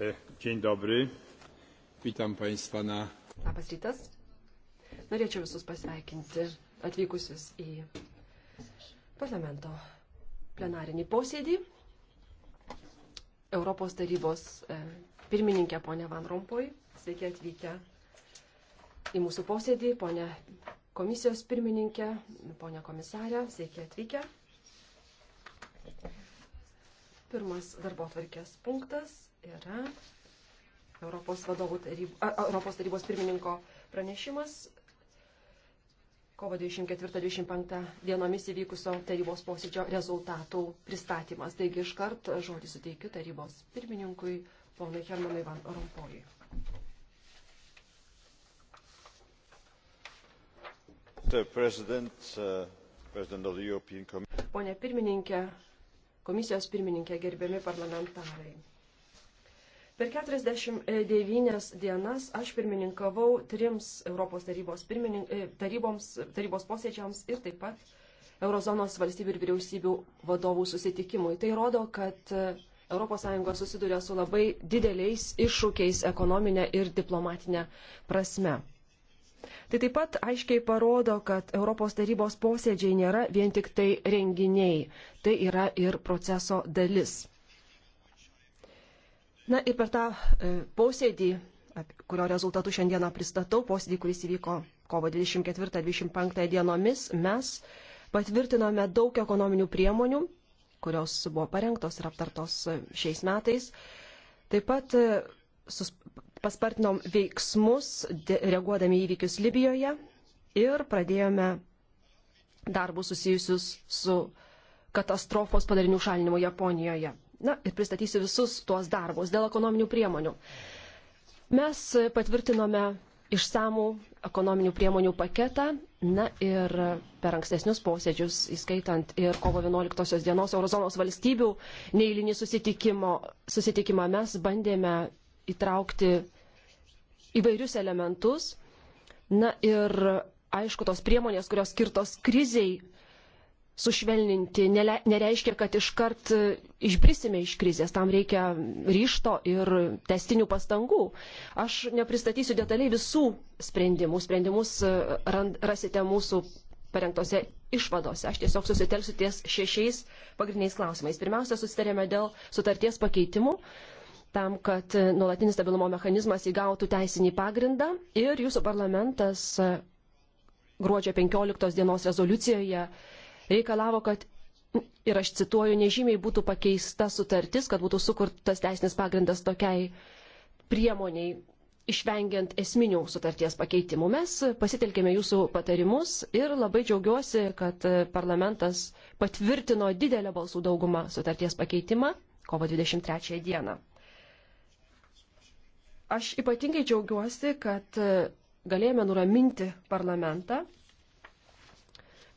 E, dzień dobry. Witam Państwa na. Labas rytas. Norėčiau visus pasveikinti atvykusius į parlamento plenarinį posėdį. Europos tarybos e, pirmininkė ponė Van Rompoj. Sveiki atvykę į mūsų posėdį, ponė komisijos pirmininkė, ponė komisarė. Sveiki atvykę. Pirmas darbo tvarkės punktas yra Europos, taryb, a, Europos tarybos pirmininko pranešimas kovo 24-25 dienomis įvykusio tarybos posėdžio rezultatų pristatymas. Taigi iškart žodį suteikiu tarybos pirmininkui, ponui Hermanui Van Rompojui. Uh, Pone pirmininkė, komisijos pirmininkė, gerbiami parlamentarai. Per 49 dienas aš pirmininkavau trims Europos tarybos, pirmininink, e, taryboms, tarybos posėdžiams ir taip pat Eurozonos valstybių ir vyriausybių vadovų susitikimui. Tai rodo, kad ES susiduria su labai dideliais iššūkiais ekonominė ir diplomatinė prasme. Tai taip pat aiškiai parodo, kad Europos tarybos posėdžiai nėra vien tik tai renginiai, tai yra ir proceso dalis. Na ir per tą e, posėdį, kurio rezultatų šiandieną pristatau, posėdį, kuris įvyko kovo 24-25 dienomis, mes patvirtinome daug ekonominių priemonių, kurios buvo parengtos ir aptartos e, šiais metais. Taip pat e, sus, paspartinom veiksmus, de, reaguodami įvykius Libijoje ir pradėjome darbus susijusius su katastrofos padarinių šalinimu Japonijoje. Na ir pristatysiu visus tuos darbus dėl ekonominių priemonių. Mes patvirtinome išsamų ekonominių priemonių paketą, na ir per ankstesnius posėdžius, įskaitant ir kovo 11 dienos Eurozonos valstybių neįlinį susitikimą, mes bandėme įtraukti įvairius elementus. Na ir aišku, tos priemonės, kurios skirtos kriziai, sušvelninti nele, nereiškia, kad iškart e, išbrisime iš krizės, tam reikia ryšto ir testinių pastangų. Aš nepristatysiu detaliai visų sprendimų, sprendimus e, rand, rasite mūsų parengtose išvadose. Aš tiesiog susitelksiu ties šešiais pagrindiniais klausimais. Pirmiausia, susitarėme dėl sutarties pakeitimų tam, kad e, nuolatinis stabilumo mechanizmas įgautų teisinį pagrindą ir jūsų parlamentas gruodžio 15 dienos rezoliucijoje reikalavo, kad, ir aš cituoju, nežymiai būtų pakeista sutartis, kad būtų sukurtas teisinis pagrindas tokiai priemoniai, išvengiant esminių sutarties pakeitimų. Mes pasitelkėme jūsų patarimus ir labai džiaugiuosi, kad parlamentas patvirtino didelę balsų daugumą sutarties pakeitimą kovo 23 dieną. Aš ypatingai džiaugiuosi, kad galėjome nuraminti parlamentą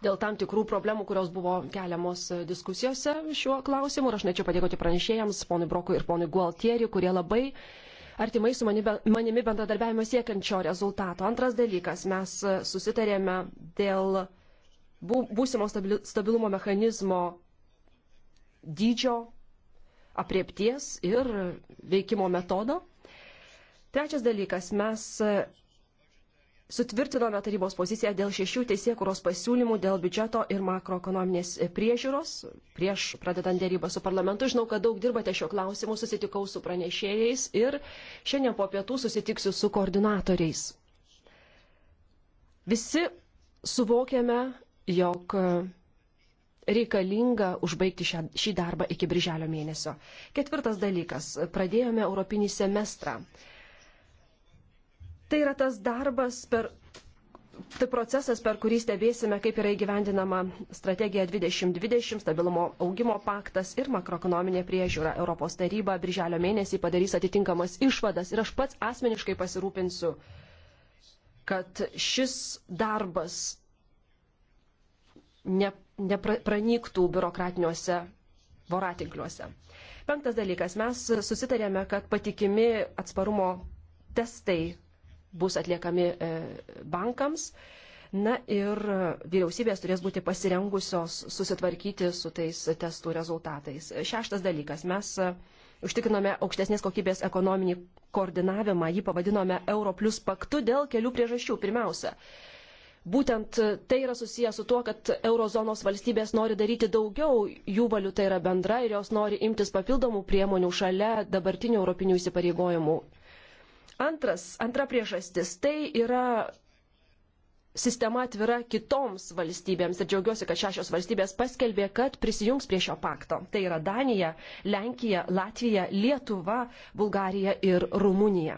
dėl tam tikrų problemų, kurios buvo keliamos e, diskusijose šiuo klausimu. Ir aš norėčiau padėkoti pranešėjams, ponui Brokui ir ponui Gualtieri, kurie labai artimai su manimi bendradarbiavimo siekiančio rezultato. Antras dalykas, mes e, susitarėme dėl būsimo stabilumo mechanizmo dydžio, apriepties ir veikimo metodo. Trečias dalykas, mes e, sutvirtinome tarybos poziciją dėl šešių teisėkuros pasiūlymų dėl biudžeto ir makroekonominės priežiūros. Prieš pradedant dėrybą su parlamentu, žinau, kad daug dirbate šio klausimu, susitikau su pranešėjais ir šiandien po pietų susitiksiu su koordinatoriais. Visi suvokiame, jog reikalinga užbaigti šią, šį darbą iki birželio mėnesio. Ketvirtas dalykas - pradėjome Europinį semestrą. Tai yra tas darbas per. Tai procesas, per kurį stebėsime, kaip yra įgyvendinama strategija 2020, stabilumo augimo paktas ir makroekonominė priežiūra. Europos taryba birželio mėnesį padarys atitinkamas išvadas ir aš pats asmeniškai pasirūpinsiu, kad šis darbas ne, nepranyktų biurokratiniuose voratinkliuose. Penktas dalykas. Mes susitarėme, kad patikimi atsparumo testai bus atliekami e, bankams. Na ir vyriausybės turės būti pasirengusios susitvarkyti su tais testų rezultatais. Šeštas dalykas. Mes e, užtikrinome aukštesnės kokybės ekonominį koordinavimą, jį pavadinome Euro plus paktu dėl kelių priežasčių. Pirmiausia, būtent tai yra susijęs su tuo, kad eurozonos valstybės nori daryti daugiau, jų valiuta yra bendra ir jos nori imtis papildomų priemonių šalia dabartinių europinių įsipareigojimų Antras, antra priežastis tai yra sistema atvira kitoms valstybėms ir džiaugiuosi, kad šešios valstybės paskelbė, kad prisijungs prie šio pakto. Tai yra Danija, Lenkija, Latvija, Lietuva, Bulgarija ir Rumunija.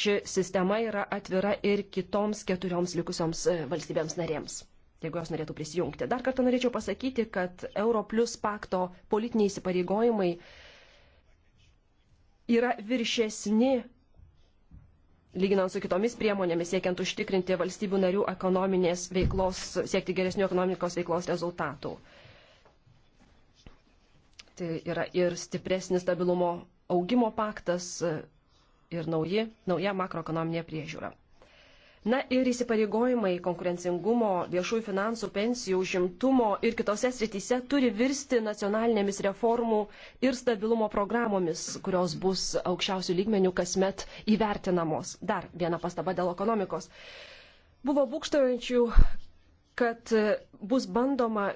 Ši sistema yra atvira ir kitoms keturioms likusioms e, valstybėms narėms, jeigu jos norėtų prisijungti. Dar kartą norėčiau pasakyti, kad Euro plus pakto politiniai įsipareigojimai uh, yra viršesni lyginant su kitomis priemonėmis siekiant užtikrinti valstybių narių ekonominės veiklos, siekti geresnių ekonomikos veiklos rezultatų. Tai yra ir stipresnis stabilumo augimo paktas ir nauji, nauja makroekonominė priežiūra. Na ir įsipareigojimai konkurencingumo, viešųjų finansų, pensijų, užimtumo ir kitose srityse turi virsti nacionalinėmis reformų ir stabilumo programomis, kurios bus aukščiausių lygmenių kasmet įvertinamos. Dar viena pastaba dėl ekonomikos. Buvo būkštojančių, kad bus bandoma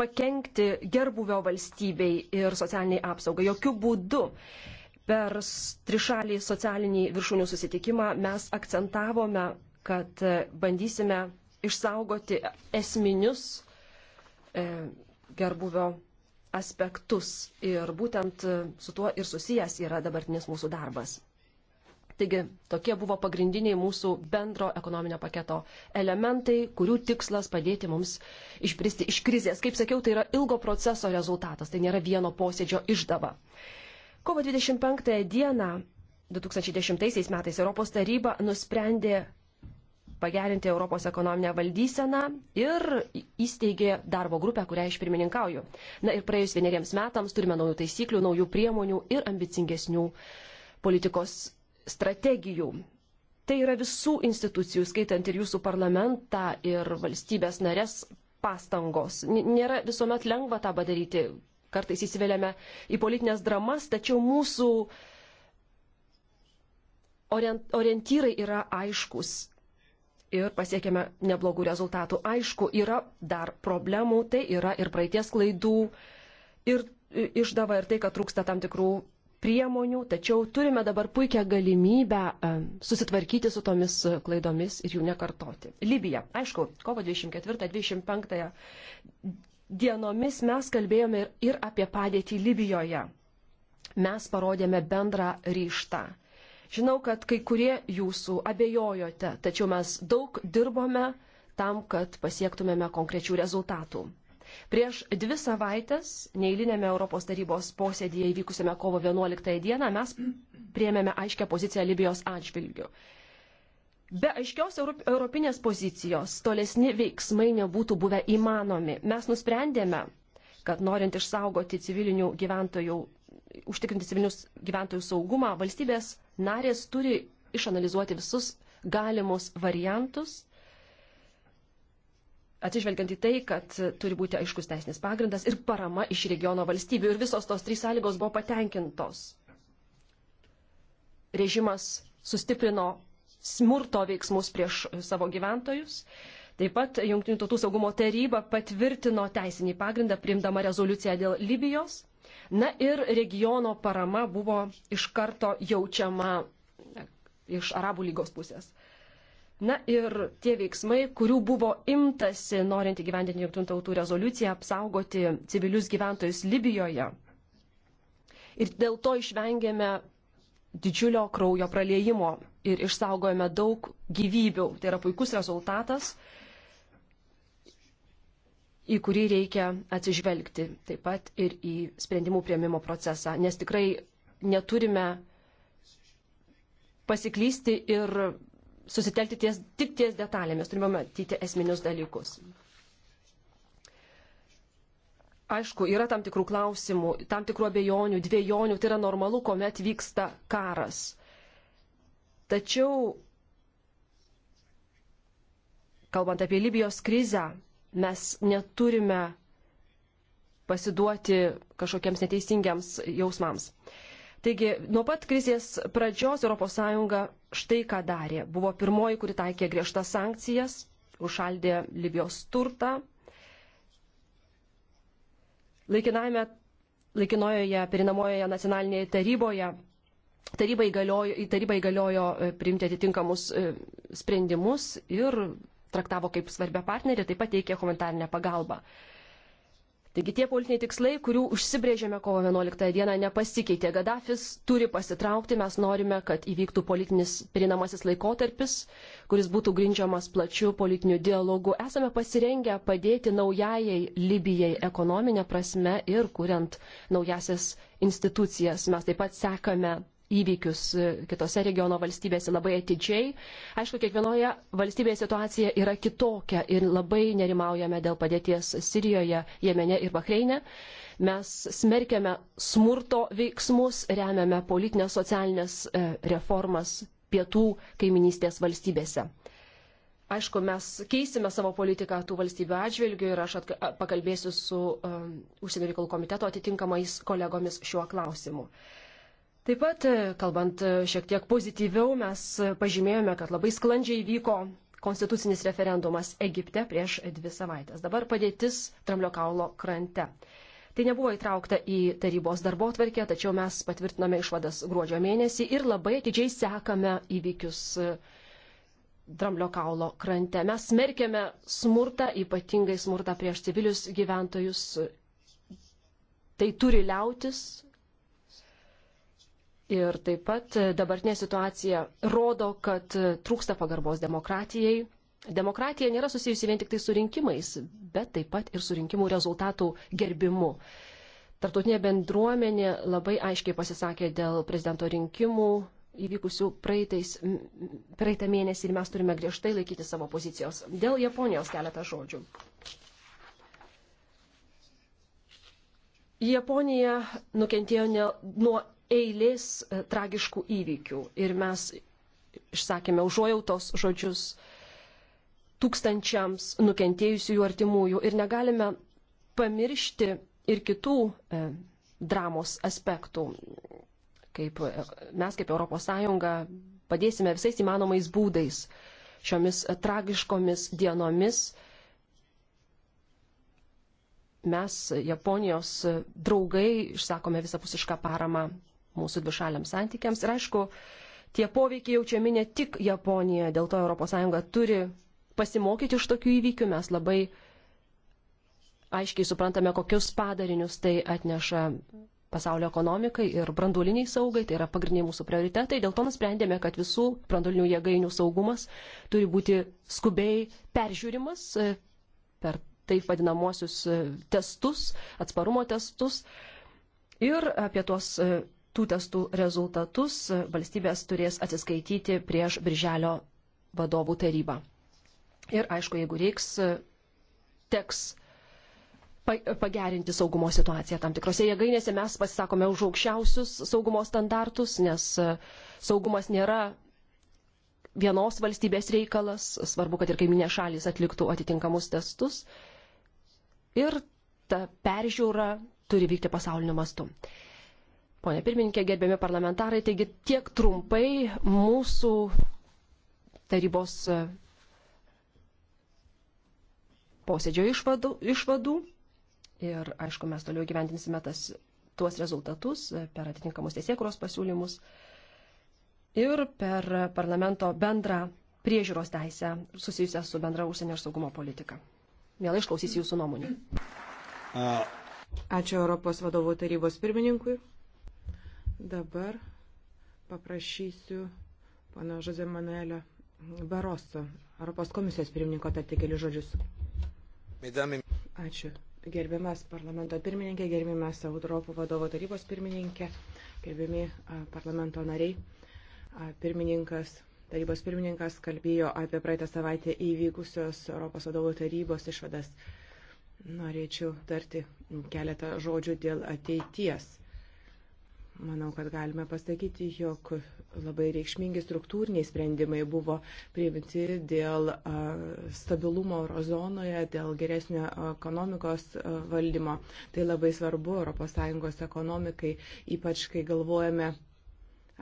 pakengti gerbuvio valstybei ir socialiniai apsaugai. Jokių būdų. Per trišalį socialinį viršūnių susitikimą mes akcentavome, kad e, bandysime išsaugoti esminius e, gerbuvio aspektus ir būtent e, su tuo ir susijęs yra dabartinis mūsų darbas. Taigi tokie buvo pagrindiniai mūsų bendro ekonominio paketo elementai, kurių tikslas padėti mums išpristi iš krizės. Kaip sakiau, tai yra ilgo proceso rezultatas, tai nėra vieno posėdžio išdava. Kovo 25 dieną 2010 metais Europos taryba nusprendė pagerinti Europos ekonominę valdyseną ir įsteigė darbo grupę, kurią aš pirmininkauju. Na ir praėjus vieneriems metams turime naujų taisyklių, naujų priemonių ir ambicingesnių politikos strategijų. Tai yra visų institucijų, skaitant ir jūsų parlamentą ir valstybės narės pastangos. Nėra visuomet lengva tą padaryti, kartais įsiveliame į politinės dramas, tačiau mūsų orientyrai yra aiškus ir pasiekėme neblogų rezultatų. Aišku, yra dar problemų, tai yra ir praeities klaidų, ir išdava, ir tai, kad trūksta tam tikrų priemonių, tačiau turime dabar puikią galimybę e, susitvarkyti su tomis klaidomis ir jų nekartoti. Libija. Aišku, kovo 24-25 dienomis mes kalbėjome ir apie padėtį Libijoje. Mes parodėme bendrą ryštą. Žinau, kad kai kurie jūsų abejojote, tačiau mes daug dirbome tam, kad pasiektumėme konkrečių rezultatų. Prieš dvi savaitės, neįlinėme Europos tarybos posėdėje įvykusiame kovo 11 dieną, mes priemėme aiškę poziciją Libijos atžvilgiu. Be aiškios europinės pozicijos tolesni veiksmai nebūtų buvę įmanomi. Mes nusprendėme, kad norint išsaugoti civilinių gyventojų, užtikrinti civilinius gyventojų saugumą, valstybės narės turi išanalizuoti visus galimus variantus, atsižvelgiant į tai, kad turi būti aiškus teisinis pagrindas ir parama iš regiono valstybių. Ir visos tos trys sąlygos buvo patenkintos. Režimas sustiprino smurto veiksmus prieš savo gyventojus. Taip pat Junktinių tautų saugumo taryba patvirtino teisinį pagrindą priimdama rezoliuciją dėl Libijos. Na ir regiono parama buvo iš karto jaučiama e, iš Arabų lygos pusės. Na ir tie veiksmai, kurių buvo imtasi, norint įgyvendinti Junktinių tautų rezoliuciją, apsaugoti civilius gyventojus Libijoje. Ir dėl to išvengėme didžiulio kraujo praliejimo ir išsaugojame daug gyvybių. Tai yra puikus rezultatas, į kurį reikia atsižvelgti taip pat ir į sprendimų prieimimo procesą, nes tikrai neturime pasiklysti ir susitelkti ties, tik ties detalėmis, turime matyti esminius dalykus. Aišku, yra tam tikrų klausimų, tam tikrų abejonių, dviejonių, tai yra normalu, kuomet vyksta karas. Tačiau, kalbant apie Libijos krizę, mes neturime pasiduoti kažkokiems neteisingiams jausmams. Taigi, nuo pat krizės pradžios ES štai ką darė. Buvo pirmoji, kuri taikė griežtas sankcijas, užšaldė Libijos turtą, Laikiname, laikinojoje perinamojoje nacionalinėje taryboje taryba įgaliojo, taryba įgaliojo e, priimti atitinkamus e, sprendimus ir traktavo kaip svarbę partnerį, taip pat teikė humanitarinę pagalbą. Taigi tie politiniai tikslai, kurių užsibrėžėme kovo 11 dieną, nepasikeitė. Gaddafis turi pasitraukti, mes norime, kad įvyktų politinis perinamasis laikotarpis, kuris būtų grindžiamas plačiu politiniu dialogu. Esame pasirengę padėti naujajai Libijai ekonominė prasme ir kuriant naujasias institucijas. Mes taip pat sekame įvykius e, kitose regiono valstybėse labai atidžiai. Aišku, kiekvienoje valstybėje situacija yra kitokia ir labai nerimaujame dėl padėties Sirijoje, Jemene ir Bahreinė. Mes smerkiame smurto veiksmus, remiame politinės socialinės e, reformas pietų kaiminystės valstybėse. Aišku, mes keisime savo politiką tų valstybių atžvilgių ir aš atka, pakalbėsiu su um, užsienio reikalų komiteto atitinkamais kolegomis šiuo klausimu. Uh, Taip pat, e, kalbant e, šiek tiek pozityviau, mes e, pažymėjome, kad labai sklandžiai vyko konstitucinis referendumas Egipte prieš dvi savaitės. Dabar padėtis Tramlio kaulo krante. Tai nebuvo įtraukta į tarybos darbo tvarkę, tačiau mes patvirtiname išvadas gruodžio mėnesį ir labai atidžiai sekame įvykius Dramblio kaulo krante. Mes smerkėme smurtą, ypatingai smurtą prieš civilius gyventojus. Tai turi liautis, Ir taip pat dabartinė situacija rodo, kad trūksta pagarbos demokratijai. Demokratija nėra susijusi vien tik tai su rinkimais, bet taip pat ir su rinkimų rezultatų gerbimu. Tartutinė bendruomenė labai aiškiai pasisakė dėl prezidento rinkimų įvykusių praeitais, praeitą mėnesį ir mes turime griežtai laikyti savo pozicijos. Dėl Japonijos keletą žodžių. Japonija nukentėjo ne, nuo eilės e, tragiškų įvykių ir mes išsakėme užuojautos žodžius tūkstančiams nukentėjusių jų artimųjų ir negalime pamiršti ir kitų e, dramos aspektų, kaip e, mes kaip ES padėsime visais įmanomais būdais šiomis e, tragiškomis dienomis. Mes, Japonijos draugai, išsakome visapusišką paramą mūsų dvišaliams santykiams. Ir aišku, tie poveikiai jaučiami ne tik Japonija, dėl to ES turi pasimokyti iš tokių įvykių, mes labai aiškiai suprantame, kokius padarinius tai atneša pasaulio ekonomikai ir branduliniai saugai, tai yra pagrindiniai mūsų prioritetai. Dėl to nusprendėme, kad visų brandulinių jėgainių saugumas turi būti skubiai peržiūrimas e, per taip vadinamosius e, testus, atsparumo testus. Ir apie tuos e, tų testų rezultatus valstybės turės atsiskaityti prieš Birželio vadovų tarybą. Ir aišku, jeigu reiks, teks pagerinti saugumo situaciją tam tikrose jėgainėse. Mes pasisakome už aukščiausius saugumo standartus, nes saugumas nėra vienos valstybės reikalas, svarbu, kad ir kaiminė šalis atliktų atitinkamus testus. Ir ta peržiūra turi vykti pasauliniu mastu. Pone pirmininkė, gerbiami parlamentarai, taigi tiek trumpai mūsų tarybos e, posėdžio išvadų. išvadų. Ir, aišku, mes toliau gyventinsime tas, tuos rezultatus e, per atitinkamus teisėkuros pasiūlymus ir per parlamento bendrą priežiūros teisę susijusią su bendra užsienio ir saugumo politika. Mielai išklausys jūsų nuomonį. Ačiū Europos vadovų tarybos pirmininkui. Dabar paprašysiu pana Žozė Manuelio Baroso, Europos komisijos pirmininko, tarti keli žodžius. Ačiū. Gerbiamas parlamento pirmininkė, gerbiamas Europų vadovo tarybos pirmininkė, gerbiami parlamento nariai, pirmininkas tarybos pirmininkas kalbėjo apie praeitą savaitę įvykusios Europos vadovų tarybos išvadas. Norėčiau tarti keletą žodžių dėl ateities. Manau, kad galime pasakyti, jog labai reikšmingi struktūriniai sprendimai buvo priimti dėl stabilumo eurozonoje, dėl geresnio ekonomikos valdymo. Tai labai svarbu ES ekonomikai, ypač kai galvojame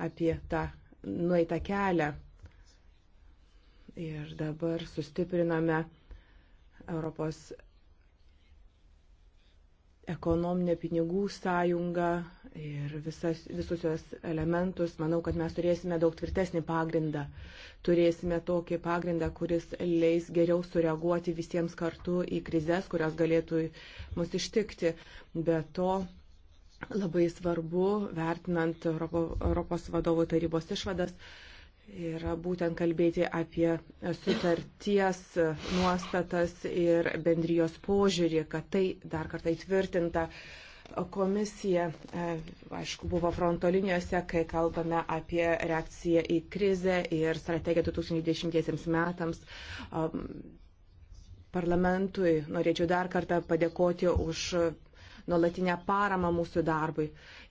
apie tą nueitą kelią. Ir dabar sustipriname Europos ekonominę pinigų sąjungą ir visas, visus jos elementus, manau, kad mes turėsime daug tvirtesnį pagrindą. Turėsime tokį pagrindą, kuris leis geriau sureaguoti visiems kartu į krizės, kurios galėtų mus ištikti. Be to, labai svarbu, vertinant Europos vadovų tarybos išvadas, yra būtent kalbėti apie sutarties nuostatas ir bendrijos požiūrį, kad tai dar kartą įtvirtinta. Komisija, e, aišku, buvo fronto linijose, kai kalbame apie reakciją į krizę ir strategiją 2010 metams e, parlamentui. Norėčiau dar kartą padėkoti už nuolatinę paramą mūsų darbui,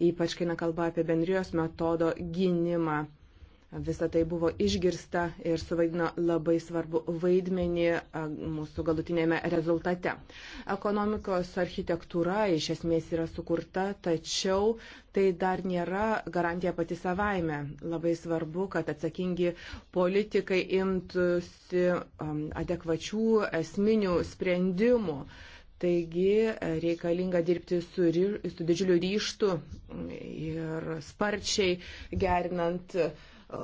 ypač kai nekalba apie bendrijos metodo gynimą. Visą tai buvo išgirsta ir suvaidino labai svarbu vaidmenį mūsų galutinėme rezultate. Ekonomikos architektūra iš esmės yra sukurta, tačiau tai dar nėra garantija pati savaime. Labai svarbu, kad atsakingi politikai imtųsi adekvačių esminių sprendimų. Taigi e, reikalinga dirbti su, ry, su didžiuliu ryštu ir sparčiai gerinant uh, E,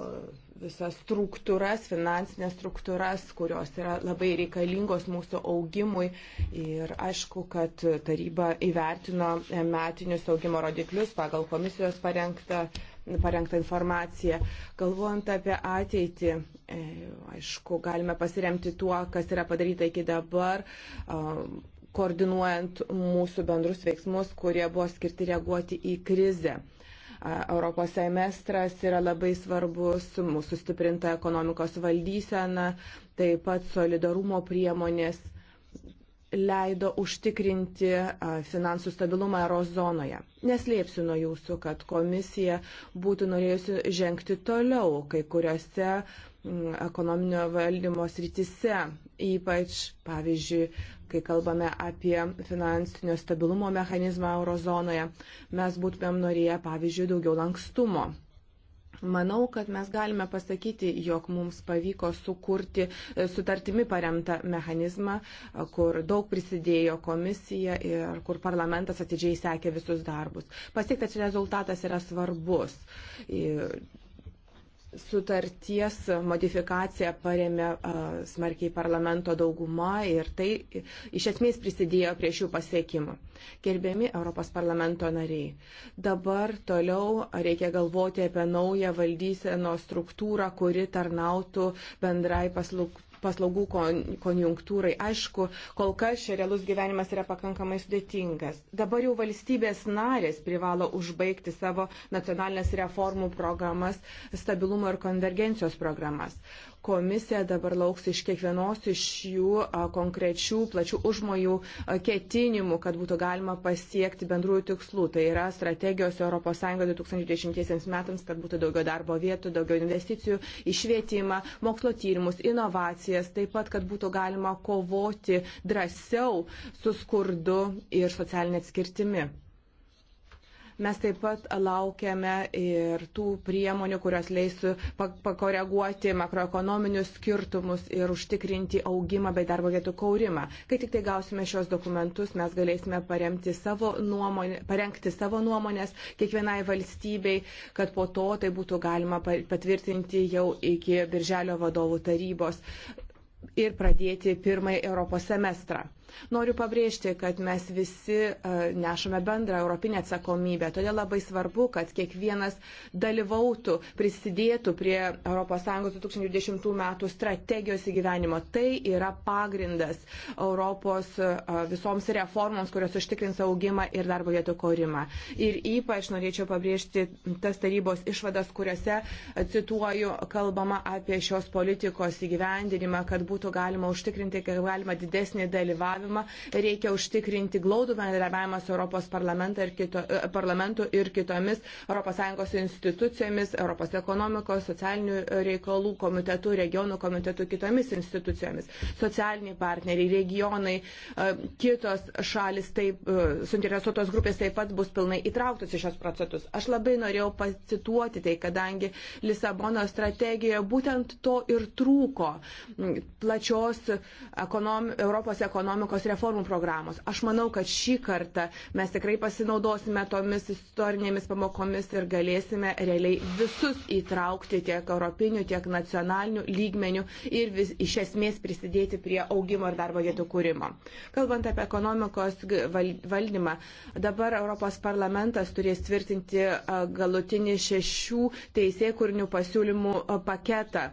visas struktūras, finansinės struktūras, kurios yra labai reikalingos mūsų augimui. Ir aišku, kad taryba įvertino metinius augimo rodiklius pagal komisijos parengtą, parengtą informaciją. Galvojant apie ateitį, e, aišku, galime pasiremti tuo, kas yra padaryta iki dabar e, koordinuojant mūsų bendrus veiksmus, kurie buvo skirti reaguoti į krizę. Europos semestras yra labai svarbus, mūsų stiprinta ekonomikos valdysena, taip pat solidarumo priemonės leido užtikrinti finansų stabilumą eurozonoje. Neslėpsiu nuo jūsų, kad komisija būtų norėjusi žengti toliau kai kuriuose ekonominio valdymo srityse, ypač, pavyzdžiui, kai kalbame apie finansinio stabilumo mechanizmą eurozonoje, mes būtumėm norėję, pavyzdžiui, daugiau lankstumo. Manau, kad mes galime pasakyti, jog mums pavyko sukurti e, sutartimi paremtą mechanizmą, e, kur daug prisidėjo komisija ir kur parlamentas atidžiai sekė visus darbus. Pasiektas rezultatas yra svarbus sutarties modifikaciją paremė smarkiai parlamento dauguma ir tai iš esmės prisidėjo prie šių pasiekimų. Gerbiami Europos parlamento nariai, dabar toliau reikia galvoti apie naują valdysenos struktūrą, kuri tarnautų bendrai paslaug, paslaugų konjunktūrai. Aišku, kol kas čia realus gyvenimas yra pakankamai sudėtingas. Dabar jau valstybės narės privalo užbaigti savo nacionalinės reformų programas, stabilumo ir konvergencijos programas. Komisija dabar lauks iš kiekvienos iš jų konkrečių plačių užmojų ketinimų, kad būtų galima pasiekti bendrųjų tikslų. Tai yra strategijos ES 2010 metams, kad būtų daugiau darbo vietų, daugiau investicijų į švietimą, mokslo tyrimus, inovacijas, taip pat, kad būtų galima kovoti drąsiau su skurdu ir socialinė atskirtimi. Mes taip pat laukiame ir tų priemonių, kurios leis pakoreguoti makroekonominius skirtumus ir užtikrinti augimą bei darbo vietų kaurimą. Kai tik tai gausime šios dokumentus, mes galėsime savo nuomonę, parengti savo nuomonės kiekvienai valstybei, kad po to tai būtų galima patvirtinti jau iki Birželio vadovų tarybos ir pradėti pirmąjį Europos semestrą. Noriu pabrėžti, kad mes visi e, nešame bendrą europinę atsakomybę, todėl labai svarbu, kad kiekvienas dalyvautų, prisidėtų prie ES 2020 metų strategijos įgyvenimo. Tai yra pagrindas Europos e, visoms reformoms, kurios užtikrins augimą ir darbo vietų korimą. Ir ypač norėčiau pabrėžti tas tarybos išvadas, kuriuose, e, cituoju, kalbama apie šios politikos įgyvendinimą, kad būtų galima užtikrinti, kad galima didesnį dalyvavimą bendradarbiavimą, reikia užtikrinti glaudų bendradarbiavimą su Europos parlamentu ir, kito, e, parlamentu ir kitomis ES institucijomis, Europos ekonomikos, socialinių reikalų komitetų, regionų komitetų, kitomis institucijomis. Socialiniai partneriai, regionai, e, kitos šalis, taip, e, suinteresuotos grupės taip pat bus pilnai įtrauktos į šios procesus. Aš labai norėjau pacituoti tai, kadangi Lisabono strategijoje būtent to ir trūko plačios ekonom, Europos ekonomikos ekonomikos reformų programos. Aš manau, kad šį kartą mes tikrai pasinaudosime tomis istorinėmis pamokomis ir galėsime realiai visus įtraukti tiek europinių, tiek nacionalinių lygmenių ir vis, iš esmės prisidėti prie augimo ir darbo vietų kūrimo. Kalbant apie ekonomikos valdymą, dabar Europos parlamentas turės tvirtinti galutinį šešių teisėkurnių pasiūlymų paketą.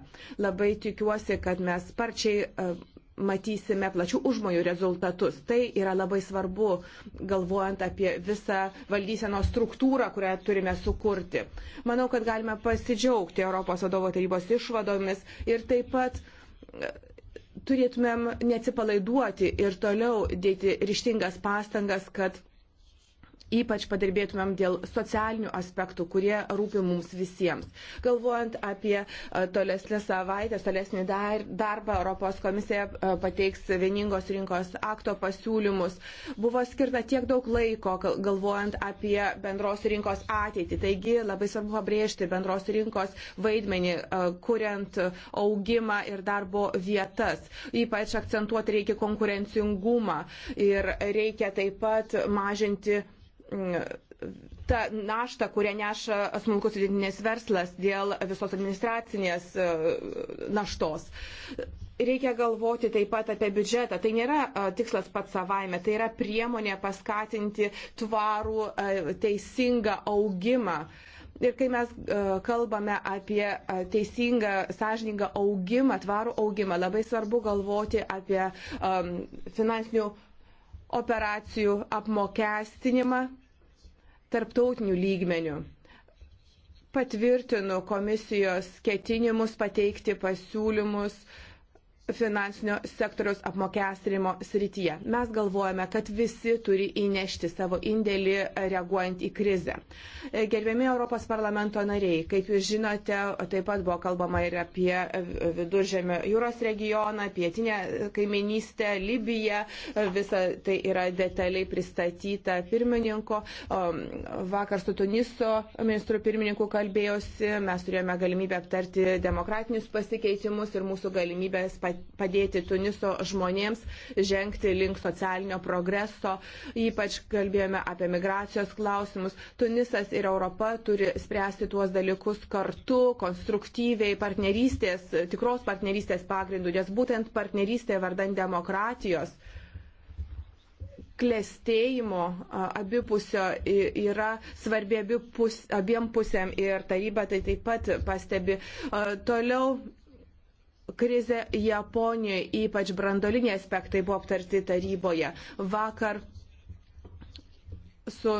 Labai tikiuosi, kad mes sparčiai matysime plačių užmojų rezultatus. Tai yra labai svarbu, galvojant apie visą valdysenos struktūrą, kurią turime sukurti. Manau, kad galime pasidžiaugti Europos vadovo tarybos išvadomis ir taip pat e, turėtumėm neatsipalaiduoti ir toliau dėti ryštingas pastangas, kad ypač padirbėtumėm dėl socialinių aspektų, kurie rūpi mums visiems. Galvojant apie e, tolesnį savaitę, tolesnį darbą, Europos komisija e, pateiks vieningos rinkos akto pasiūlymus. Buvo skirta tiek daug laiko, galvojant apie bendros rinkos ateitį. Taigi labai svarbu pabrėžti bendros rinkos vaidmenį, e, kuriant augimą ir darbo vietas. Ypač akcentuoti reikia konkurencingumą ir reikia taip pat mažinti ta našta, kurią neša smulkus vidinis verslas dėl visos administracinės e, naštos. Reikia galvoti taip pat apie biudžetą. Tai nėra e, tikslas pats savaime, tai yra priemonė paskatinti tvarų e, teisingą augimą. Ir kai mes kalbame apie teisingą, sąžiningą augimą, tvarų augimą, labai svarbu galvoti apie um, finansinių operacijų apmokestinimą tarptautinių lygmenių. Patvirtinu komisijos ketinimus pateikti pasiūlymus uh, finansinio sektoriaus apmokestinimo srityje. Mes galvojame, kad visi turi įnešti savo indėlį e, reaguojant į krizę. E, gerbiami Europos parlamento nariai, kaip jūs žinote, taip pat buvo kalbama ir apie e, viduržėmio jūros regioną, pietinę kaiminystę, Libiją. Visa tai yra detaliai pristatyta pirmininko. Vakar su Tuniso ministru pirmininku kalbėjosi, mes turėjome galimybę aptarti demokratinius pasikeitimus ir mūsų galimybės patekti padėti Tuniso žmonėms žengti link socialinio progreso. Ypač kalbėjome apie migracijos klausimus. Tunisas ir Europa turi spręsti tuos dalykus kartu, konstruktyviai, partnerystės, tikros partnerystės pagrindų, nes būtent partnerystė vardan demokratijos klėstėjimo abipusio yra svarbi abipus, abiem pusėm ir taryba tai taip pat pastebi. Toliau krizę Japonijoje, ypač brandoliniai aspektai buvo aptarti taryboje. Vakar su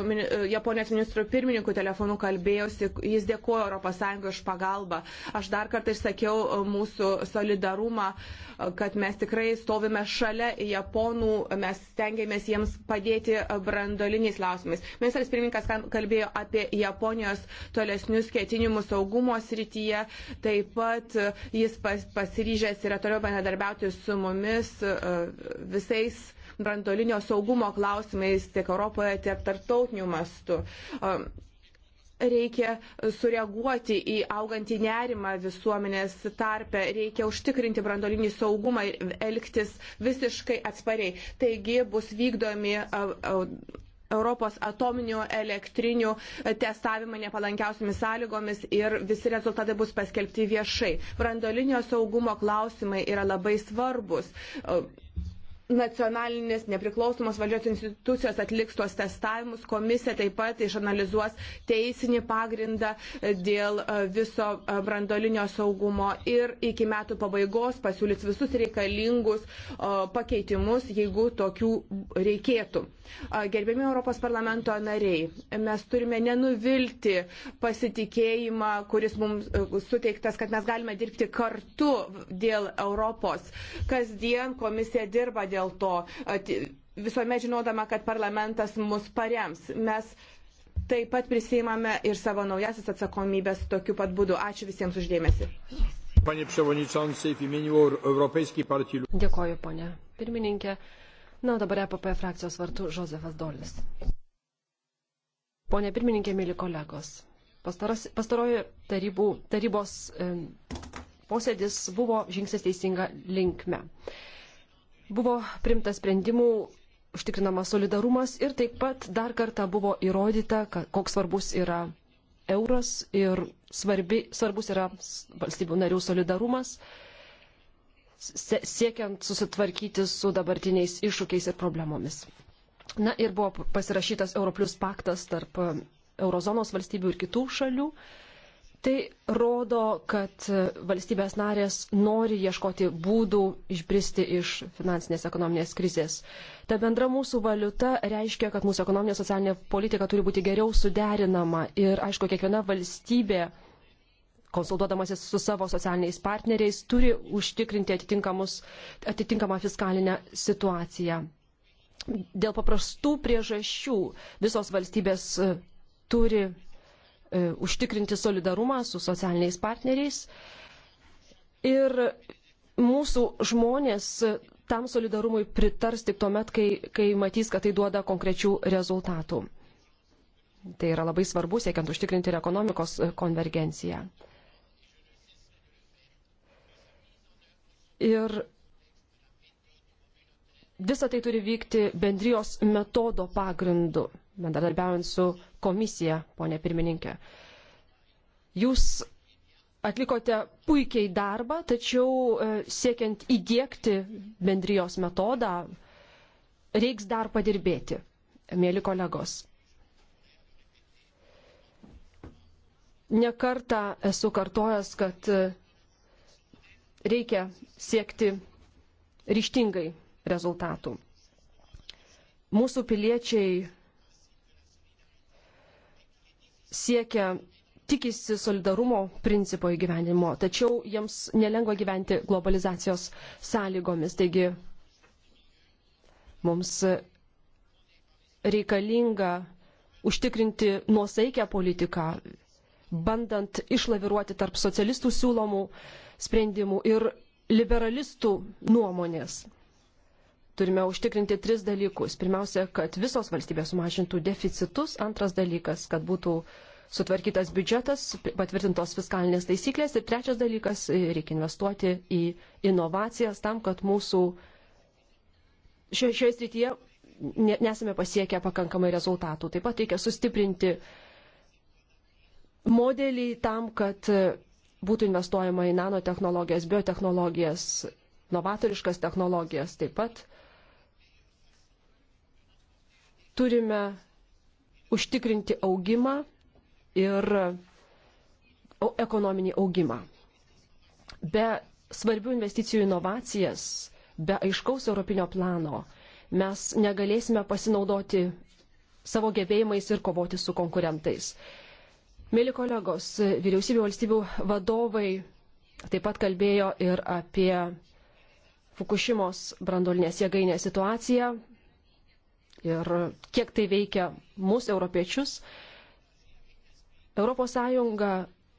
Japonijos ministru pirmininku telefonu kalbėjausi, jis dėkojo ES už pagalbą. Aš dar kartą išsakiau e, mūsų solidarumą, e, kad mes tikrai stovime šalia Japonų, mes stengiamės jiems padėti e, brandoliniais klausimais. Ministras pirmininkas kalbėjo apie Japonijos tolesnius ketinimus saugumo srityje, taip pat jis pasiryžęs yra toliau bendradarbiauti su mumis visais brandolinio saugumo klausimais tiek Europoje, tiek tarptautiniu mastu um, reikia sureaguoti į augantį nerimą visuomenės tarpę, reikia užtikrinti brandolinį saugumą ir elgtis visiškai atspariai. Taigi bus vykdomi uh, uh, Europos atominių elektrinių testavimą nepalankiausiamis sąlygomis ir visi rezultatai bus paskelbti viešai. Brandolinio saugumo klausimai yra labai svarbus. Uh, nacionalinės nepriklausomos valdžios institucijos atliks tuos testavimus, komisija taip pat išanalizuos teisinį pagrindą e, dėl e, viso e, brandolinio saugumo ir iki metų pabaigos pasiūlys visus reikalingus pakeitimus, jeigu tokių reikėtų. Gerbėmi Europos parlamento nariai, mes turime nenuvilti pasitikėjimą, kuris mums suteiktas, kad mes galime dirbti kartu dėl Europos. Kasdien komisija dirba dėl dėl to, visuomet žinodama, kad parlamentas mus parems. Mes taip pat prisimame ir savo naujasis atsakomybės tokiu pat būdu. Ačiū visiems uždėmesi. Panie Przewodniczący, w imieniu Europejskiej Partii Ludowej. Dėkoju, ponė pirmininkė. Na, dabar EPP frakcijos vartų Žozefas Dolis. Pone pirmininkė, mėly kolegos, pastaros, pastaroji tarybų, tarybos e, posėdis buvo žingsnis teisinga linkme. E, Buvo primtas sprendimų, užtikrinamas solidarumas ir taip pat dar kartą buvo įrodyta, koks svarbus yra euras ir svarbi, svarbus yra valstybių narių solidarumas siekiant susitvarkyti su dabartiniais iššūkiais ir problemomis. Na ir buvo pasirašytas Europlius paktas tarp e, eurozonos valstybių ir kitų šalių. Tai rodo, kad valstybės narės nori ieškoti būdų išbristi iš finansinės ekonominės krizės. Ta bendra mūsų valiuta reiškia, kad mūsų ekonominė socialinė politika turi būti geriau suderinama ir, aišku, kiekviena valstybė konsultuodamasis su savo socialiniais partneriais, turi užtikrinti atitinkamą fiskalinę situaciją. Dėl paprastų priežasčių visos valstybės turi E, užtikrinti solidarumą su socialiniais partneriais. Ir mūsų žmonės tam solidarumui pritars tik tuomet, kai, kai matys, kad tai duoda konkrečių rezultatų. Tai yra labai svarbu, siekiant užtikrinti ir ekonomikos konvergenciją. Ir visa tai turi vykti bendrijos metodo pagrindu bendradarbiaujant su komisija, ponė pirmininkė. Jūs atlikote puikiai darbą, tačiau e, siekiant įdėkti bendrijos metodą, reiks dar padirbėti, mėly kolegos. Nekartą esu kartojęs, kad e, reikia siekti ryštingai rezultatų. Mūsų piliečiai siekia tikisi solidarumo principo įgyvenimo, tačiau jiems nelengva gyventi globalizacijos sąlygomis. Taigi mums reikalinga užtikrinti nuosaikę politiką, bandant išlaviruoti tarp socialistų siūlomų sprendimų ir liberalistų nuomonės turime užtikrinti tris dalykus. Pirmiausia, kad visos valstybės sumažintų deficitus. Antras dalykas, kad būtų sutvarkytas biudžetas, patvirtintos fiskalinės taisyklės. Ir trečias dalykas, reikia investuoti į inovacijas tam, kad mūsų šioje, šioje srityje nesame pasiekę pakankamai rezultatų. Taip pat reikia sustiprinti modelį tam, kad būtų investuojama į nanotehnologijas, biotehnologijas, novatoriškas technologijas, taip pat turime užtikrinti augimą ir ekonominį augimą. Be svarbių investicijų inovacijas, be aiškaus europinio plano mes negalėsime pasinaudoti savo gebėjimais ir kovoti su konkurentais. Mėly kolegos, vyriausybių valstybių vadovai taip pat kalbėjo ir apie Fukushimos brandolinės jėgainės situaciją ir kiek tai veikia mūsų europiečius. ES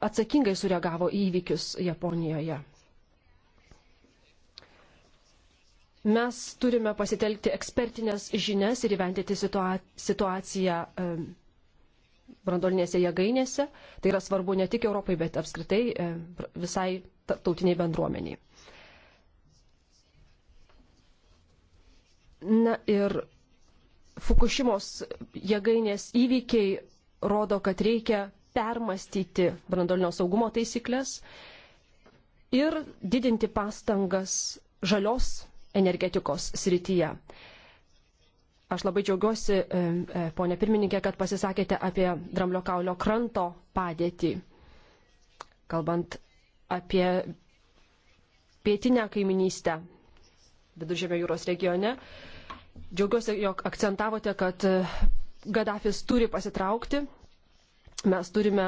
atsakingai sureagavo į įvykius Japonijoje. Mes turime pasitelkti ekspertinės žinias ir įventyti situa situaciją brandolinėse jėgainėse. Tai yra svarbu ne tik Europai, bet apskritai visai tautiniai bendruomeniai. Na ir Fukushimos jėgainės įvykiai rodo, kad reikia permastyti brandolinio saugumo taisyklės ir didinti pastangas žalios energetikos srityje. Aš labai džiaugiuosi, e, e, ponė pirmininkė, kad pasisakėte apie Dramblio kaulio kranto padėtį. Kalbant apie pietinę kaiminystę Viduržėmio jūros regione, Džiaugiuosi, jog akcentavote, kad e, Gaddafis turi pasitraukti. Mes turime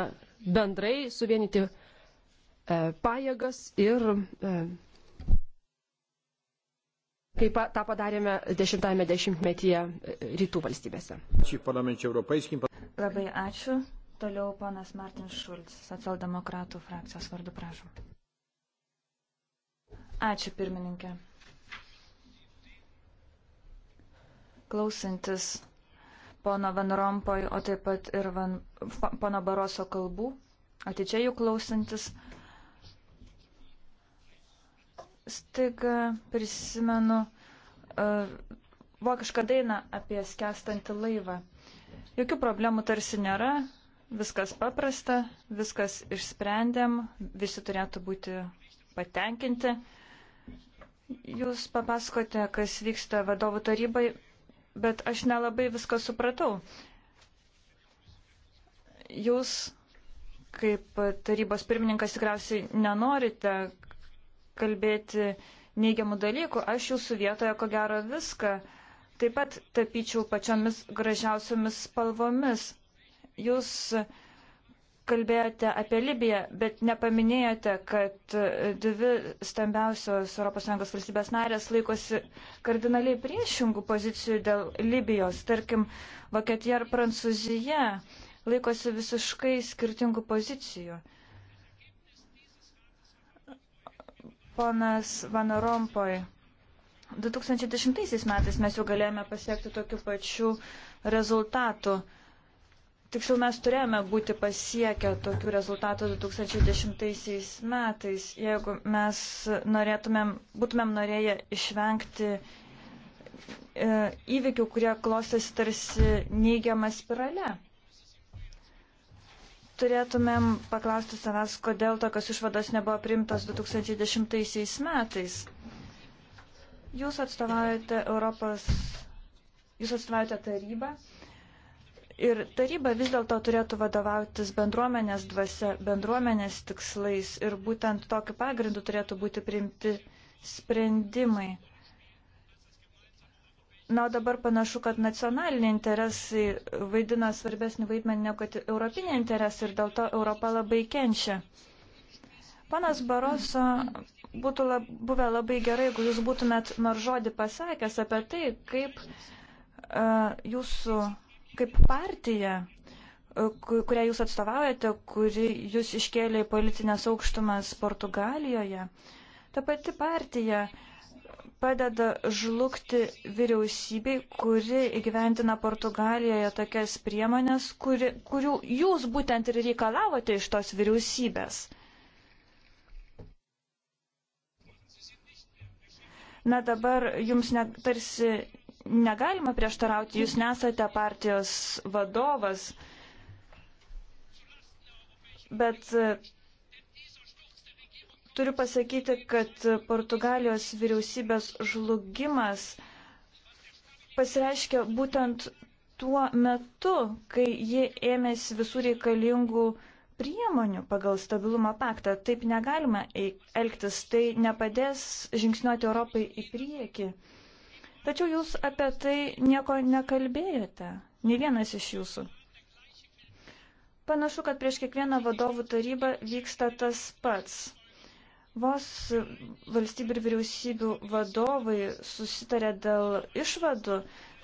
bendrai suvienyti e, pajėgas ir e, kaip tą padarėme 10-ame dešimtmetyje e, rytų valstybėse. Labai ačiū. Toliau panas Martin Šulc, socialdemokratų frakcijos vardu prašom. Ačiū pirmininkė. klausantis pono Van Rompoj, o taip pat ir Van, pono Baroso kalbų, atidžiai jų klausantis, staiga prisimenu uh, vokišką dainą apie skęstantį laivą. Jokių problemų tarsi nėra, viskas paprasta, viskas išsprendėm, visi turėtų būti patenkinti. Jūs papasakote, kas vyksta vadovų tarybai, bet aš nelabai viską supratau. Jūs, kaip tarybos pirmininkas, tikriausiai nenorite kalbėti neigiamų dalykų. Aš jūsų vietoje, ko gero, viską taip pat tapyčiau pačiomis gražiausiomis spalvomis. Jūs uh, kalbėjote apie Libiją, bet nepaminėjote, kad dvi stambiausios ES valstybės narės laikosi kardinaliai priešingų pozicijų dėl Libijos. Tarkim, Vokietija ar Prancūzija laikosi visiškai skirtingų pozicijų. Ponas Van Rompoj, 2010 metais mes jau galėjome pasiekti tokių pačių rezultatų. Tiksliau mes turėjome būti pasiekę tokių rezultatų 2010 metais, jeigu mes norėtumėm, būtumėm norėję išvengti e, įvykių, kurie klostėsi tarsi neigiamą spiralę. Turėtumėm paklausti savęs, kodėl tokios išvados nebuvo priimtos 2010 metais. Jūs atstovaujate Europos, jūs atstovaujate tarybą. Ir taryba vis dėlto turėtų vadovautis bendruomenės dvasia, bendruomenės tikslais ir būtent tokiu pagrindu turėtų būti priimti sprendimai. Na, o dabar panašu, kad nacionaliniai interesai vaidina svarbesnį vaidmenį negu kad europiniai interesai ir dėl to Europa labai kenčia. Panas Baroso būtų lab, buvę labai gerai, jeigu jūs būtumėt nors žodį pasakęs apie tai, kaip uh, jūsų Kaip partija, e, kurią jūs atstovaujate, kuri jūs iškėlė į politinės aukštumas Portugalijoje, ta pati partija padeda žlugti vyriausybei, kuri įgyventina Portugalijoje tokias priemonės, kuri, kurių jūs būtent ir reikalavote iš tos vyriausybės. Na dabar jums net tarsi negalima prieštarauti, jūs nesate partijos vadovas, bet e, turiu pasakyti, kad Portugalijos vyriausybės žlugimas pasireiškia būtent tuo metu, kai ji ėmėsi visų reikalingų priemonių pagal stabilumo paktą. Taip negalima elgtis, tai nepadės žingsniuoti Europai į priekį. Tačiau jūs apie tai nieko nekalbėjote, ne vienas iš jūsų. Panašu, kad prieš kiekvieną vadovų tarybą vyksta tas pats. Vos valstybių ir vyriausybių vadovai susitarė dėl išvadų,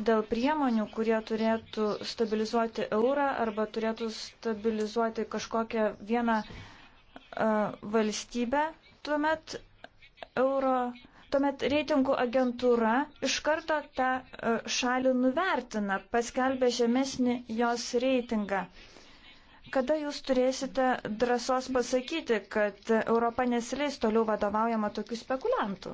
dėl priemonių, kurie turėtų stabilizuoti eurą arba turėtų stabilizuoti kažkokią vieną uh, valstybę, tuomet euro tuomet reitingų agentūra iš karto tą e, šalį nuvertina, paskelbė žemesnį jos reitingą. Kada jūs turėsite drąsos pasakyti, kad Europa nesileis toliau vadovaujama tokių spekuliantų?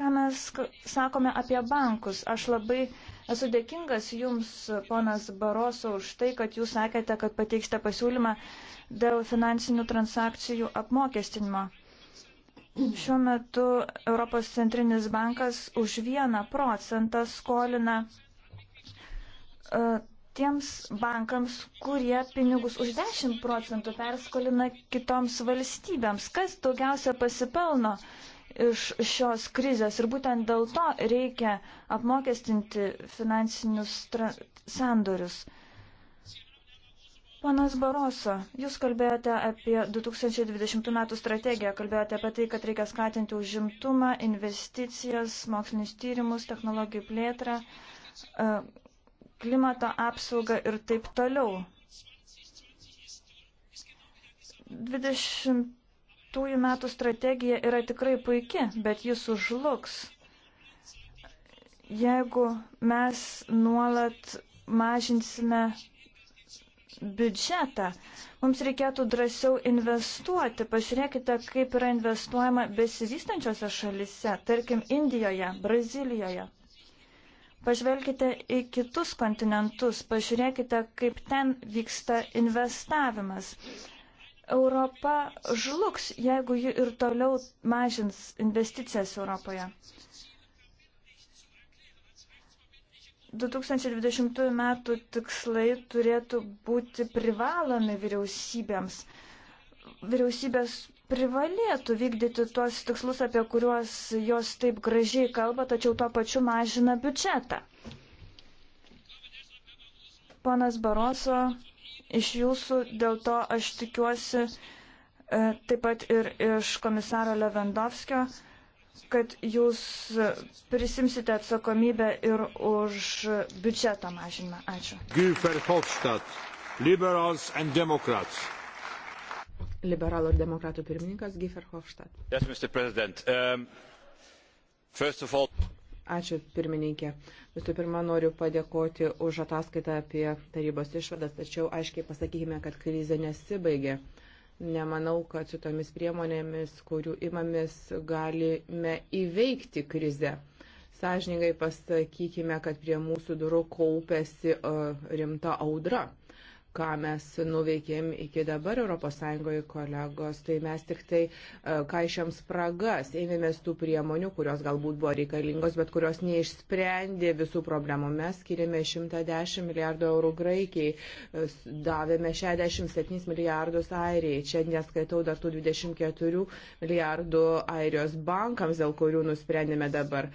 Ką mes sakome apie bankus? Aš labai uh, Esu dėkingas Jums, ponas Baroso, už tai, kad Jūs sakėte, kad pateiksite pasiūlymą dėl finansinių transakcijų apmokestinimo. Šiuo metu Europos centrinis bankas už vieną procentą skolina uh, tiems bankams, kurie pinigus už 10 procentų perskolina kitoms valstybėms. Kas daugiausia pasipelno iš šios krizės ir būtent dėl to reikia apmokestinti finansinius sandorius. Panas Baroso, jūs kalbėjote apie 2020 metų strategiją, kalbėjote apie tai, kad reikia skatinti užimtumą, investicijas, mokslinius tyrimus, technologijų plėtrą, e, klimato apsaugą ir taip toliau. 20 tųjų metų strategija yra tikrai puikia, bet jis užluks, jeigu mes nuolat mažinsime biudžetą. Mums reikėtų drąsiau investuoti. Pažiūrėkite, kaip yra investuojama besivystančiose šalise, tarkim Indijoje, Brazilijoje. Pažvelkite į kitus kontinentus, pažiūrėkite, kaip ten vyksta investavimas. Europa žlugs, jeigu ji ir toliau mažins investicijas Europoje. 2020 metų tikslai turėtų būti privalomi vyriausybėms. Vyriausybės privalėtų vykdyti tuos tikslus, apie kuriuos jos taip gražiai kalba, tačiau tuo pačiu mažina biudžetą. Ponas Baroso iš jūsų, dėl to aš tikiuosi e, taip pat ir iš komisaro Levendovskio, kad jūs prisimsite atsakomybę ir už biudžeto mažinimą. Ačiū. Liberalų ir demokratų pirmininkas Gifer Hofstadt. Yes, um, all... Ačiū pirmininkė. Visų pirma, noriu padėkoti už ataskaitą apie tarybos išvadas, tačiau aiškiai pasakykime, kad krizė nesibaigė. Nemanau, kad su tomis priemonėmis, kurių imamis, galime įveikti krizę. Sažiningai pasakykime, kad prie mūsų durų kaupėsi uh, e, rimta audra ką mes nuveikėm iki dabar ES kolegos, tai mes tik tai e, kaišėm spragas, ėmėmės tų priemonių, kurios galbūt buvo reikalingos, bet kurios neišsprendė visų problemų. Mes skiriame 110 milijardų eurų Graikijai, e, davėme 67 milijardus Airijai, čia neskaitau dar tų 24 milijardų Airijos bankams, dėl kurių nusprendėme dabar.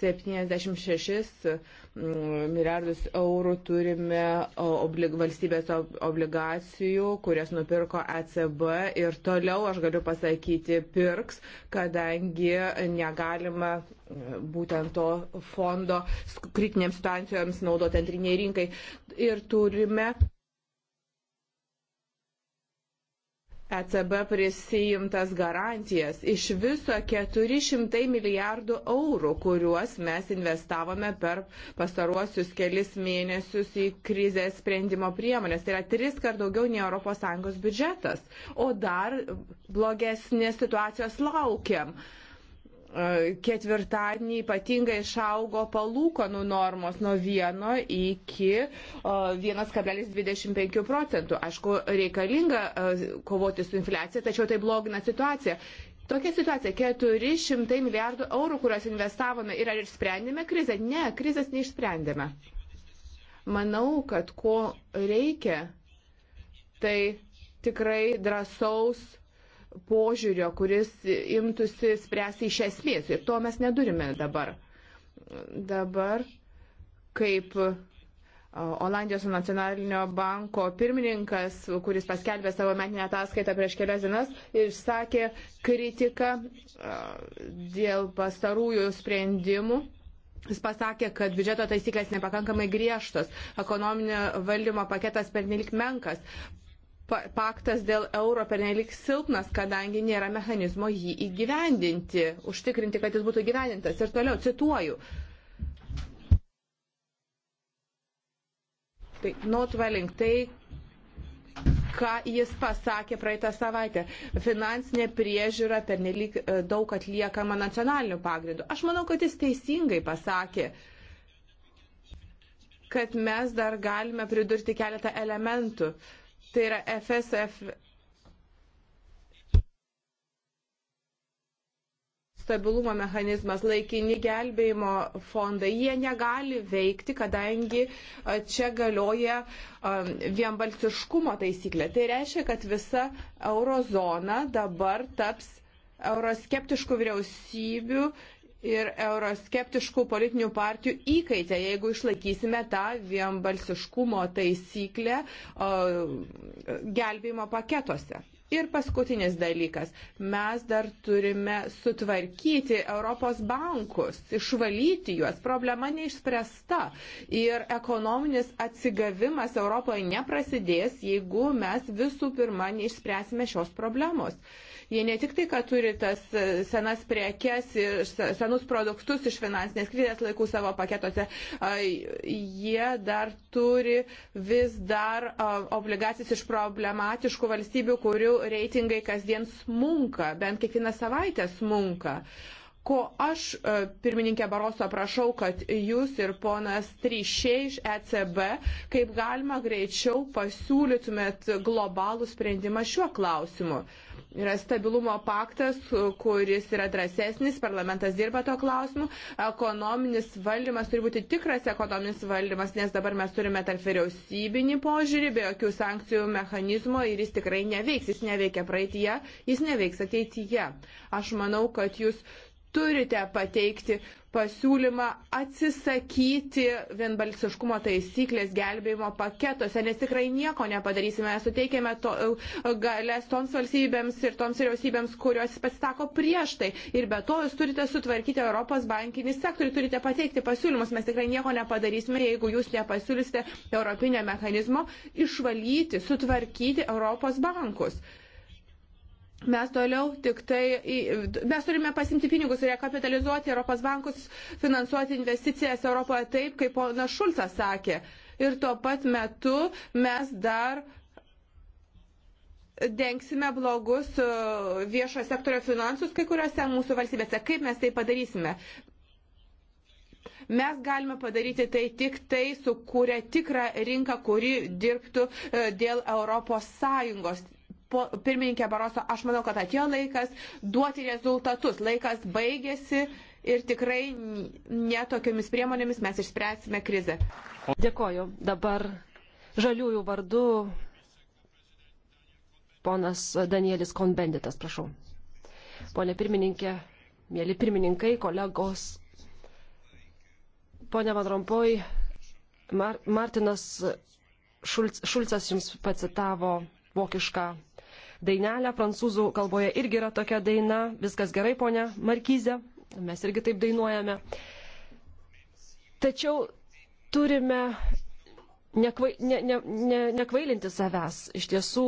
76 e, milijardus eurų turime oblig, valstybės ob, obligacijų, kurias nupirko ECB ir toliau, aš galiu pasakyti, pirks, kadangi negalima e, būtent to fondo kritiniams situacijoms naudoti antriniai rinkai. Ir turime ECB prisijimtas garantijas. Iš viso 400 milijardų eurų, kuriuos mes investavome per pastaruosius kelis mėnesius į krizės sprendimo priemonės. Tai yra tris kart daugiau nei ES biudžetas. O dar blogesnės situacijos laukiam. Uh, E, ketvirtadienį ypatingai išaugo palūkanų normos nuo 1 iki 1,25 e, procentų. Aišku, reikalinga e, kovoti su infliacija, tačiau tai blogina situaciją. Tokia situacija - 400 milijardų eurų, kuriuos investavome ir ar išsprendėme krizę? Ne, krizės neišsprendėme. Manau, kad ko reikia, tai tikrai drąsaus požiūrio, kuris imtųsi spręsti iš esmės. Ir to mes nedurime dabar. Dabar, kaip Olandijos nacionalinio banko pirmininkas, kuris paskelbė savo metinę ataskaitą prieš kelias dienas, išsakė kritiką dėl pastarųjų sprendimų. Jis pasakė, kad biudžeto taisyklės nepakankamai griežtos, ekonominio valdymo paketas pernelik menkas, paktas dėl euro pernelik silpnas, kadangi nėra mechanizmo jį įgyvendinti, užtikrinti, kad jis būtų įgyvendintas. Ir toliau cituoju. Tai not welling, tai ką jis pasakė praeitą savaitę. Finansinė priežiūra pernelik e, daug atliekama nacionaliniu pagrindu. Aš manau, kad jis teisingai pasakė kad mes dar galime pridurti keletą elementų. Uh, Tai yra FSF stabilumo mechanizmas, laikini gelbėjimo fondai, jie negali veikti, kadangi čia galioja vienbalsiškumo taisyklė. Tai reiškia, kad visa eurozona dabar taps euroskeptiškų vyriausybių ir euroskeptiškų politinių partijų įkaitę, jeigu išlaikysime tą vienbalsiškumo taisyklę gelbėjimo paketuose. Ir paskutinis dalykas. Mes dar turime sutvarkyti Europos bankus, išvalyti juos. Problema neišspręsta. Ir ekonominis atsigavimas Europoje neprasidės, jeigu mes visų pirma neišspręsime šios problemos. Uh, Jie ne tik tai, kad turi tas e, senas priekes, senus produktus iš finansinės krizės laikų savo paketuose, jie dar turi vis dar obligacijas iš problematiškų valstybių, kurių reitingai kasdien smunka, bent kiekvieną savaitę smunka ko aš, e, pirmininkė Baroso, prašau, kad jūs ir ponas Trišė iš ECB kaip galima greičiau pasiūlytumėt globalų sprendimą šiuo klausimu yra stabilumo paktas, kuris yra drąsesnis, parlamentas dirba to klausimu, ekonominis valdymas turi būti tikras ekonominis valdymas, nes dabar mes turime tarp vyriausybinį požiūrį, be jokių sankcijų mechanizmo ir jis tikrai neveiks, jis neveikia praeitie, jis neveiks ateityje. Aš manau, kad jūs turite pateikti pasiūlymą atsisakyti vienbalsiškumo taisyklės gelbėjimo paketuose, nes tikrai nieko nepadarysime. Mes suteikėme to, e, galės toms valstybėms ir toms vyriausybėms, kurios pasisako prieš tai. Ir be to jūs turite sutvarkyti Europos bankinį sektorių, turite pateikti pasiūlymus. Mes tikrai nieko nepadarysime, jeigu jūs nepasiūlysite Europinio mechanizmo išvalyti, sutvarkyti Europos bankus. Mes toliau tik tai, mes turime pasimti pinigus ir rekapitalizuoti Europos bankus, finansuoti investicijas Europoje taip, kaip ponas Šulcas sakė. Ir tuo pat metu mes dar dengsime blogus e, viešo sektorio finansus kai kuriuose mūsų valstybėse. Kaip mes tai padarysime? Mes galime padaryti tai tik tai sukūrę tikrą rinką, kuri dirbtų e, dėl Europos Sąjungos po, pirmininkė Baroso, aš manau, kad atėjo laikas duoti rezultatus. Laikas baigėsi ir tikrai netokiamis priemonėmis mes išspręsime krizę. Dėkoju. Dabar žaliųjų vardu ponas Danielis Konbenditas, prašau. Pone pirmininkė, mėly pirmininkai, kolegos. Pone Vadrompoj, Mar Martinas Šulc, Šulcas jums pacitavo vokišką dainelę. Prancūzų kalboje irgi yra tokia daina. Viskas gerai, ponia Markyzė. Mes irgi taip dainuojame. Tačiau turime nekvai, ne, ne, ne, nekvailinti savęs. Iš tiesų,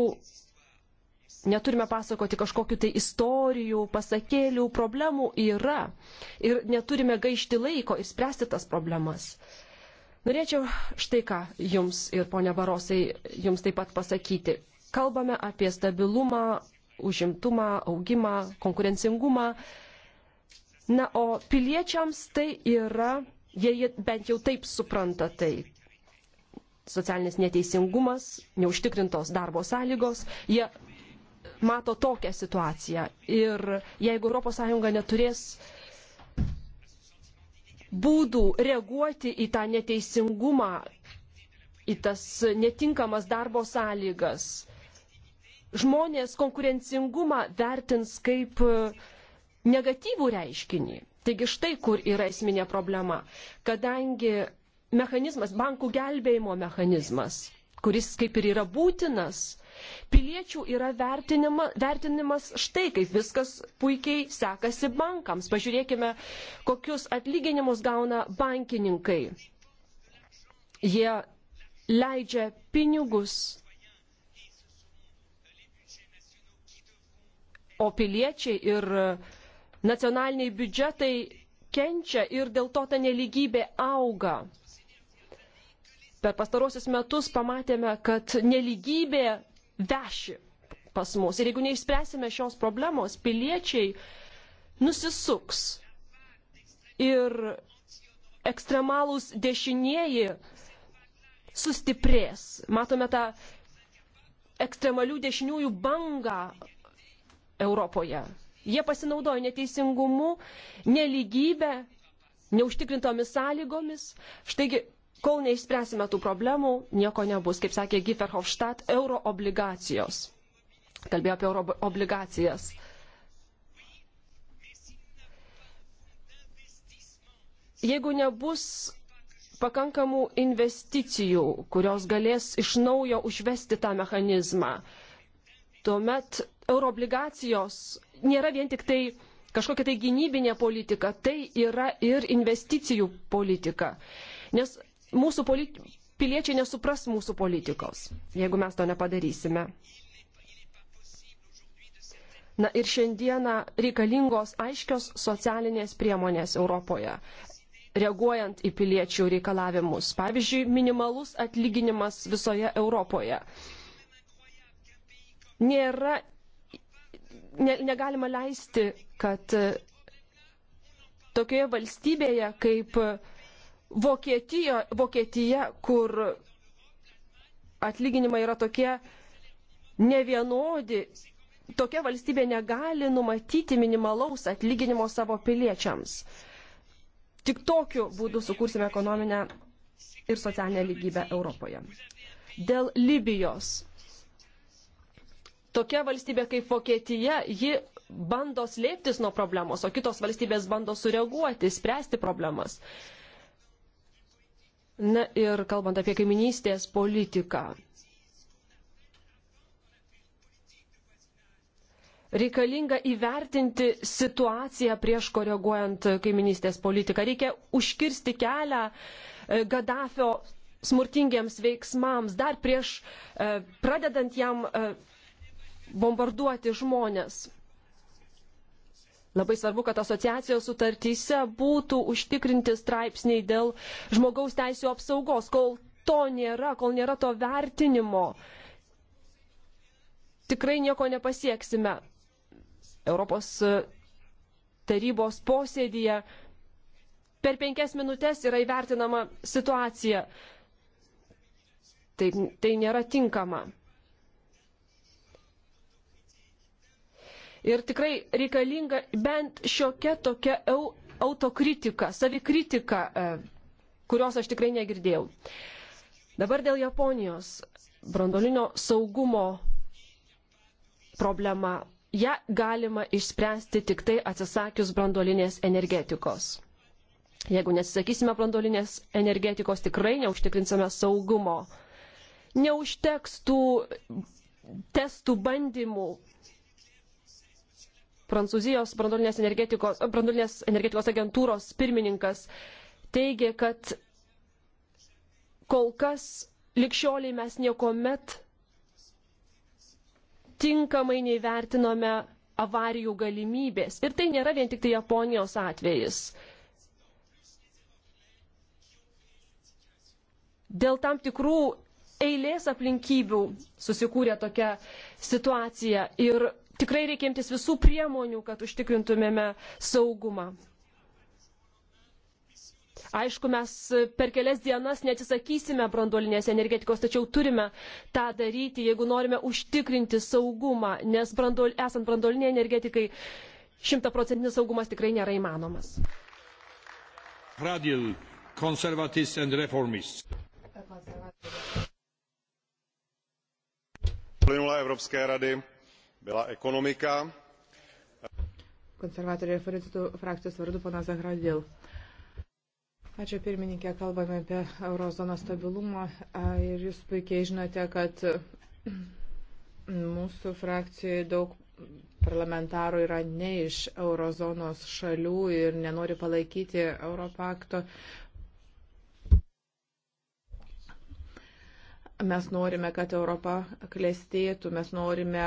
neturime pasakoti kažkokiu tai istorijų, pasakėlių, problemų yra. Ir neturime gaišti laiko ir spręsti tas problemas. Norėčiau štai ką jums ir ponia Barosai jums taip pat pasakyti. Kalbame apie stabilumą, užimtumą, augimą, konkurencingumą. Na, o piliečiams tai yra, jie bent jau taip supranta tai. Socialinis neteisingumas, neužtikrintos darbo sąlygos, jie mato tokią situaciją. Ir jeigu ES neturės būdų reaguoti į tą neteisingumą, į tas netinkamas darbo sąlygas, žmonės konkurencingumą vertins kaip e, negatyvų reiškinį. Taigi štai kur yra esminė problema, kadangi mechanizmas, bankų gelbėjimo mechanizmas, kuris kaip ir yra būtinas, piliečių yra vertinima, vertinimas štai, kaip viskas puikiai sekasi bankams. Pažiūrėkime, kokius atlyginimus gauna bankininkai. Jie leidžia pinigus o piliečiai ir e, nacionaliniai biudžetai kenčia ir dėl to ta neligybė auga. Per pastarosius metus pamatėme, kad neligybė veši pas mus. Ir jeigu neišspręsime šios problemos, piliečiai nusisuks. Ir ekstremalūs dešinieji sustiprės. Matome tą ekstremalių dešiniųjų bangą Europoje. Jie pasinaudojo neteisingumu, neligybę, neužtikrintomis sąlygomis. Štaigi, kol neišspręsime tų problemų, nieko nebus, kaip sakė Giferhofstadt, euro obligacijos. Kalbėjo apie euro obligacijas. Jeigu nebus pakankamų investicijų, kurios galės iš naujo užvesti tą mechanizmą, tuomet euroobligacijos nėra vien tik tai kažkokia tai gynybinė politika, tai yra ir investicijų politika. Nes mūsų politi piliečiai nesupras mūsų politikos, jeigu mes to nepadarysime. Na ir šiandieną reikalingos aiškios socialinės priemonės Europoje, reaguojant į piliečių reikalavimus. Pavyzdžiui, minimalus atlyginimas visoje Europoje. Nėra ne, negalima leisti, kad e, tokioje valstybėje kaip e, Vokietijo, Vokietija, kur atlyginimai yra tokie nevienodi, tokia valstybė negali numatyti minimalaus atlyginimo savo piliečiams. Tik tokiu būdu sukursime ekonominę ir socialinę lygybę Europoje. Dėl Libijos tokia valstybė kaip Vokietija, ji bando slėptis nuo problemos, o kitos valstybės bando sureaguoti, spręsti problemas. Na ir kalbant apie kaiminystės politiką. Reikalinga įvertinti situaciją prieš koreguojant kaiminystės politiką. Reikia užkirsti kelią e, Gaddafio smurtingiems veiksmams dar prieš e, pradedant jam e, bombarduoti žmonės. Labai svarbu, kad asociacijos sutartyse būtų užtikrinti straipsniai dėl žmogaus teisų apsaugos, kol to nėra, kol nėra to vertinimo. Tikrai nieko nepasieksime. Europos e, tarybos posėdėje per penkias minutės yra įvertinama situacija. Tai, tai nėra tinkama. Ir tikrai reikalinga bent šiokia tokia autokritika, savikritika, e, kurios aš tikrai negirdėjau. Dabar dėl Japonijos brandolinio saugumo problema. Ja galima išspręsti tik tai atsisakius brandolinės energetikos. Jeigu nesisakysime brandolinės energetikos, tikrai neužtikrinsime saugumo. Neužteks tų testų bandymų, Prancūzijos branduolinės energetikos, branduolinės energetikos agentūros pirmininkas teigė, kad kol kas likščioliai mes niekuomet tinkamai neįvertinome avarijų galimybės. Ir tai nėra vien tik tai Japonijos atvejis. Dėl tam tikrų eilės aplinkybių susikūrė tokia situacija ir tikrai reikia imtis visų priemonių, kad užtikrintumėme saugumą. Aišku, mes per kelias dienas neatsisakysime branduolinės energetikos, tačiau turime tą daryti, jeigu norime užtikrinti saugumą, nes branduol, esant branduoliniai energetikai šimtaprocentinis saugumas tikrai nėra įmanomas. Radil, konservatist and reformist. Plynula Evropské rady byla ekonomika. Konservatorių referentų frakcijos vardu pana Zahradil. Ačiū pirmininkė, kalbame apie eurozono stabilumą ir jūs puikiai žinote, kad mūsų frakcijoje daug parlamentarų yra ne iš eurozonos šalių ir nenori palaikyti Europakto Mes norime, kad Europa klestėtų, mes norime,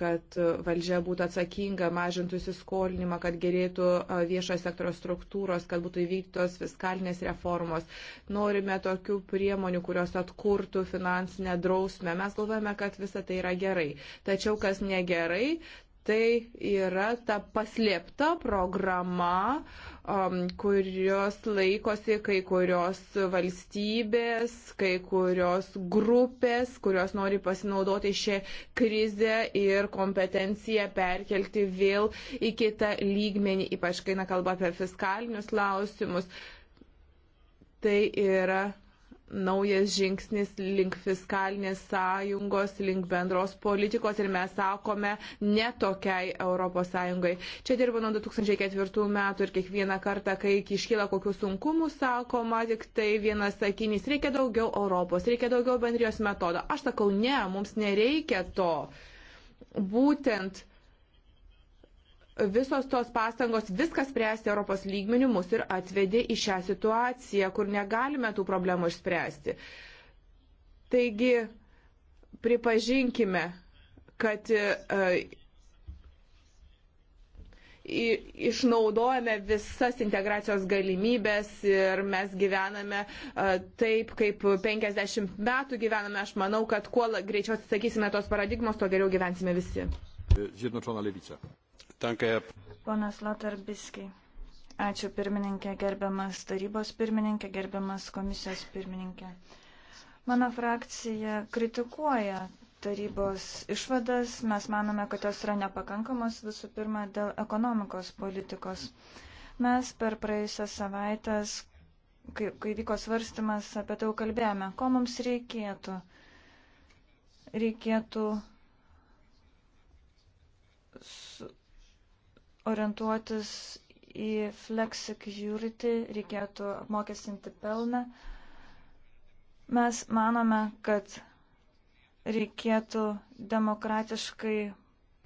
kad valdžia būtų atsakinga, mažintų įsiskolinimą, kad gerėtų viešojo sektorio struktūros, kad būtų įvyktos fiskalinės reformos. Norime tokių priemonių, kurios atkurtų finansinę drausmę. Mes galvojame, kad visa tai yra gerai. Tačiau kas negerai, tai yra ta paslėpta programa, um, kurios laikosi kai kurios valstybės, kai kurios grupės, kurios nori pasinaudoti šią krizę ir kompetenciją perkelti vėl į kitą lygmenį, ypač kai na kalba apie fiskalinius klausimus. Tai yra naujas žingsnis link fiskalinės sąjungos, link bendros politikos ir mes sakome ne tokiai ES. Čia dirbu nuo 2004 metų ir kiekvieną kartą, kai iškyla kokių sunkumų, sakoma tik tai vienas sakinys, reikia daugiau Europos, reikia daugiau bendrijos metodo. Aš sakau, ne, mums nereikia to. Būtent visos tos pastangos viskas spręsti Europos lygmenių mus ir atvedė į šią situaciją, kur negalime tų problemų išspręsti. Taigi, pripažinkime, kad e, išnaudojame visas integracijos galimybės ir mes gyvename e, taip, kaip 50 metų gyvename. Aš manau, kad kuo greičiau atsisakysime tos paradigmos, tuo geriau gyvensime visi. Zjednoczona Lewica. Ponas Latarbiskiai. Ačiū pirmininkė, gerbiamas tarybos pirmininkė, gerbiamas komisijos pirmininkė. Mano frakcija kritikuoja tarybos išvadas. Mes manome, kad jos yra nepakankamos visų pirma dėl ekonomikos politikos. Mes per praėjusią savaitę, kai, kai vyko svarstymas, apie tai kalbėjome, ko mums reikėtų. Reikėtų su orientuotis į flex security, reikėtų apmokestinti pelną. Mes manome, kad reikėtų demokratiškai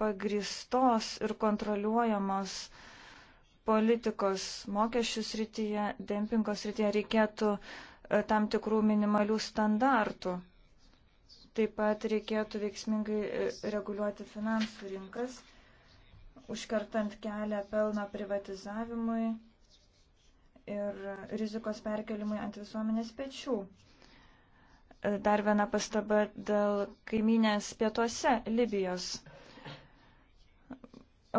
pagristos ir kontroliuojamos politikos mokesčių srityje, dempingo srityje reikėtų e, tam tikrų minimalių standartų. Taip pat reikėtų veiksmingai e, reguliuoti finansų rinkas užkertant kelią pelno privatizavimui ir rizikos perkelimui ant visuomenės pečių. Dar viena pastaba dėl kaiminės pietuose Libijos.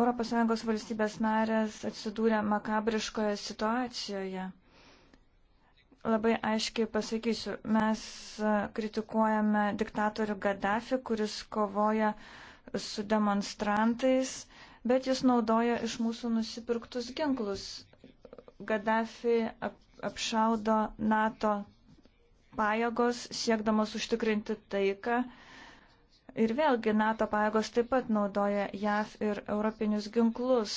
ES valstybės narės atsidūrė makabriškoje situacijoje. Labai aiškiai pasakysiu, mes kritikuojame diktatorių Gaddafi, kuris kovoja su demonstrantais bet jis naudoja iš mūsų nusipirktus ginklus. Gaddafi ap, apšaudo NATO pajėgos, siekdamas užtikrinti taiką. Ir vėlgi NATO pajėgos taip pat naudoja JAV ir europinius ginklus.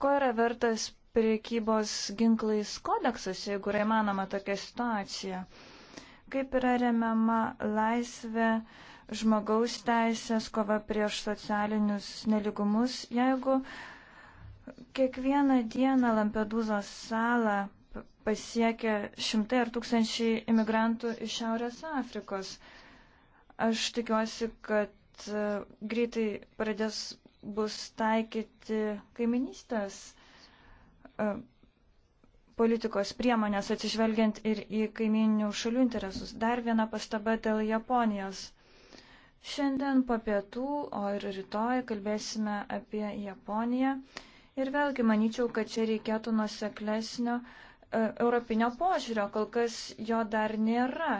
Ko yra vertas priekybos ginklais kodeksas, jeigu yra įmanoma tokia situacija? Kaip yra remiama laisvė uh, žmogaus teisės, kova prieš socialinius neligumus. Jeigu kiekvieną dieną Lampedūzos salą pasiekia šimtai ar tūkstančiai imigrantų iš Šiaurės Afrikos, aš tikiuosi, kad e, greitai pradės bus taikyti kaiminystės e, politikos priemonės atsižvelgiant ir į kaiminių šalių interesus. Dar viena pastaba dėl Japonijos. Šiandien po pietų, o ir rytoj kalbėsime apie Japoniją. Ir vėlgi manyčiau, kad čia reikėtų nuseklesnio e, europinio požiūrio, kol kas jo dar nėra,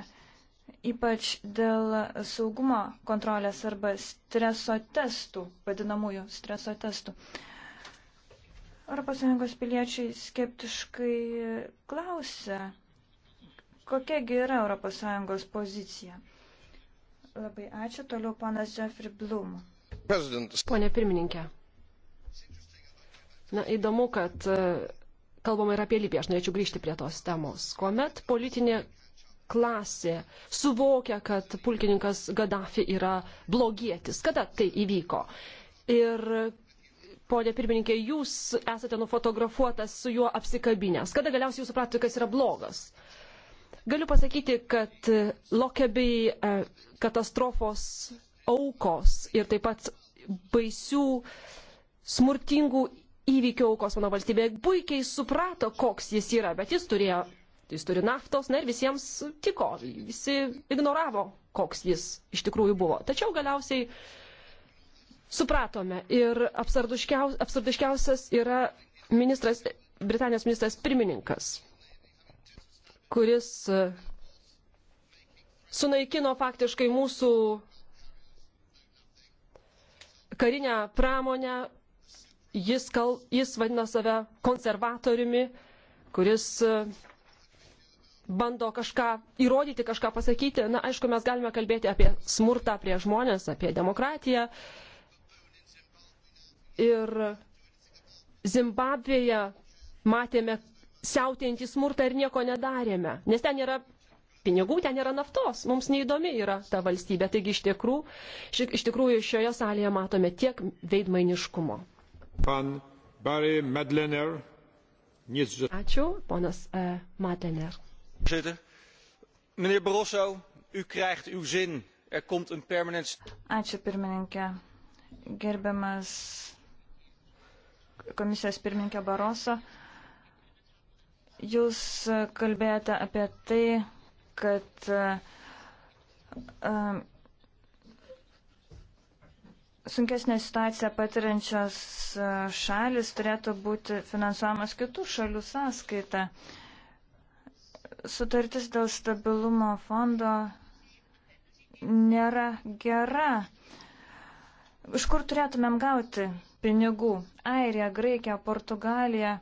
ypač dėl saugumo kontrolės arba streso testų, vadinamųjų streso testų. ES piliečiai skeptiškai klausia, kokiagi yra ES pozicija. Labai ačiū. Toliau ponas Jeffrey Blum. Pone pirmininkė. Na, įdomu, kad e, kalbama ir apie Libiją. Aš norėčiau grįžti prie tos temos. Kuomet politinė klasė suvokia, kad pulkininkas Gaddafi yra blogietis. Kada tai įvyko? Ir, ponė pirmininkė, jūs esate nufotografuotas su juo apsikabinęs. Kada galiausiai jūs supratote, kas yra blogas? Uh, Galiu pasakyti, kad Lokebei e, katastrofos aukos ir taip pat baisių smurtingų įvykių aukos mano valstybėje puikiai suprato, koks jis yra, bet jis turėjo, jis turi naftos, na ir visiems tiko, visi ignoravo, koks jis iš tikrųjų buvo. Tačiau galiausiai supratome ir absurdiškiausias yra ministras, Britanijos ministras pirmininkas kuris e, sunaikino faktiškai mūsų karinę pramonę, jis, kal, jis vadina save konservatoriumi, kuris e, bando kažką įrodyti, kažką pasakyti. Na, aišku, mes galime kalbėti apie smurtą prie žmonės, apie demokratiją. Ir Zimbabvėje matėme, siautėjantį smurtą ir nieko nedarėme. Nes ten yra pinigų, ten yra naftos. Mums neįdomi yra ta valstybė. Taigi iš tikrųjų, iš tikrųjų šioje salėje matome tiek veidmainiškumo. Pan Barry Madlener. Niets... Ačiū, ponas uh, e, Madlener. Meneer Barroso, u krijgt uw zin. Er komt een permanent. Ačiū pirmininkė. Gerbiamas komisijos pirmininkė Baroso. Uh, Jūs kalbėjote apie tai, kad um, sunkesnė situacija patiriančios uh, šalis turėtų būti finansuojamas kitų šalių sąskaita. Sutartis dėl stabilumo fondo nėra gera. Iš kur turėtumėm gauti pinigų? Airija, Graikija, Portugalija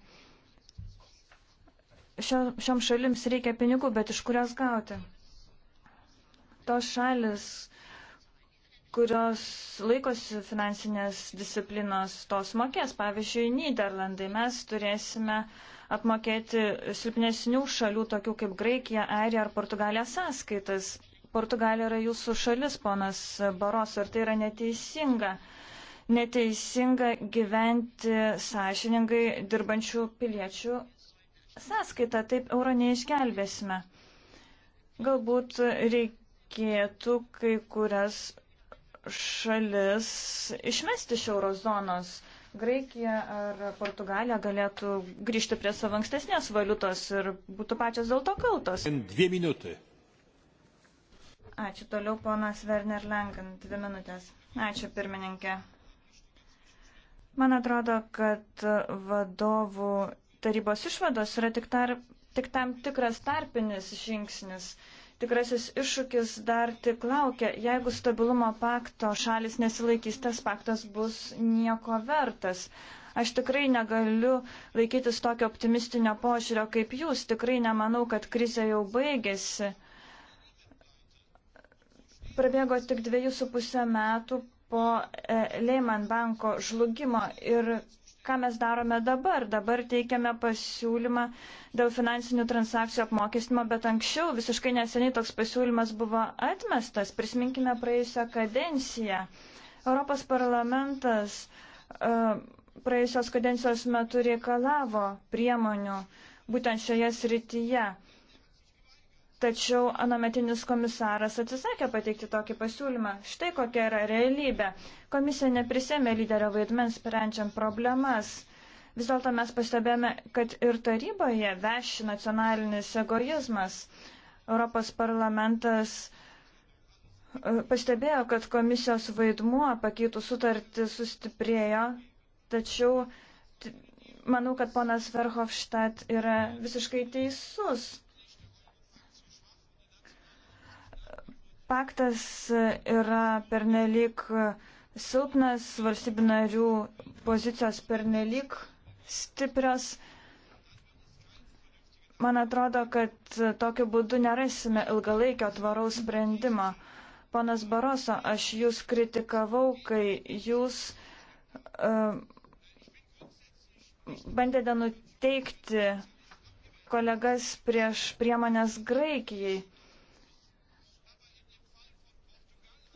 Šiom šalims reikia pinigų, bet iš kurios gauti? Tos šalis, kurios laikosi finansinės disciplinos, tos mokės. Pavyzdžiui, Niderlandai mes turėsime apmokėti silpnesnių šalių, tokių kaip Graikija, Airija ar Portugalija sąskaitas. Portugalija yra jūsų šalis, ponas Baros, ir tai yra neteisinga. Neteisinga gyventi sąžiningai dirbančių piliečių sąskaitą, taip euro neišgelbėsime. Galbūt reikėtų kai kurias šalis išmesti iš eurozonos. Graikija ar Portugalija galėtų grįžti prie savo ankstesnės valiutos ir būtų pačios dėl to kaltos. Dvi minutė. Ačiū toliau, ponas Werner Lengen, dvi minutės. Ačiū, pirmininkė. Man atrodo, kad vadovų tarybos išvados yra tik, tar, tik tam tikras tarpinis žingsnis. Tikrasis iššūkis dar tik laukia. Jeigu stabilumo pakto šalis nesilaikys, tas paktas bus nieko vertas. Aš tikrai negaliu laikytis tokio optimistinio požiūrio kaip jūs. Tikrai nemanau, kad krizė jau baigėsi. Prabėgo tik dviejų su pusę metų po e, Lehman banko žlugimo ir ką mes darome dabar. Dabar teikiame pasiūlymą dėl finansinių transakcijų apmokestimo, bet anksčiau visiškai neseniai toks pasiūlymas buvo atmestas. Prisiminkime praėjusią kadenciją. Europos parlamentas uh, praėjusios kadencijos metu reikalavo priemonių būtent šioje srityje. Tačiau anometinis komisaras atsisakė pateikti tokį pasiūlymą. Štai kokia yra realybė. Komisija neprisėmė lyderio vaidmens sprendžiant problemas. Vis dėlto mes pastebėjome, kad ir taryboje veši nacionalinis egoizmas. Europos parlamentas e, pastebėjo, kad komisijos vaidmuo pakeitų sutartį sustiprėjo, tačiau manau, kad ponas Verhofstadt yra visiškai teisus paktas yra pernelyg silpnas, valstybių narių pozicijos pernelyg stiprios. Man atrodo, kad tokiu būdu nerasime ilgalaikio tvaraus sprendimo. Ponas Baroso, aš jūs kritikavau, kai jūs uh, bandėte nuteikti kolegas prieš priemonės Graikijai.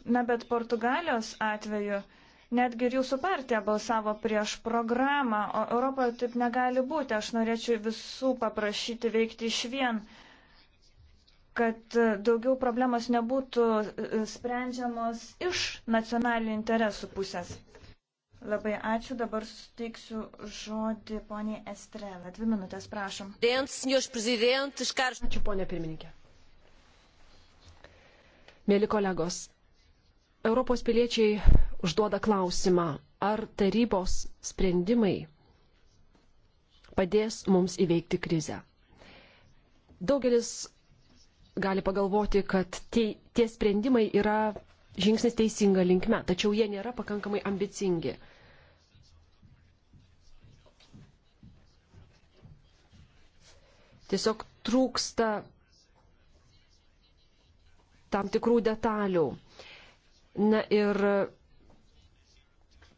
Na, bet Portugalijos atveju netgi ir jūsų partija balsavo prieš programą, o Europoje taip negali būti. Aš norėčiau visų paprašyti veikti iš vien, kad e, daugiau problemos nebūtų e, e, sprendžiamos iš nacionalinių interesų pusės. Labai ačiū, dabar suteiksiu žodį poniai Estrela. Dvi minutės, prašom. Ačiū, ponė pirmininkė. Mėly kolegos, Europos piliečiai užduoda klausimą, ar tarybos sprendimai padės mums įveikti krizę. Daugelis gali pagalvoti, kad tie, tie sprendimai yra žingsnis teisinga linkme, tačiau jie nėra pakankamai ambicingi. Tiesiog trūksta tam tikrų detalių. Na ir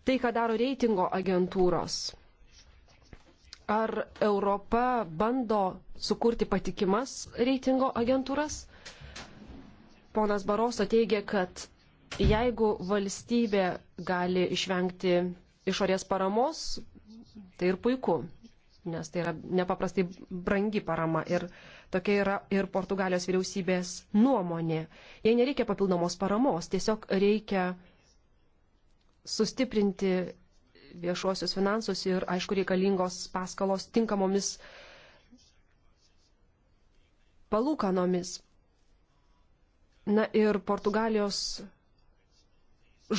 tai, ką daro reitingo agentūros. Ar Europa bando sukurti patikimas reitingo agentūras? Ponas Baroso teigia, kad jeigu valstybė gali išvengti išorės paramos, tai ir puiku nes tai yra nepaprastai brangi parama ir tokia yra ir Portugalijos vyriausybės nuomonė. Jei nereikia papildomos paramos, tiesiog reikia sustiprinti viešuosius finansus ir, aišku, reikalingos paskalos tinkamomis palūkanomis. Na ir Portugalijos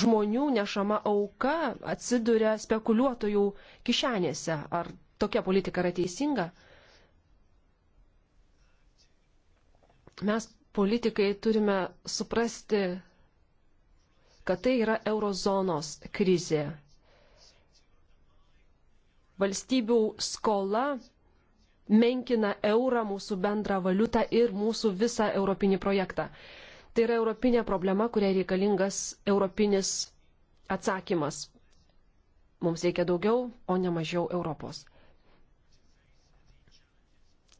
žmonių nešama auka atsiduria spekuliuotojų kišenėse ar tokia politika yra teisinga, mes politikai turime suprasti, kad tai yra eurozonos krizė. Valstybių skola menkina eurą, mūsų bendrą valiutą ir mūsų visą europinį projektą. Tai yra europinė problema, kuriai reikalingas europinis atsakymas. Mums reikia daugiau, o ne mažiau Europos.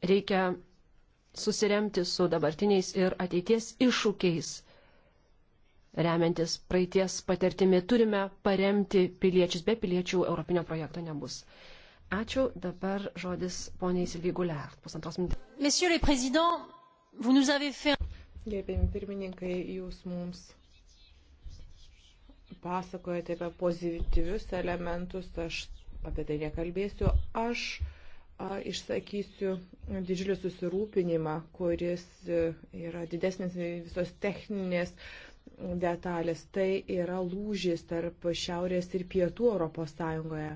Reikia susiremti su dabartiniais ir ateities iššūkiais. Remiantis praeities patirtimi turime paremti piliečius, be piliečių Europinio projekto nebus. Ačiū, dabar žodis poniai Silvijai Guler, pusantros minutės. Gerbėjami pirmininkai, jūs mums pasakojate apie pozityvius elementus, aš apie tai nekalbėsiu. Aš išsakysiu didžiulį susirūpinimą, kuris e, yra didesnis visos techninės detalės. Tai yra lūžis tarp Šiaurės ir Pietų Europos Sąjungoje.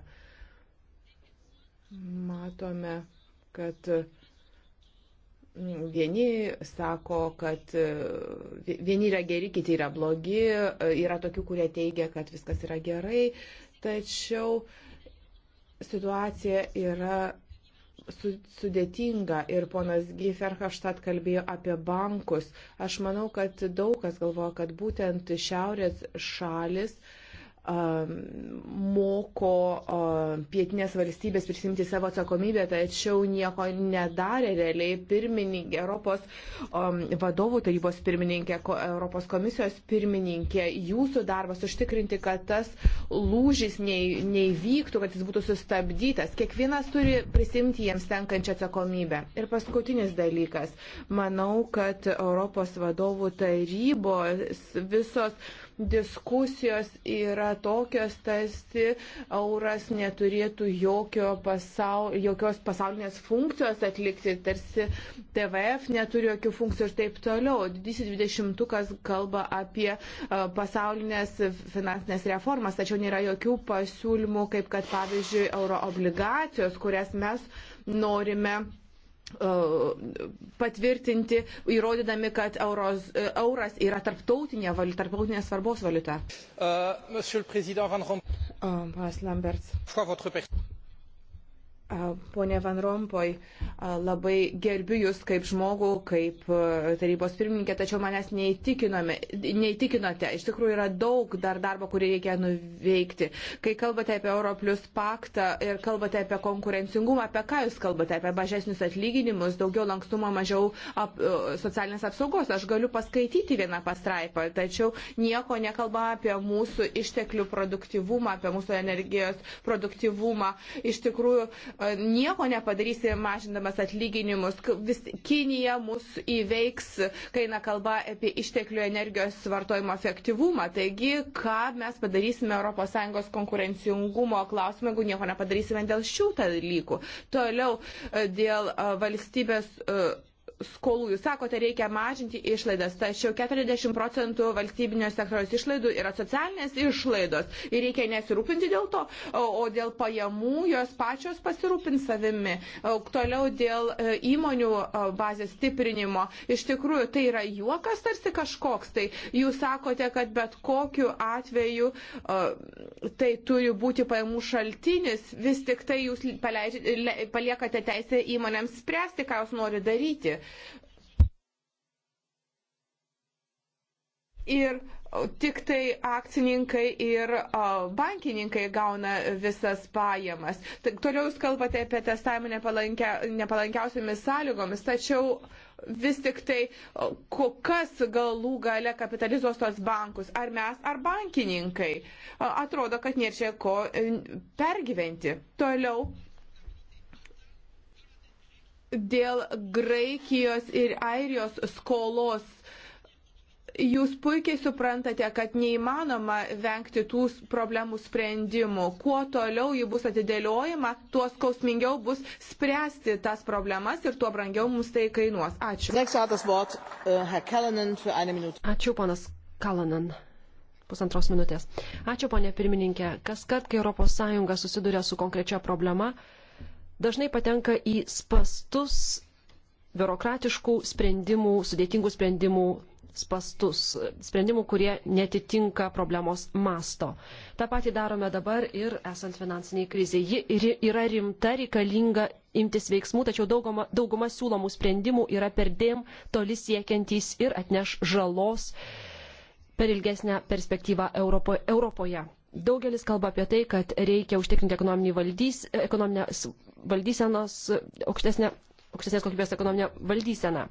Matome, kad mm, vieni sako, kad e, vieni yra geri, kiti yra blogi, e, yra tokių, kurie teigia, kad viskas yra gerai, tačiau situacija yra sudėtinga ir ponas Giferhofstadt kalbėjo apie bankus. Aš manau, kad daug kas galvoja, kad būtent šiaurės šalis uh, Um, moko um, pietinės valstybės prisimti savo atsakomybę, tačiau nieko nedarė realiai pirmininkė, Europos um, vadovų tarybos pirmininkė, Europos komisijos pirmininkė. Jūsų darbas užtikrinti, kad tas lūžis neįvyktų, kad jis būtų sustabdytas. Kiekvienas turi prisimti jiems tenkančią atsakomybę. Ir paskutinis dalykas. Manau, kad Europos vadovų tarybos visos diskusijos yra tokios, tarsi euras neturėtų jokio pasaul, jokios pasaulinės funkcijos atlikti, tarsi TVF neturi jokių funkcijų ir taip toliau. Didysis dvidešimtukas kalba apie e, pasaulinės finansinės reformas, tačiau nėra jokių pasiūlymų, kaip kad pavyzdžiui euroobligacijos, kurias mes norime patvirtinti, įrodydami, kad euros, euras yra tarptautinė valiuta, tarptautinės svarbos valiuta. Uh, Ponas Lamberts. Pone Van Rompoj, labai gerbiu Jūs kaip žmogų, kaip tarybos pirmininkė, tačiau manęs neįtikinote. Iš tikrųjų yra daug dar darbo, kurį reikia nuveikti. Kai kalbate apie Euro plus paktą ir kalbate apie konkurencingumą, apie ką Jūs kalbate? Apie mažesnius atlyginimus, daugiau lankstumo, mažiau ap, socialinės apsaugos. Aš galiu paskaityti vieną pastraipą, tačiau nieko nekalba apie mūsų išteklių produktivumą, apie mūsų energijos produktivumą. Iš tikrųjų, nieko nepadarysi mažindamas atlyginimus. Vis, Kinija mus įveiks, kai eina kalba apie išteklių energijos vartojimo efektyvumą. Taigi, ką mes padarysime ES konkurencingumo klausimą, jeigu nieko nepadarysime dėl šių dalykų. Toliau dėl valstybės skolų. Jūs sakote, reikia mažinti išlaidas, tačiau 40 procentų valstybinio sektoriaus išlaidų yra socialinės išlaidos ir reikia nesirūpinti dėl to, o dėl pajamų jos pačios pasirūpins savimi. Toliau dėl e, įmonių e, bazės stiprinimo. Iš tikrųjų, tai yra juokas tarsi kažkoks. Tai jūs sakote, kad bet kokiu atveju e, tai turi būti pajamų šaltinis, vis tik tai jūs paliekate teisę įmonėms spręsti, ką jos nori daryti. Ir tik tai akcininkai ir bankininkai gauna visas pajamas. Toliau jūs kalbate apie testavimą nepalankia, nepalankiausiamis sąlygomis, tačiau vis tik tai kas galų gale kapitalizuos tos bankus, ar mes, ar bankininkai. Atrodo, kad nėra čia ko pergyventi. Toliau dėl Graikijos ir Airijos skolos. Jūs puikiai suprantate, kad neįmanoma vengti tų problemų sprendimų. Kuo toliau jį bus atidėliojama, tuo skausmingiau bus spręsti tas problemas ir tuo brangiau mums tai kainuos. Ačiū. Uh, Ačiū, ponas Kalanan. Pusantros minutės. Ačiū, ponė pirmininkė. Kas kad, kai ES susiduria su konkrečia problema, dažnai patenka į spastus, biurokratiškų sprendimų, sudėtingų sprendimų spastus, sprendimų, kurie netitinka problemos masto. Ta pati darome dabar ir esant finansiniai kriziai. Ji yra rimta, reikalinga imtis veiksmų, tačiau dauguma, dauguma siūlomų sprendimų yra perdėm toli siekiantys ir atneš žalos per ilgesnę perspektyvą Europo, Europoje. Daugelis kalba apie tai, kad reikia užtikrinti valdys, ekonominę valdysenos, aukštesnė, aukštesnės kokybės ekonominė valdysena.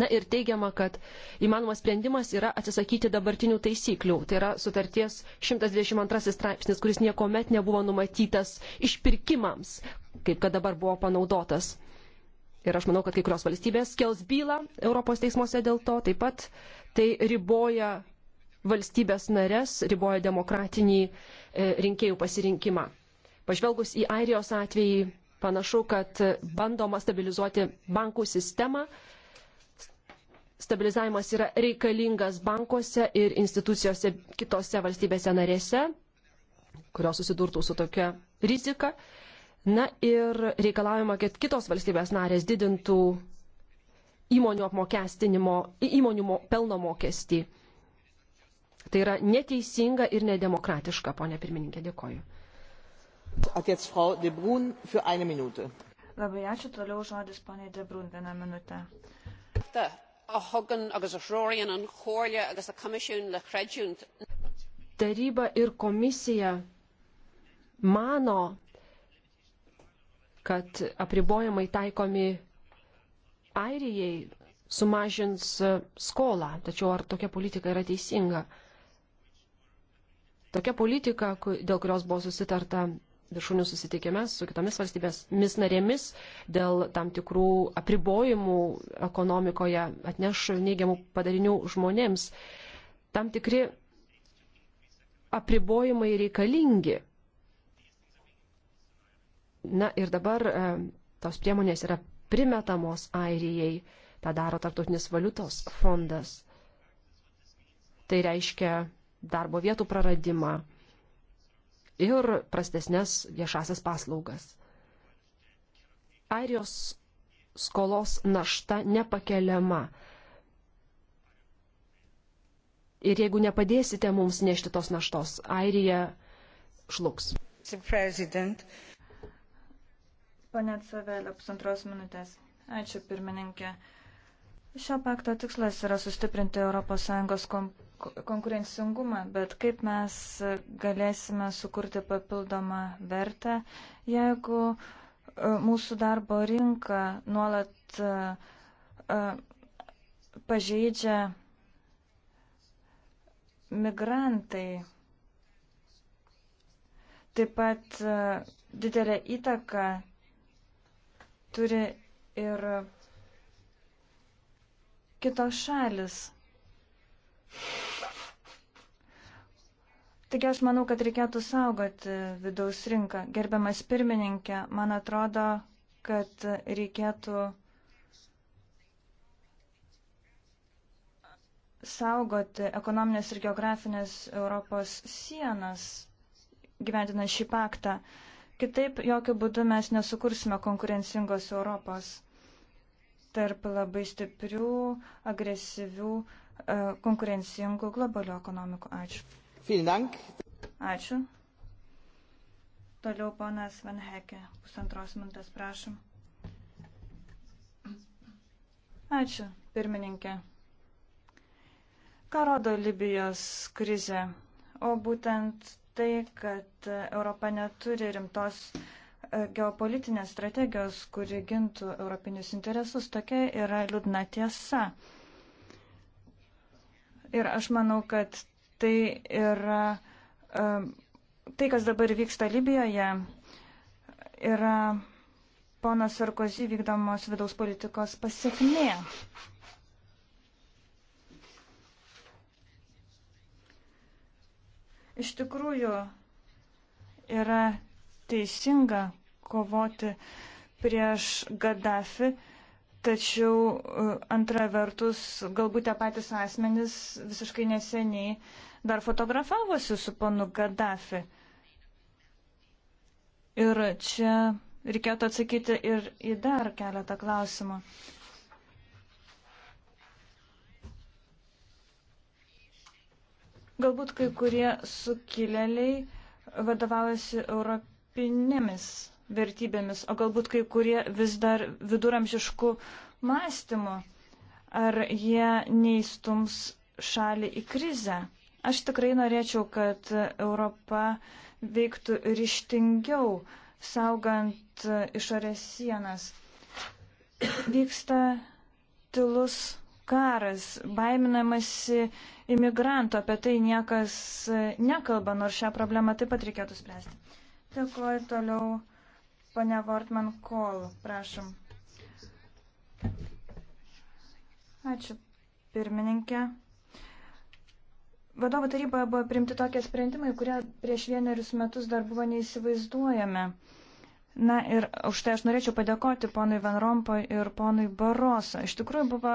Na ir teigiama, kad įmanomas sprendimas yra atsisakyti dabartinių taisyklių. Tai yra sutarties 122 straipsnis, kuris nieko met nebuvo numatytas išpirkimams, kaip kad dabar buvo panaudotas. Ir aš manau, kad kai kurios valstybės kels bylą Europos teismuose dėl to. Taip pat tai riboja valstybės narės, riboja demokratinį e, rinkėjų pasirinkimą. Pažvelgus į Airijos atvejį, Panašu, kad bandoma stabilizuoti bankų sistemą. Stabilizavimas yra reikalingas bankuose ir institucijose kitose valstybėse narėse, kurios susidurtų su tokia rizika. Na ir reikalaujama, kad kitos valstybės narės didintų įmonių apmokestinimo, įmonių pelno mokestį. Tai yra neteisinga ir nedemokratiška, ponė pirmininkė, dėkoju. Labai ačiū, toliau žodis poniai Debrun vieną minutę. Ta, a hogan agus a shróirin an chóirle agus a comisiún le chreidjúnt. Taryba ir komisija mano, kad apribojimai taikomi Airijai sumažins e, skolą, tačiau ar tokia politika yra teisinga? Tokia politika, dėl kurios buvo susitarta viršūnių susitikime su kitomis valstybėmis narėmis dėl tam tikrų apribojimų ekonomikoje atneš neigiamų padarinių žmonėms. Tam tikri apribojimai reikalingi. Na ir dabar e, tos priemonės yra primetamos Airijai, tą daro Tartutinis valiutos fondas. Tai reiškia darbo vietų praradimą ir prastesnės viešasias paslaugas. Airijos skolos našta nepakeliama. Ir jeigu nepadėsite mums nešti tos naštos, Airija šluks. Pane Cevelė, pusantros minutės. Ačiū, pirmininkė. Šio pakto tikslas yra sustiprinti ES komp konkurencingumą, bet kaip mes galėsime sukurti papildomą vertę, jeigu e, mūsų darbo rinka nuolat e, e, pažeidžia migrantai. Taip pat didelę įtaką turi ir kitos šalis. Taigi aš manau, kad reikėtų saugoti vidaus rinką. Gerbiamas pirmininkė, man atrodo, kad reikėtų saugoti ekonominės ir geografinės Europos sienas, gyventina šį paktą. Kitaip jokių būdų mes nesukursime konkurencingos Europos tarp labai stiprių, agresyvių E, konkurencingų globalių ekonomikų. Ačiū. Ačiū. Toliau ponas Van Heke, pusantros minutės, prašom. Ačiū, pirmininkė. Ką rodo Libijos krizė? O būtent tai, kad Europa neturi rimtos e, geopolitinės strategijos, kuri gintų europinius interesus, tokia yra liūdna tiesa. Ir aš manau, kad tai yra tai, kas dabar vyksta Libijoje, yra pono Sarkozy vykdomos vidaus politikos pasiekmė. Iš tikrųjų yra teisinga kovoti prieš Gaddafi Tačiau e, antra vertus, galbūt tie patys asmenys visiškai neseniai dar fotografavosi su panu Gaddafi. Ir čia reikėtų atsakyti ir į dar keletą klausimų. Galbūt kai kurie sukilėliai vadovaujasi europinėmis vertybėmis, o galbūt kai kurie vis dar viduramžiškų mąstymų. Ar jie neįstums šalį į krizę? Aš tikrai norėčiau, kad Europa veiktų ryštingiau, saugant išorės sienas. Vyksta tylus karas, baiminamasi imigrantų, apie tai niekas nekalba, nors šią problemą taip pat reikėtų spręsti. Dėkuoju toliau Pane Vortman Kol, prašom. Ačiū, pirmininkė. Vadovų taryboje buvo priimti tokie sprendimai, kurie prieš vienerius metus dar buvo neįsivaizduojami. Na ir už tai aš norėčiau padėkoti ponui Van Rompoj ir ponui Baroso. Iš tikrųjų buvo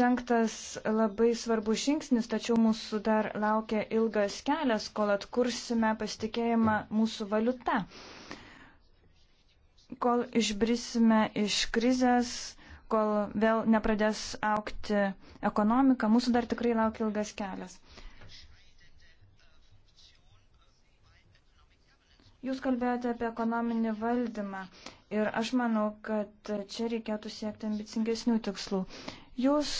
žengtas labai svarbus žingsnis, tačiau mūsų dar laukia ilgas kelias, kol atkursime pasitikėjimą mūsų valiuta. Uh, kol išbrisime iš krizės, kol vėl nepradės aukti ekonomika, mūsų dar tikrai laukia ilgas kelias. Jūs kalbėjote apie ekonominį valdymą ir aš manau, kad čia reikėtų siekti ambicingesnių tikslų. Jūs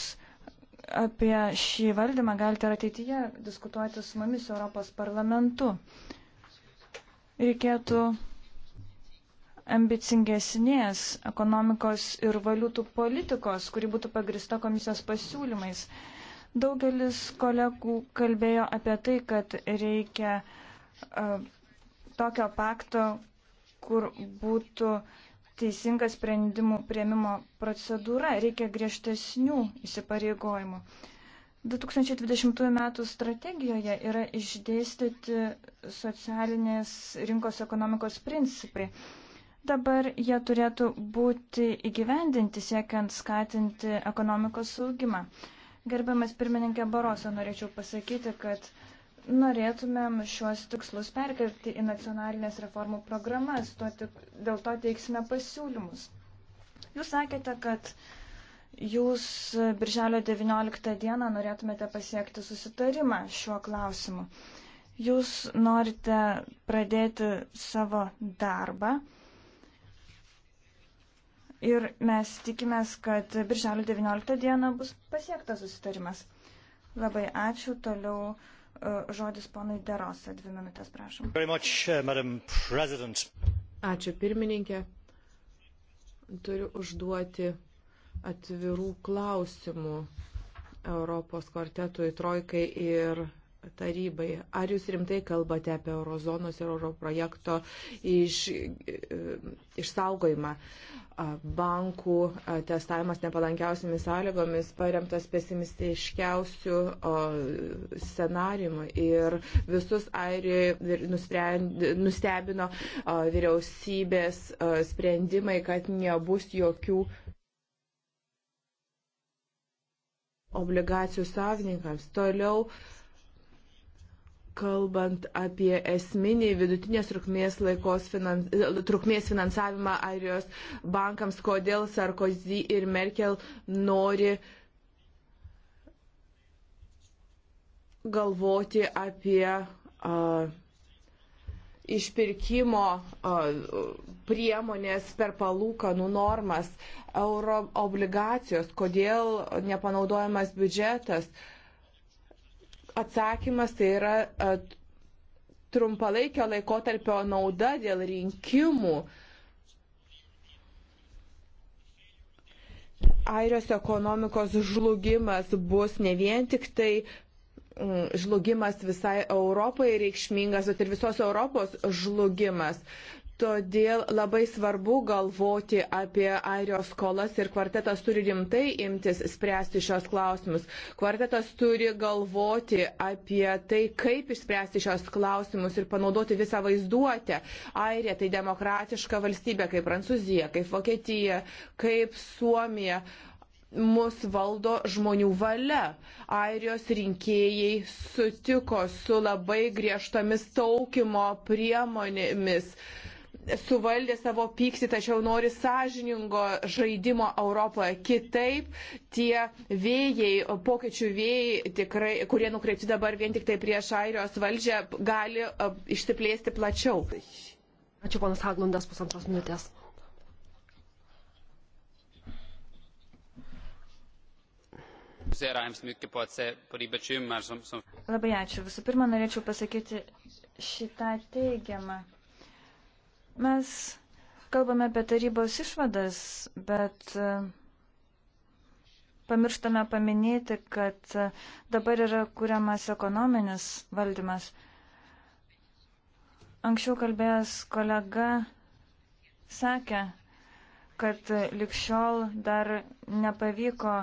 apie šį valdymą galite ir ateityje diskutuoti su mumis Europos parlamentu. Reikėtų ambicingesnės ekonomikos ir valiutų politikos, kuri būtų pagrista komisijos pasiūlymais. Daugelis kolegų kalbėjo apie tai, kad reikia uh, tokio pakto, kur būtų teisinga sprendimų prieimimo procedūra, reikia griežtesnių įsipareigojimų. 2020 m. strategijoje yra išdėstyti socialinės rinkos ekonomikos principai. Dabar jie turėtų būti įgyvendinti siekiant skatinti ekonomikos saugimą. Gerbiamas pirmininkė Baroso, norėčiau pasakyti, kad norėtumėm šiuos tikslus perkelti į nacionalinės reformų programas, to tik, dėl to teiksime pasiūlymus. Jūs sakėte, kad jūs birželio 19 dieną norėtumėte pasiekti susitarimą šiuo klausimu. Jūs norite pradėti savo darbą ir mes tikimės, kad birželio 19 dieną bus pasiektas susitarimas. Labai ačiū. Toliau e, žodis ponui Derosa. Dvi minutės, prašom. Much, e, ačiū pirmininkė. Turiu užduoti atvirų klausimų Europos kvartetui, trojkai ir tarybai. Ar jūs rimtai kalbate apie eurozonos ir euro projekto iš, e, išsaugojimą? Bankų testavimas nepalankiausiamis sąlygomis paremtas pesimistiškiausių scenarijų ir visus airijoje nustebino vyriausybės sprendimai, kad nebus jokių obligacijų savininkams. Toliau uh, kalbant apie esminį vidutinės trukmės, laikos, finans, trukmės finansavimą Airijos bankams, kodėl Sarkozy ir Merkel nori galvoti apie uh, išpirkimo uh, priemonės per palūkanų normas, euro obligacijos, kodėl nepanaudojamas biudžetas. Uh, atsakymas tai yra e, trumpalaikio laikotarpio nauda dėl rinkimų. Airijos ekonomikos žlugimas bus ne vien tik tai mm, žlugimas visai Europai reikšmingas, bet ir visos Europos žlugimas. Todėl labai svarbu galvoti apie airijos skolas ir kvartetas turi rimtai imtis spręsti šios klausimus. Kvartetas turi galvoti apie tai, kaip išspręsti šios klausimus ir panaudoti visą vaizduotę. Airija tai demokratiška valstybė kaip Prancūzija, kaip Vokietija, kaip Suomija mus valdo žmonių valia. Airijos rinkėjai sutiko su labai griežtomis taukimo priemonėmis. Uh, suvaldė savo pyktį, tačiau nori sąžiningo žaidimo Europoje. Kitaip tie vėjai, pokyčių vėjai, tikrai, kurie nukreipti dabar vien tik tai prieš Airijos valdžią, gali e, išsiplėsti plačiau. Ačiū, ponas Haglundas, pusantros minutės. Labai ačiū. Visų pirma, norėčiau pasakyti šitą teigiamą Mes kalbame apie tarybos išvadas, bet e, pamirštame paminėti, kad e, dabar yra kuriamas ekonominis valdymas. Anksčiau kalbėjęs kolega sakė, kad likščiol dar nepavyko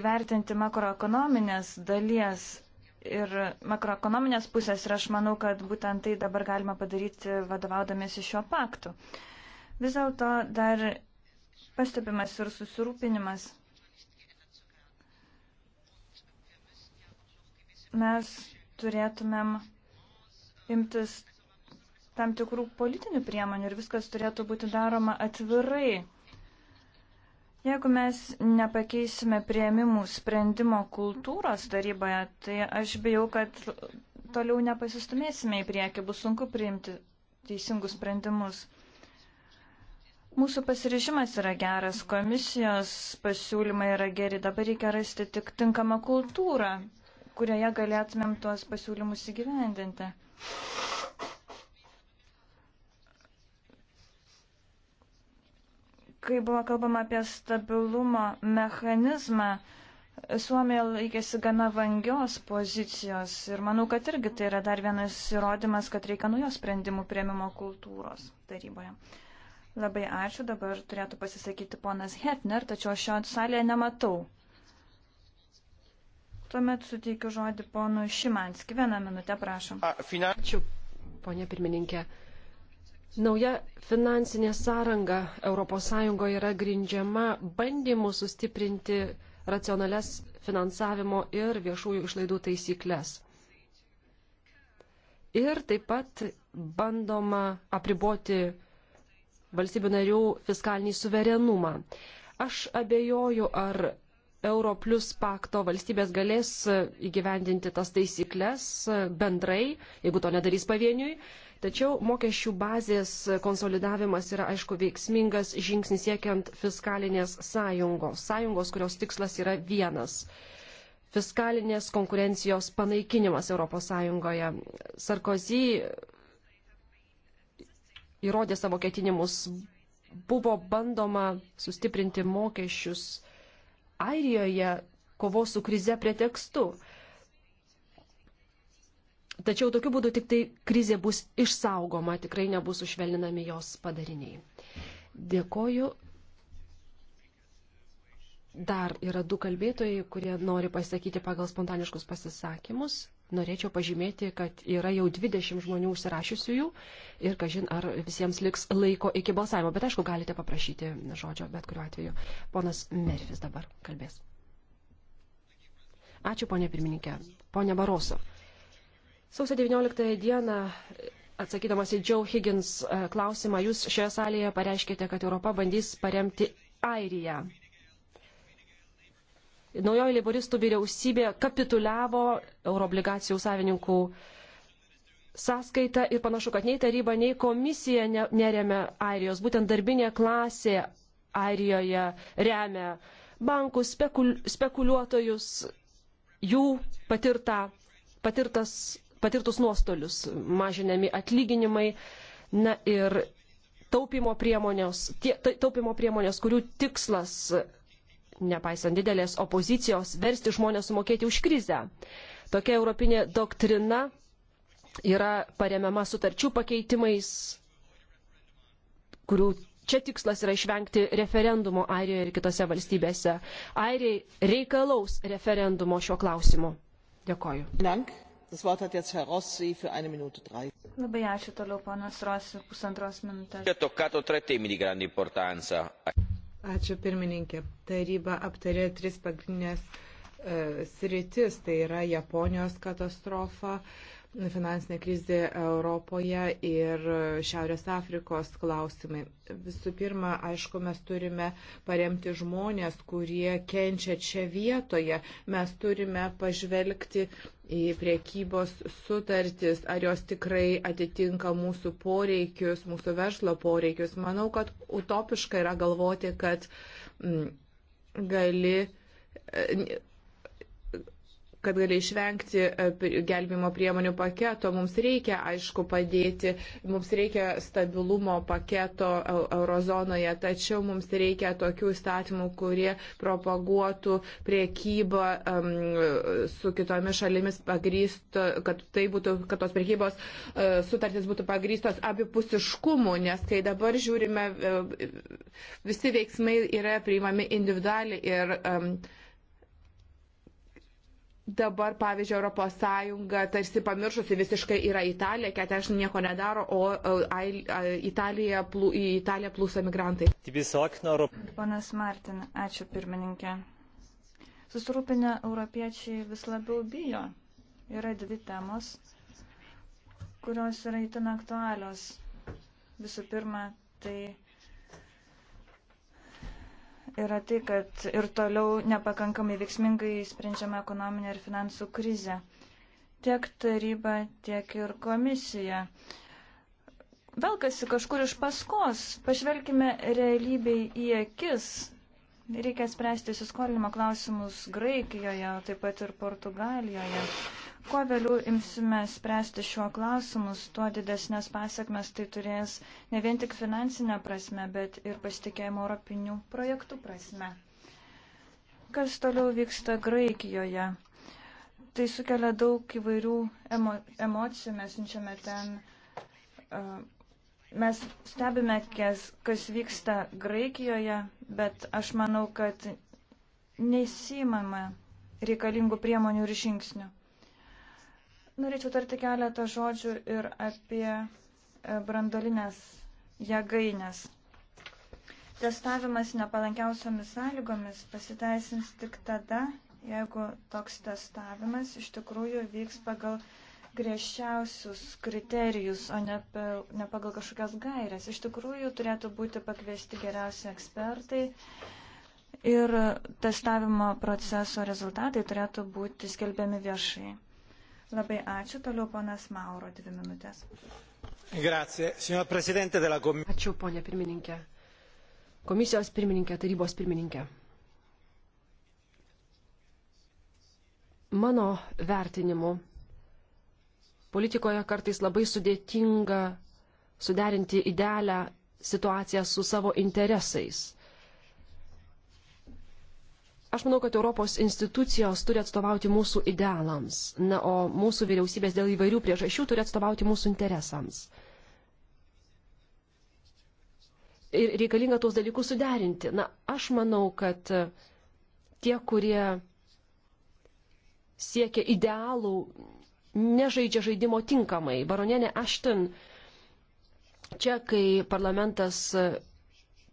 įvertinti makroekonominės dalies ir makroekonominės pusės ir aš manau, kad būtent tai dabar galima padaryti vadovaudamėsi šio paktu. Vis dėlto dar pastebimas ir susirūpinimas. Mes turėtumėm imtis tam tikrų politinių priemonių ir viskas turėtų būti daroma atvirai, Jeigu mes nepakeisime prieimimų sprendimo kultūros taryboje, tai aš bijau, kad toliau nepasistumėsime į priekį, bus sunku priimti teisingus sprendimus. Mūsų pasirižimas yra geras, komisijos pasiūlymai yra geri, dabar reikia rasti tik tinkamą kultūrą, kurioje galėtumėm tuos pasiūlymus įgyvendinti. Kai buvo kalbama apie stabilumo mechanizmą, Suomija laikėsi gana vangios pozicijos ir manau, kad irgi tai yra dar vienas įrodymas, kad reikia naujos sprendimų prieimimo kultūros taryboje. Labai ačiū, dabar turėtų pasisakyti ponas Hetner, tačiau aš jo salėje nematau. Tuomet suteikiu žodį ponui Šimanski. Vieną minutę, prašom. Ačiū, ponė pirmininkė. Nauja finansinė sąranga ES yra grindžiama bandymu sustiprinti racionales finansavimo ir viešųjų išlaidų taisyklės. Ir taip pat bandoma apriboti valstybių narių fiskalinį suverenumą. Aš abejoju, ar Euro plus pakto valstybės galės įgyvendinti tas taisyklės bendrai, jeigu to nedarys pavieniui. Tačiau mokesčių bazės konsolidavimas yra, aišku, veiksmingas žingsnis siekiant fiskalinės sąjungos, sąjungos, kurios tikslas yra vienas - fiskalinės konkurencijos panaikinimas ES. Sarkozy įrodė savo ketinimus, buvo bandoma sustiprinti mokesčius Airijoje kovos su krize pretekstu. tekstu Tačiau tokiu būdu tik tai krizė bus išsaugoma, tikrai nebus užvelninami jos padariniai. Dėkoju. Dar yra du kalbėtojai, kurie nori pasakyti pagal spontaniškus pasisakymus. Norėčiau pažymėti, kad yra jau 20 žmonių užsirašiusiųjų ir, kažin, ar visiems liks laiko iki balsavimo, bet aišku, galite paprašyti žodžio, bet kuriuo atveju. Ponas Merfis dabar kalbės. Ačiū, ponė pirmininkė. Pone Baroso. Sausio 19 dieną, atsakydamas į Joe Higgins e, klausimą, jūs šioje salėje pareiškėte, kad Europa bandys paremti Airiją. Naujoji leiboristų vyriausybė kapituliavo euroobligacijų savininkų sąskaita ir panašu, kad nei taryba, nei komisija ne, neremia Airijos. Būtent darbinė klasė Airijoje remia bankus, spekul, spekuliuotojus, jų patirtą, patirtas patirtus nuostolius, mažinami atlyginimai, na ir taupimo priemonės, tie, taupimo priemonės, kurių tikslas, nepaisant didelės opozicijos, versti žmonės sumokėti už krizę. Tokia europinė doktrina yra paremiama sutarčių pakeitimais, kurių čia tikslas yra išvengti referendumo Airijoje ir kitose valstybėse. Airijai reikalaus referendumo šiuo klausimu. Dėkoju. Dank. Das Wort hat jetzt Herr Rossi für eine Minute drei. Labai ačiū toliau, ponas Rossi, pusantros minutės. Ačiū pirmininkė. Taryba aptarė tris pagrindinės uh, sritis, tai yra Japonijos katastrofa, uh, finansinė krizė Europoje ir Šiaurės Afrikos klausimai. Visų pirma, aišku, mes turime paremti žmonės, kurie kenčia čia vietoje. Mes turime pažvelgti į priekybos sutartis, ar jos tikrai atitinka mūsų poreikius, mūsų verslo poreikius. Manau, kad utopiška yra galvoti, kad mm, gali kad gali išvengti e, gelbimo priemonių paketo. Mums reikia, aišku, padėti, mums reikia stabilumo paketo e, eurozonoje, tačiau mums reikia tokių įstatymų, kurie propaguotų priekybą um, su kitomis šalimis pagrysto, kad, tai būtų, kad tos priekybos uh, sutartys būtų pagrystos abipusiškumu, nes kai dabar žiūrime, uh, visi veiksmai yra priimami individualiai ir um, dabar, pavyzdžiui, ES tarsi pamiršusi visiškai yra Italija, kad aš nieko nedaro, o e, e, Italija, plū, į Italiją plūsa migrantai. Ponas Martin, ačiū pirmininkė. Susirūpinę europiečiai vis labiau bijo. Yra dvi temos, kurios yra itin aktualios. Visų pirma, tai yra tai, kad ir toliau nepakankamai veiksmingai sprendžiama ekonominė ir finansų krizė. Tiek taryba, tiek ir komisija. Velkasi kažkur iš paskos. Pažvelkime realybei į akis. Reikia spręsti įsiskolinimo klausimus Graikijoje, taip pat ir Portugalijoje. Kuo vėliau imsime spręsti šiuo klausimus, tuo didesnės pasiekmes tai turės ne vien tik finansinė prasme, bet ir pasitikėjimo europinių projektų prasme. Kas toliau vyksta Graikijoje? Tai sukelia daug įvairių emo emocijų, mes siunčiame ten uh, mes stebime, kas, kas vyksta Graikijoje, bet aš manau, kad neįsimame reikalingų priemonių ir žingsnių. Norėčiau tarti keletą žodžių ir apie e, brandolinės jėgainės. Testavimas nepalankiausiomis sąlygomis pasiteisins tik tada, jeigu toks testavimas iš tikrųjų vyks pagal griežčiausius kriterijus, o ne, pe, ne pagal kažkokias gairias. Iš tikrųjų turėtų būti pakviesti geriausi ekspertai ir testavimo proceso rezultatai turėtų būti skelbiami viešai. Labai ačiū. Toliau ponas Mauro, dvi minutės. Grazie, signor Presidente della Commissione. Ačiū, ponė pirmininkė. Komisijos pirmininkė, tarybos pirmininkė. Mano vertinimu, politikoje kartais labai sudėtinga suderinti idealią situaciją su savo interesais. Aš manau, kad Europos institucijos turi atstovauti mūsų idealams, na, o mūsų vyriausybės dėl įvairių priežasčių turi atstovauti mūsų interesams. Ir reikalinga tuos dalykus suderinti. Na, aš manau, kad tie, kurie siekia idealų, nežaidžia žaidimo tinkamai. Baronienė Ashton čia, kai parlamentas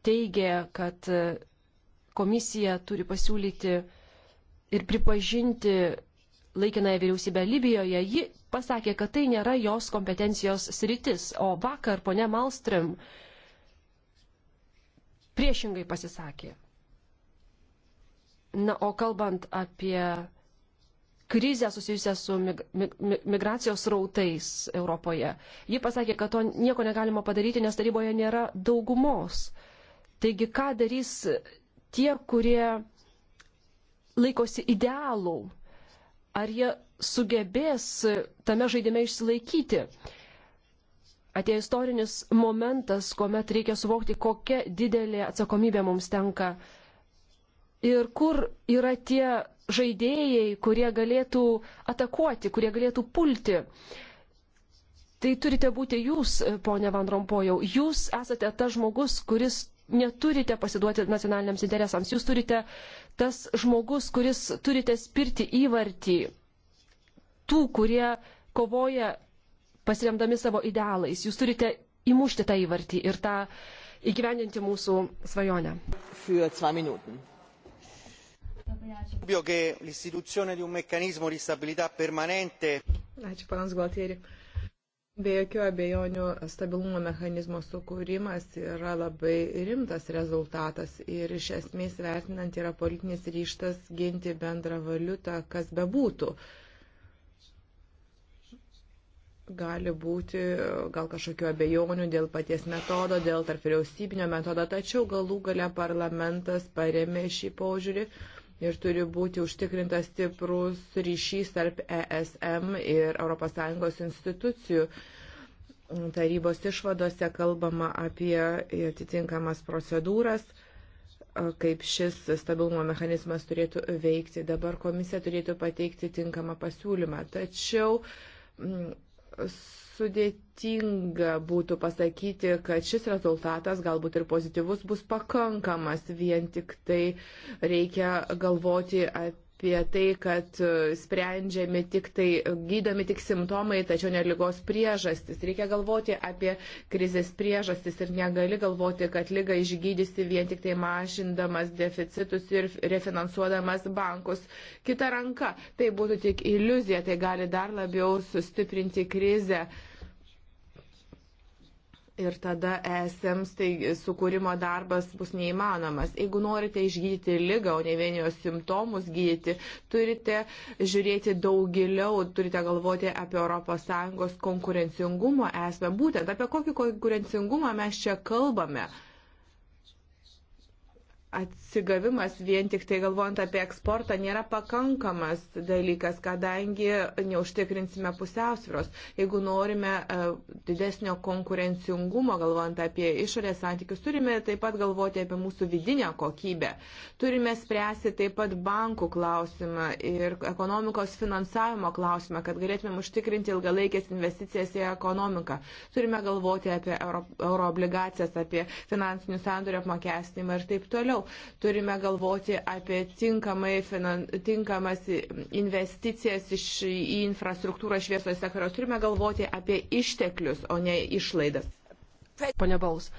teigė, kad komisija turi pasiūlyti ir pripažinti laikinąją vyriausybę Libijoje, ji pasakė, kad tai nėra jos kompetencijos sritis, o vakar ponia Malstrim priešingai pasisakė. Na, o kalbant apie krizę susijusią su mig, mig, migracijos rautais Europoje. Ji pasakė, kad to nieko negalima padaryti, nes taryboje nėra daugumos. Taigi, ką darys tie, kurie laikosi idealų, ar jie sugebės tame žaidime išsilaikyti. Atėjo istorinis momentas, kuomet reikia suvokti, kokia didelė atsakomybė mums tenka ir kur yra tie žaidėjai, kurie galėtų atakuoti, kurie galėtų pulti. Tai turite būti jūs, ponė Van Rompojau. Jūs esate tas žmogus, kuris neturite pasiduoti nacionaliniams interesams. Jūs turite tas žmogus, kuris turite spirti įvartį tų, kurie kovoja pasiremdami savo idealais. Jūs turite įmušti tą įvartį ir tą įgyvendinti mūsų svajonę. Ačiū, panas Gualtieri. Be jokių abejonių stabilumo mechanizmo sukūrimas yra labai rimtas rezultatas ir iš esmės vertinant yra politinis ryštas ginti bendrą valiutą, kas bebūtų. Gali būti gal kažkokių abejonių dėl paties metodo, dėl tarp vyriausybinio metodo, tačiau galų gale parlamentas paremė šį požiūrį. Uh, ir turi būti užtikrintas stiprus ryšys tarp ESM ir ES institucijų. Tarybos išvadose kalbama apie atitinkamas procedūras kaip šis stabilumo mechanizmas turėtų veikti. Dabar komisija turėtų pateikti tinkamą pasiūlymą. Tačiau sudėtinga būtų pasakyti, kad šis rezultatas galbūt ir pozityvus bus pakankamas, vien tik tai reikia galvoti apie apie tai, kad e, sprendžiami tik tai, gydomi tik simptomai, tačiau ne lygos priežastis. Reikia galvoti apie krizės priežastis ir negali galvoti, kad lyga išgydysi vien tik tai mažindamas deficitus ir refinansuodamas bankus. Kita ranka, tai būtų tik iliuzija, tai gali dar labiau sustiprinti krizę ir tada ESM sukūrimo darbas bus neįmanomas. Jeigu norite išgydyti lygą, o ne vien jos simptomus gydyti, turite žiūrėti daug giliau, turite galvoti apie ES konkurencingumo esmę, būtent apie kokį konkurencingumą mes čia kalbame atsigavimas vien tik tai galvojant apie eksportą nėra pakankamas dalykas, kadangi neužtikrinsime pusiausvėros. Jeigu norime e, didesnio konkurencingumo, galvojant apie išorės santykius, turime taip pat galvoti apie mūsų vidinę kokybę. Turime spręsti taip pat bankų klausimą ir ekonomikos finansavimo klausimą, kad galėtume užtikrinti ilgalaikės investicijas į ekonomiką. Turime galvoti apie euro, euro obligacijas, apie finansinių sandorių apmokestinimą ir taip toliau turime galvoti apie finan, tinkamas investicijas iš, į infrastruktūrą šviesos sektoriaus. Turime galvoti apie išteklius, o ne išlaidas. Pone Baus.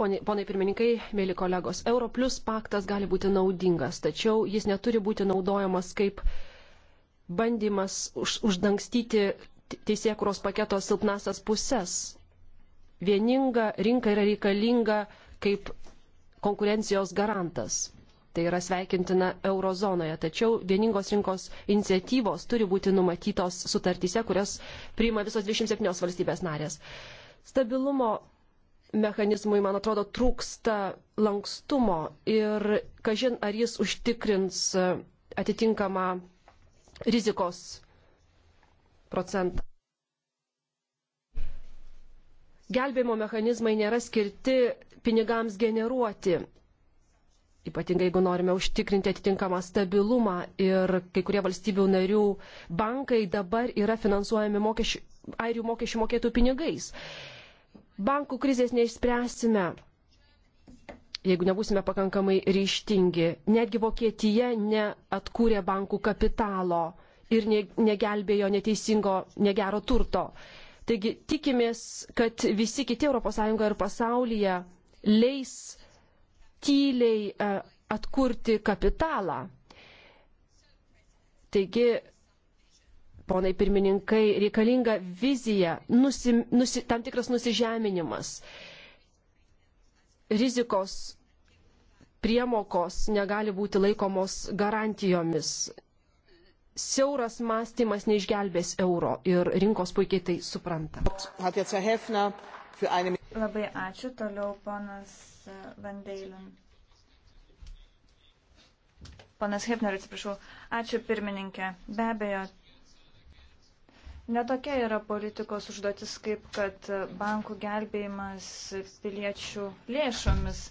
Ponai pirmininkai, mėly kolegos, Europlus paktas gali būti naudingas, tačiau jis neturi būti naudojamas kaip bandymas už, uždangstyti teisėkuros paketo silpnasias puses. Vieninga rinka yra reikalinga kaip konkurencijos garantas. Tai yra sveikintina eurozonoje, tačiau vieningos rinkos iniciatyvos turi būti numatytos sutartyse, kurias priima visos 27 valstybės narės. Stabilumo mechanizmui, man atrodo, trūksta lankstumo ir kažin ar jis užtikrins e, atitinkamą rizikos procentą. Gelbėjimo mechanizmai nėra skirti pinigams generuoti. Ypatingai jeigu norime užtikrinti atitinkamą stabilumą ir kai kurie valstybių narių bankai dabar yra finansuojami mokesčių, airių mokesčių mokėtų pinigais. Bankų krizės neišspręsime, jeigu nebusime pakankamai ryštingi. Netgi Vokietija neatkūrė bankų kapitalo ir negelbėjo neteisingo, negero turto. Taigi tikimės, kad visi kiti ES ir pasaulyje leis tyliai e, atkurti kapitalą. Taigi, ponai pirmininkai, reikalinga vizija, nusi, nusi, tam tikras nusižeminimas. Rizikos priemokos negali būti laikomos garantijomis. Siauras mąstymas neišgelbės euro ir rinkos puikiai tai supranta. Labai ačiū. Toliau ponas Vandeilin. Ponas Hepner, atsiprašau. Ačiū pirmininkė. Be abejo, netokia yra politikos užduotis, kaip kad bankų gelbėjimas piliečių lėšomis.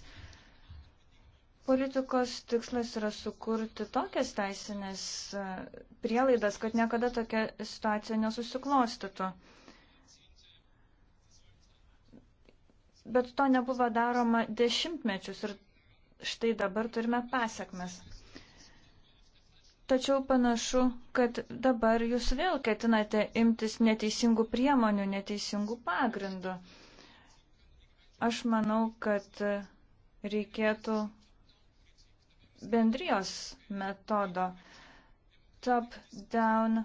Politikos tikslas yra sukurti tokias teisinės prielaidas, kad niekada tokia situacija nesusiklostytų. bet to nebuvo daroma dešimtmečius ir štai dabar turime pasiekmes. Tačiau panašu, kad dabar jūs vėl ketinate imtis neteisingų priemonių, neteisingų pagrindų. Aš manau, kad reikėtų bendrijos metodo. Top-down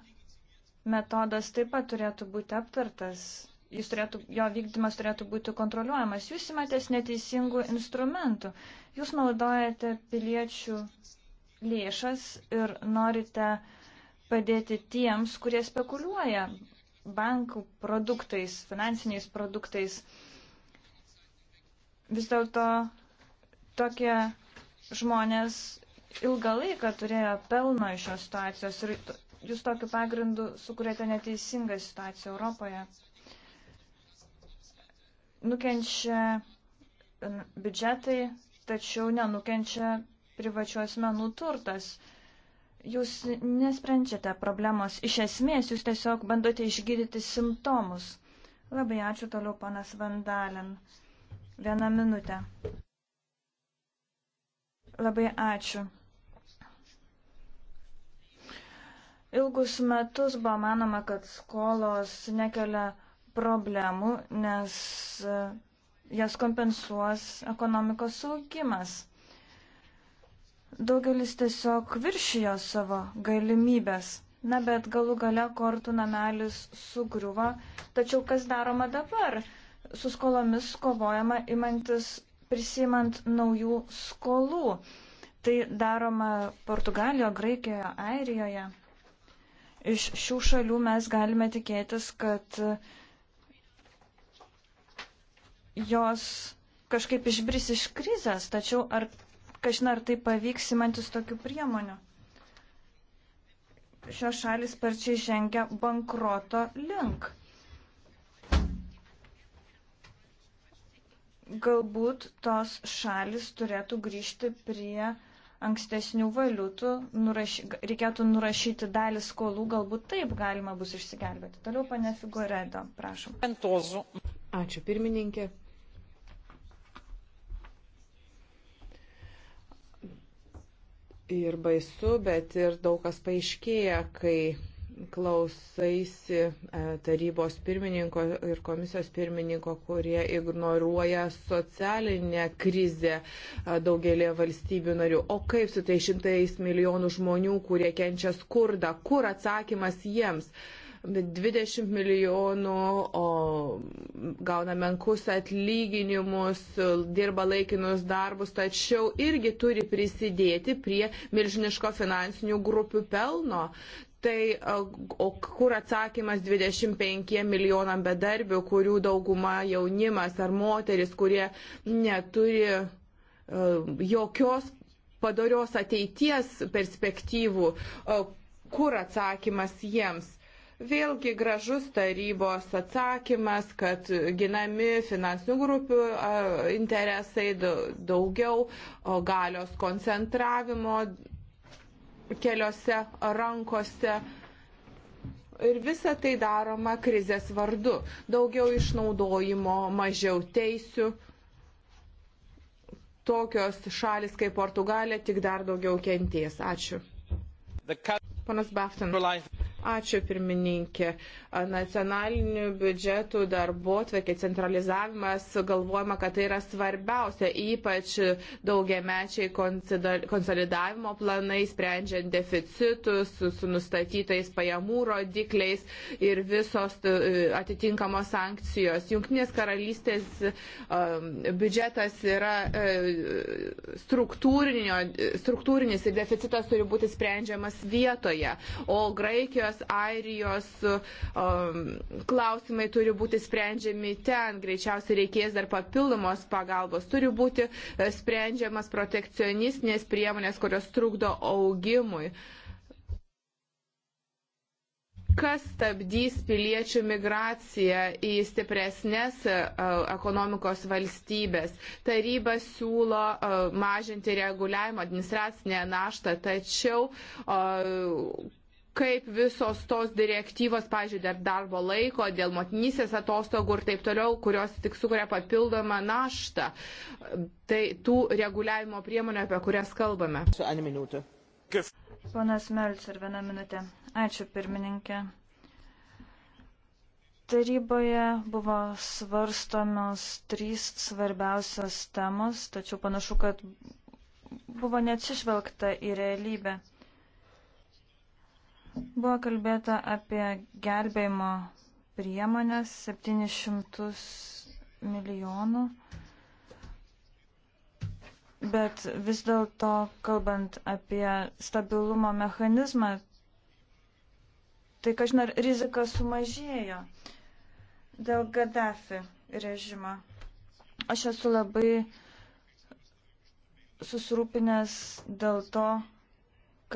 metodas taip pat turėtų būti aptartas jis turėtų, jo vykdymas turėtų būti kontroliuojamas. Jūs imatės neteisingų instrumentų. Jūs naudojate piliečių lėšas ir norite padėti tiems, kurie spekuliuoja bankų produktais, finansiniais produktais. Vis dėlto tokie žmonės ilgą laiką turėjo pelno iš šios situacijos ir jūs tokiu pagrindu sukūrėte neteisingą situaciją Europoje. Nukenčia e, biudžetai, tačiau nenukenčia privačių asmenų turtas. Jūs nesprendžiate problemos iš esmės, jūs tiesiog bandote išgydyti simptomus. Labai ačiū toliau, panas Vandalin. Vieną minutę. Labai ačiū. Ilgus metus buvo manoma, kad skolos nekelia problemų, nes e, jas kompensuos ekonomikos augimas. Daugelis tiesiog viršijo savo galimybės. Na, bet galų gale kortų namelis sugriuvo. Tačiau kas daroma dabar? Su skolomis kovojama imantis prisimant naujų skolų. Tai daroma Portugalijoje, Graikijoje, Airijoje. Iš šių šalių mes galime tikėtis, kad uh, jos kažkaip išbris iš krizės, tačiau ar kažin ar tai pavyks įmantis tokių priemonių. Šios šalis sparčiai žengia bankroto link. Galbūt tos šalis turėtų grįžti prie ankstesnių valiutų, nuraši, reikėtų nurašyti dalį skolų, galbūt taip galima bus išsigelbėti. Toliau, pane Figuredo, prašom. Ačiū, pirmininkė. ir baisu, bet ir daug kas paaiškėja, kai klausaisi e, tarybos pirmininko ir komisijos pirmininko, kurie ignoruoja socialinę krizę e, daugelį valstybių narių. O kaip su tai šimtais milijonų žmonių, kurie kenčia skurdą, kur atsakymas jiems? Uh, 20 milijonų, o gauna menkus atlyginimus, dirba laikinus darbus, tačiau irgi turi prisidėti prie milžiniško finansinių grupių pelno. Tai o kur atsakymas 25 milijonam bedarbių, kurių dauguma jaunimas ar moteris, kurie neturi e, jokios padorios ateities perspektyvų, e, kur atsakymas jiems? Vėlgi gražus tarybos atsakymas, kad ginami finansinių grupių interesai daugiau galios koncentravimo keliose rankose. Ir visa tai daroma krizės vardu. Daugiau išnaudojimo, mažiau teisių. Tokios šalis kaip Portugalė tik dar daugiau kenties. Ačiū. Panas Baftin. Ačiū pirmininkė. Nacionalinių biudžetų darbo tvekė centralizavimas, galvojama, kad tai yra svarbiausia, ypač daugiamečiai konsolidavimo planai, sprendžiant deficitus su nustatytais pajamų rodikliais ir visos e, atitinkamos sankcijos. Junktinės karalystės e, biudžetas yra e, struktūrinis ir deficitas turi būti sprendžiamas vietoje, o Graikijos Šiaurės Airijos um, klausimai turi būti sprendžiami ten. Greičiausiai reikės dar papildomos pagalbos. Turi būti e, sprendžiamas protekcionistinės priemonės, kurios trukdo augimui kas stabdys piliečių migraciją į stipresnės e, ekonomikos valstybės. Taryba siūlo e, mažinti reguliavimo administracinę naštą, tačiau kaip visos tos direktyvos, pažiūrėjau, dėl darbo laiko, dėl motinysės atostogų ir taip toliau, kurios tik sukuria papildomą naštą. Tai tų reguliavimo priemonių, apie kurias kalbame. Ponas Melts ir vieną minutę. Ačiū pirmininkė. Taryboje buvo svarstomos trys svarbiausios temos, tačiau panašu, kad buvo neatsižvelgta į realybę. Buvo kalbėta apie gelbėjimo priemonės 700 milijonų, bet vis dėlto, kalbant apie stabilumo mechanizmą, tai kažin ar rizika sumažėjo dėl Gaddafi režimo. Aš esu labai susirūpinęs dėl to,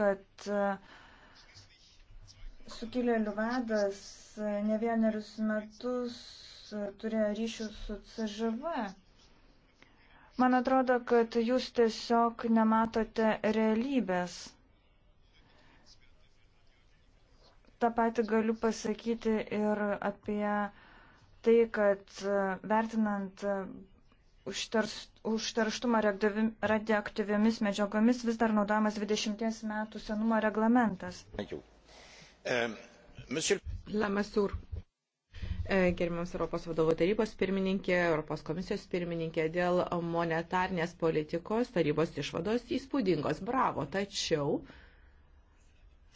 kad uh, Sukilėlių vadas e, ne vienerius metus e, turėjo ryšių su CŽV. Man atrodo, kad jūs tiesiog nematote realybės. Ta pati galiu pasakyti ir apie tai, kad e, vertinant užterštumą radioaktyviomis medžiagomis vis dar naudojamas 20 metų senumo reglamentas. Ačiū. Ehm, Lamasur. E, gerbiamas Europos vadovo tarybos pirmininkė, Europos komisijos pirmininkė dėl monetarnės politikos tarybos išvados įspūdingos. Bravo. Tačiau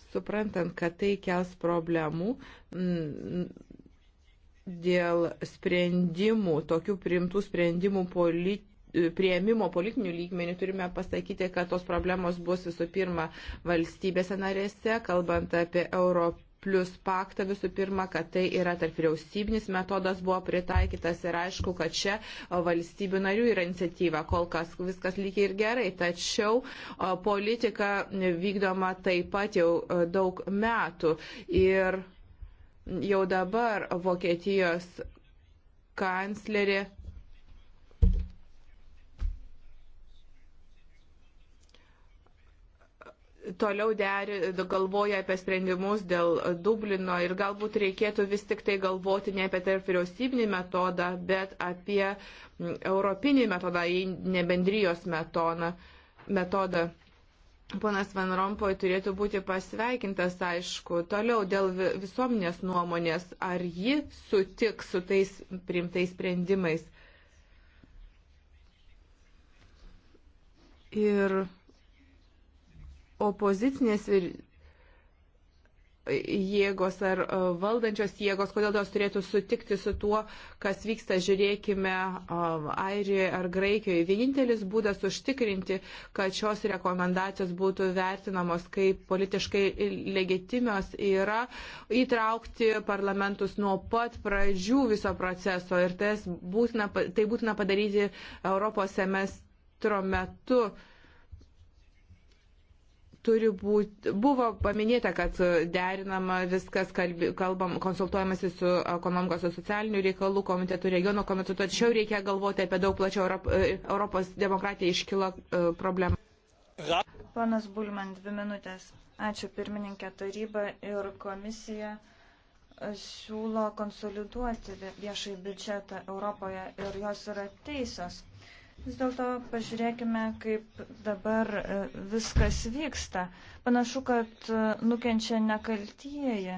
suprantant, kad tai kels problemų dėl sprendimų, tokių primtų sprendimų politi prieimimo politinių lygmenių turime pasakyti, kad tos problemos bus visų pirma valstybėse narėse, kalbant apie Europą plus paktą visų pirma, kad tai yra tarp vyriausybinis metodas buvo pritaikytas ir aišku, kad čia valstybių narių yra iniciatyva, kol kas viskas lygiai ir gerai, tačiau politika vykdoma taip pat jau daug metų ir jau dabar Vokietijos kanclerė toliau deri, galvoja apie sprendimus dėl Dublino ir galbūt reikėtų vis tik tai galvoti ne apie tarp vyriausybinį metodą, bet apie mm, europinį metodą, ne bendrijos metoną, metodą. Ponas Van Rompoj turėtų būti pasveikintas, aišku, toliau dėl visuomenės nuomonės, ar ji sutiks su tais primtais sprendimais. Ir opozicinės jėgos ar e, valdančios jėgos, kodėl jos turėtų sutikti su tuo, kas vyksta, žiūrėkime, e, Airijoje ar Graikijoje. Vienintelis būdas užtikrinti, kad šios rekomendacijos būtų vertinamos kaip politiškai legitimios, yra įtraukti parlamentus nuo pat pradžių viso proceso ir būtina, tai būtina padaryti Europos semestro metu. Uh, turi būti, buvo paminėta, kad derinama viskas, kalbi, kalbam, konsultuojamasi su ekonomikos ir socialinių reikalų komitetu, regiono komitetu, tačiau reikia galvoti apie daug plačiau Europ, e, Europos demokratiją iškilo e, problemą. Ponas Bulman, dvi minutės. Ačiū pirmininkė taryba ir komisija e, siūlo konsoliduoti viešai biudžetą Europoje ir jos yra teisios Vis dėlto pažiūrėkime, kaip dabar e, viskas vyksta. Panašu, kad e, nukenčia nekaltieji.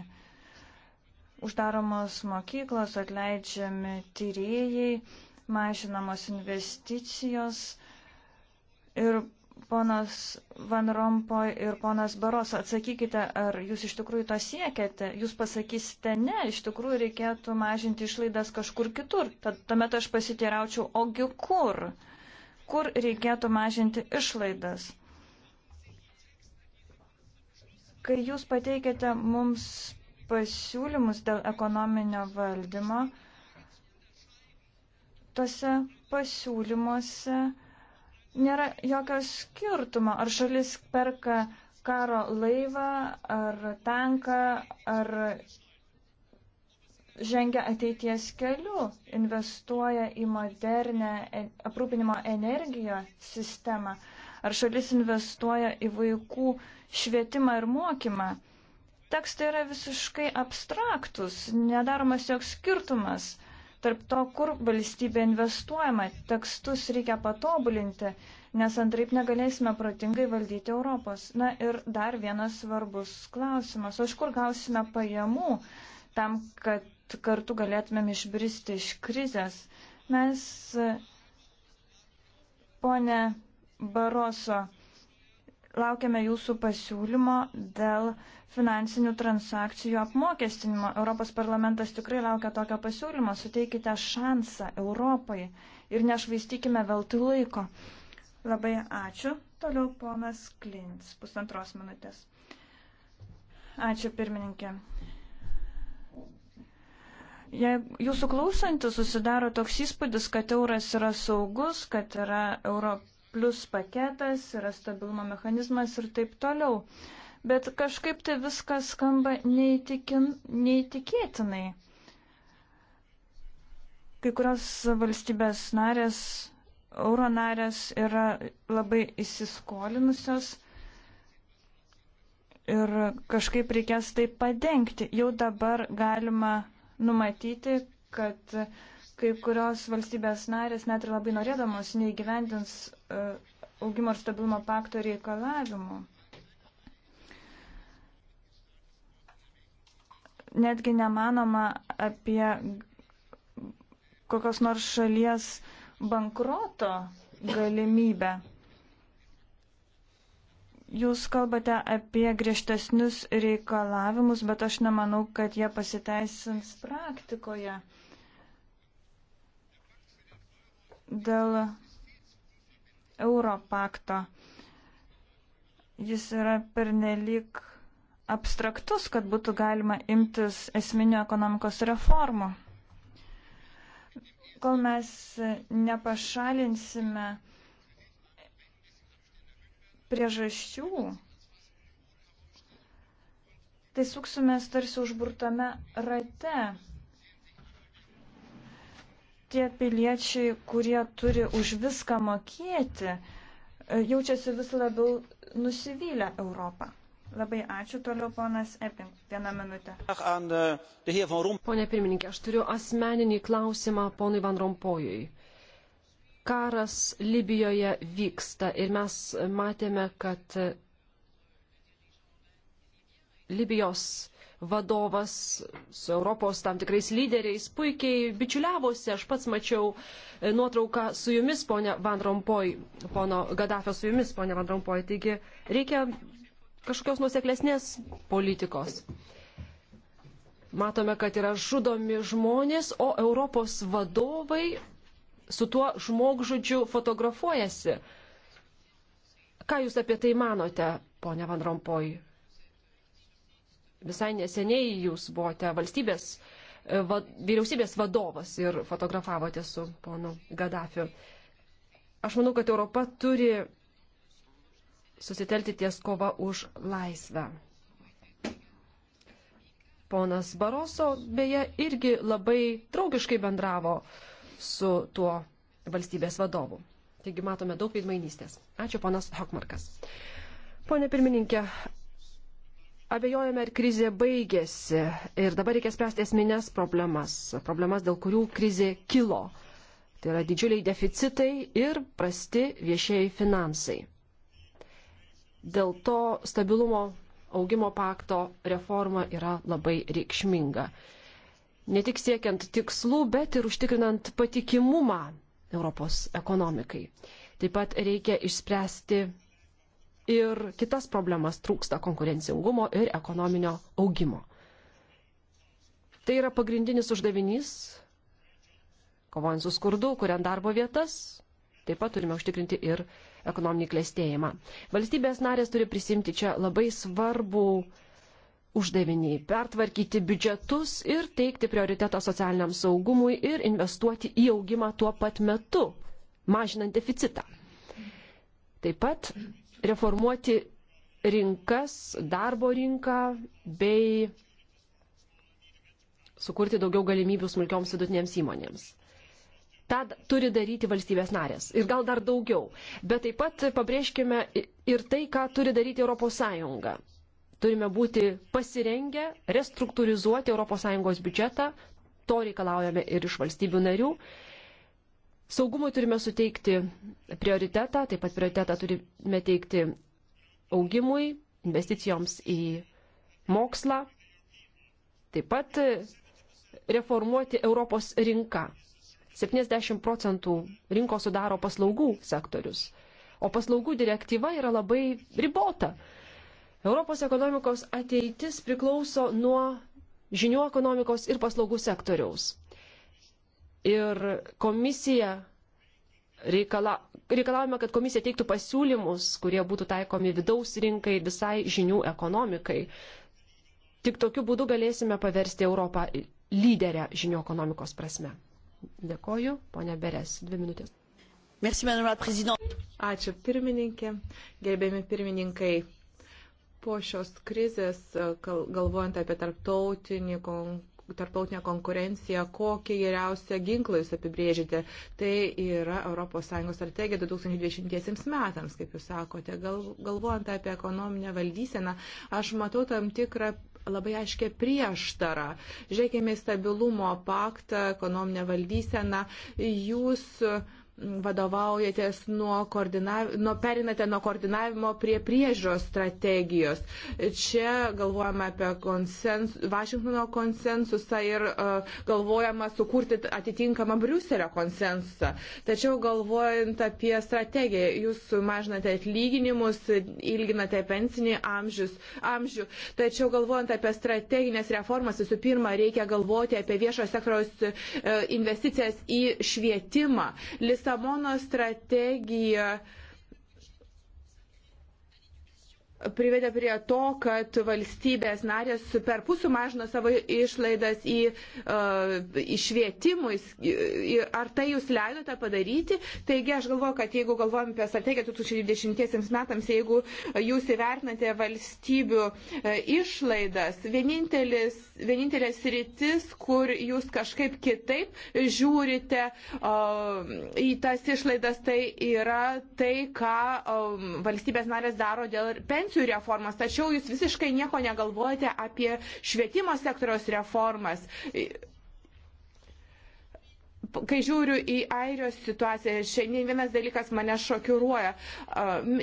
Uždaromos mokyklos, atleidžiami tyrėjai, mažinamos investicijos. Ir ponas Van Rompoy ir ponas Baros, atsakykite, ar jūs iš tikrųjų to siekiate. Jūs pasakysite, ne, iš tikrųjų reikėtų mažinti išlaidas kažkur kitur. Tad tuomet aš pasiteiraučiau, ogi kur? kur reikėtų mažinti išlaidas. Kai jūs pateikėte mums pasiūlymus dėl ekonominio valdymo, tose pasiūlymuose nėra jokio skirtumo, ar šalis perka karo laivą, ar tanką, ar žengia ateities keliu, investuoja į modernę e, aprūpinimo energiją sistemą, ar šalis investuoja į vaikų švietimą ir mokymą. Tekstai yra visiškai abstraktus, nedaromas joks skirtumas tarp to, kur valstybė investuojama. Tekstus reikia patobulinti, nes antraip negalėsime protingai valdyti Europos. Na ir dar vienas svarbus klausimas, iš kur gausime pajamų tam, kad kartu galėtumėm išbristi iš krizės. Mes, ponė Baroso, laukiame jūsų pasiūlymo dėl finansinių transakcijų apmokestinimo. Europos parlamentas tikrai laukia tokio pasiūlymo. Suteikite šansą Europai ir nešvaistykime veltui laiko. Labai ačiū. Toliau ponas Klins, pusantros minutės. Ačiū pirmininkė jei jūsų klausantis susidaro toks įspūdis, kad euras yra saugus, kad yra euro plus paketas, yra stabilumo mechanizmas ir taip toliau. Bet kažkaip tai viskas skamba neįtikin, neįtikėtinai. Kai kurios valstybės narės, euro narės yra labai įsiskolinusios ir kažkaip reikės tai padengti. Jau dabar galima numatyti, kad kai kurios valstybės narės net ir labai norėdamos neįgyvendins e, augimo ir stabilumo pakto reikalavimų. Netgi nemanoma apie kokios nors šalies bankroto galimybę. Jūs kalbate apie griežtesnius reikalavimus, bet aš nemanau, kad jie pasiteisins praktikoje. Dėl Europakto jis yra pernelyg abstraktus, kad būtų galima imtis esminio ekonomikos reformų. Kol mes nepašalinsime priežasčių, tai suksimės tarsi užburtame rate. Tie piliečiai, kurie turi už viską mokėti, jaučiasi vis labiau nusivylę Europą. Labai ačiū toliau, ponas Epin. Vieną minutę. Uh, Pone pirmininkė, aš turiu asmeninį klausimą ponui Van Rompojui. Karas Libijoje vyksta ir mes matėme, kad Libijos vadovas su Europos tam tikrais lyderiais puikiai bičiuliavosi. Aš pats mačiau e, nuotrauką su jumis, ponia Van Rompoj, pono Gaddafio su jumis, ponia Van Rompoj. Taigi reikia kažkokios nuseklesnės politikos. Matome, kad yra žudomi žmonės, o Europos vadovai su tuo žmogžudžiu fotografuojasi. Ką Jūs apie tai manote, ponia Van Rompoj? Visai neseniai Jūs buvote valstybės, e, va, vyriausybės vadovas ir fotografavote su ponu Gaddafiu. Aš manau, kad Europa turi susitelti ties kova už laisvę. Ponas Baroso beje irgi labai draugiškai bendravo uh, su tuo valstybės vadovu. Taigi matome daug veidmainystės. Ačiū, ponas Hokmarkas. Pone pirmininkė, abejojame, ar krizė baigėsi ir dabar reikia spręsti esminės problemas, problemas, dėl kurių krizė kilo. Tai yra didžiuliai deficitai ir prasti viešieji finansai. Dėl to stabilumo augimo pakto reforma yra labai reikšminga ne tik siekiant tikslų, bet ir užtikrinant patikimumą Europos ekonomikai. Taip pat reikia išspręsti ir kitas problemas - trūksta konkurencingumo ir ekonominio augimo. Tai yra pagrindinis uždavinys, kovojant su skurdu, kuriant darbo vietas, taip pat turime užtikrinti ir ekonominį klėstėjimą. Valstybės narės turi prisimti čia labai svarbų uždavinį - pertvarkyti biudžetus ir teikti prioritetą socialiniam saugumui ir investuoti į augimą tuo pat metu, mažinant deficitą. Taip pat reformuoti rinkas, darbo rinką bei sukurti daugiau galimybių smulkioms vidutinėms įmonėms. Ta turi daryti valstybės narės ir gal dar daugiau. Bet taip pat pabrėžkime ir tai, ką turi daryti ES Turime būti pasirengę restruktūrizuoti ES biudžetą, to reikalaujame ir iš valstybių narių. Saugumui turime suteikti prioritetą, taip pat prioritetą turime teikti augimui, investicijoms į mokslą, taip pat reformuoti Europos rinką. 70 procentų rinkos sudaro paslaugų sektorius, o paslaugų direktyva yra labai ribota. Europos ekonomikos ateitis priklauso nuo žinių ekonomikos ir paslaugų sektoriaus. Ir komisija reikala, reikalavome, kad komisija teiktų pasiūlymus, kurie būtų taikomi vidaus rinkai ir visai žinių ekonomikai. Tik tokiu būdu galėsime paversti Europą lyderę žinių ekonomikos prasme. Dėkoju, ponia Beres, dvi minutės. Merci, Ačiū pirmininkė, gerbėmi pirmininkai po šios krizės, e, galvojant apie tarptautinį konkursą, tarptautinę konkurenciją, kokį geriausią ginklą jūs apibrėžite. Tai yra ES strategija 2020 metams, kaip jūs sakote. Gal, galvojant apie ekonominę valdyseną, aš matau tam tikrą labai aiškia prieštara. Žiūrėkime į stabilumo paktą, ekonominę valdyseną. Jūs uh, vadovaujatės nuo, nuo perinate nuo koordinavimo prie priežos strategijos. Čia galvojama apie konsens, Vašingtono konsensusą ir uh, galvojama sukurti atitinkamą Briuselio konsensusą. Tačiau galvojant apie strategiją, jūs mažinate atlyginimus, ilginate pensinį amžius, amžių. Tačiau galvojant apie strateginės reformas, visų pirma, reikia galvoti apie viešo sektoriaus uh, investicijas į švietimą. Lis Lisabono strategija privedė prie to, kad valstybės narės per pusų mažino savo išlaidas į, e, į švietimus. Ar tai jūs leidote padaryti? Taigi aš galvoju, kad jeigu galvojam apie strategiją 2020 metams, jeigu jūs įvertinate valstybių e, išlaidas, vienintelis, vienintelis rytis, kur jūs kažkaip kitaip žiūrite e, į tas išlaidas, tai yra tai, ką valstybės narės daro dėl pensijų pensijų reformas, tačiau jūs visiškai nieko negalvojate apie švietimo sektoriaus reformas kai žiūriu į Airijos situaciją, šiandien vienas dalykas mane šokiruoja.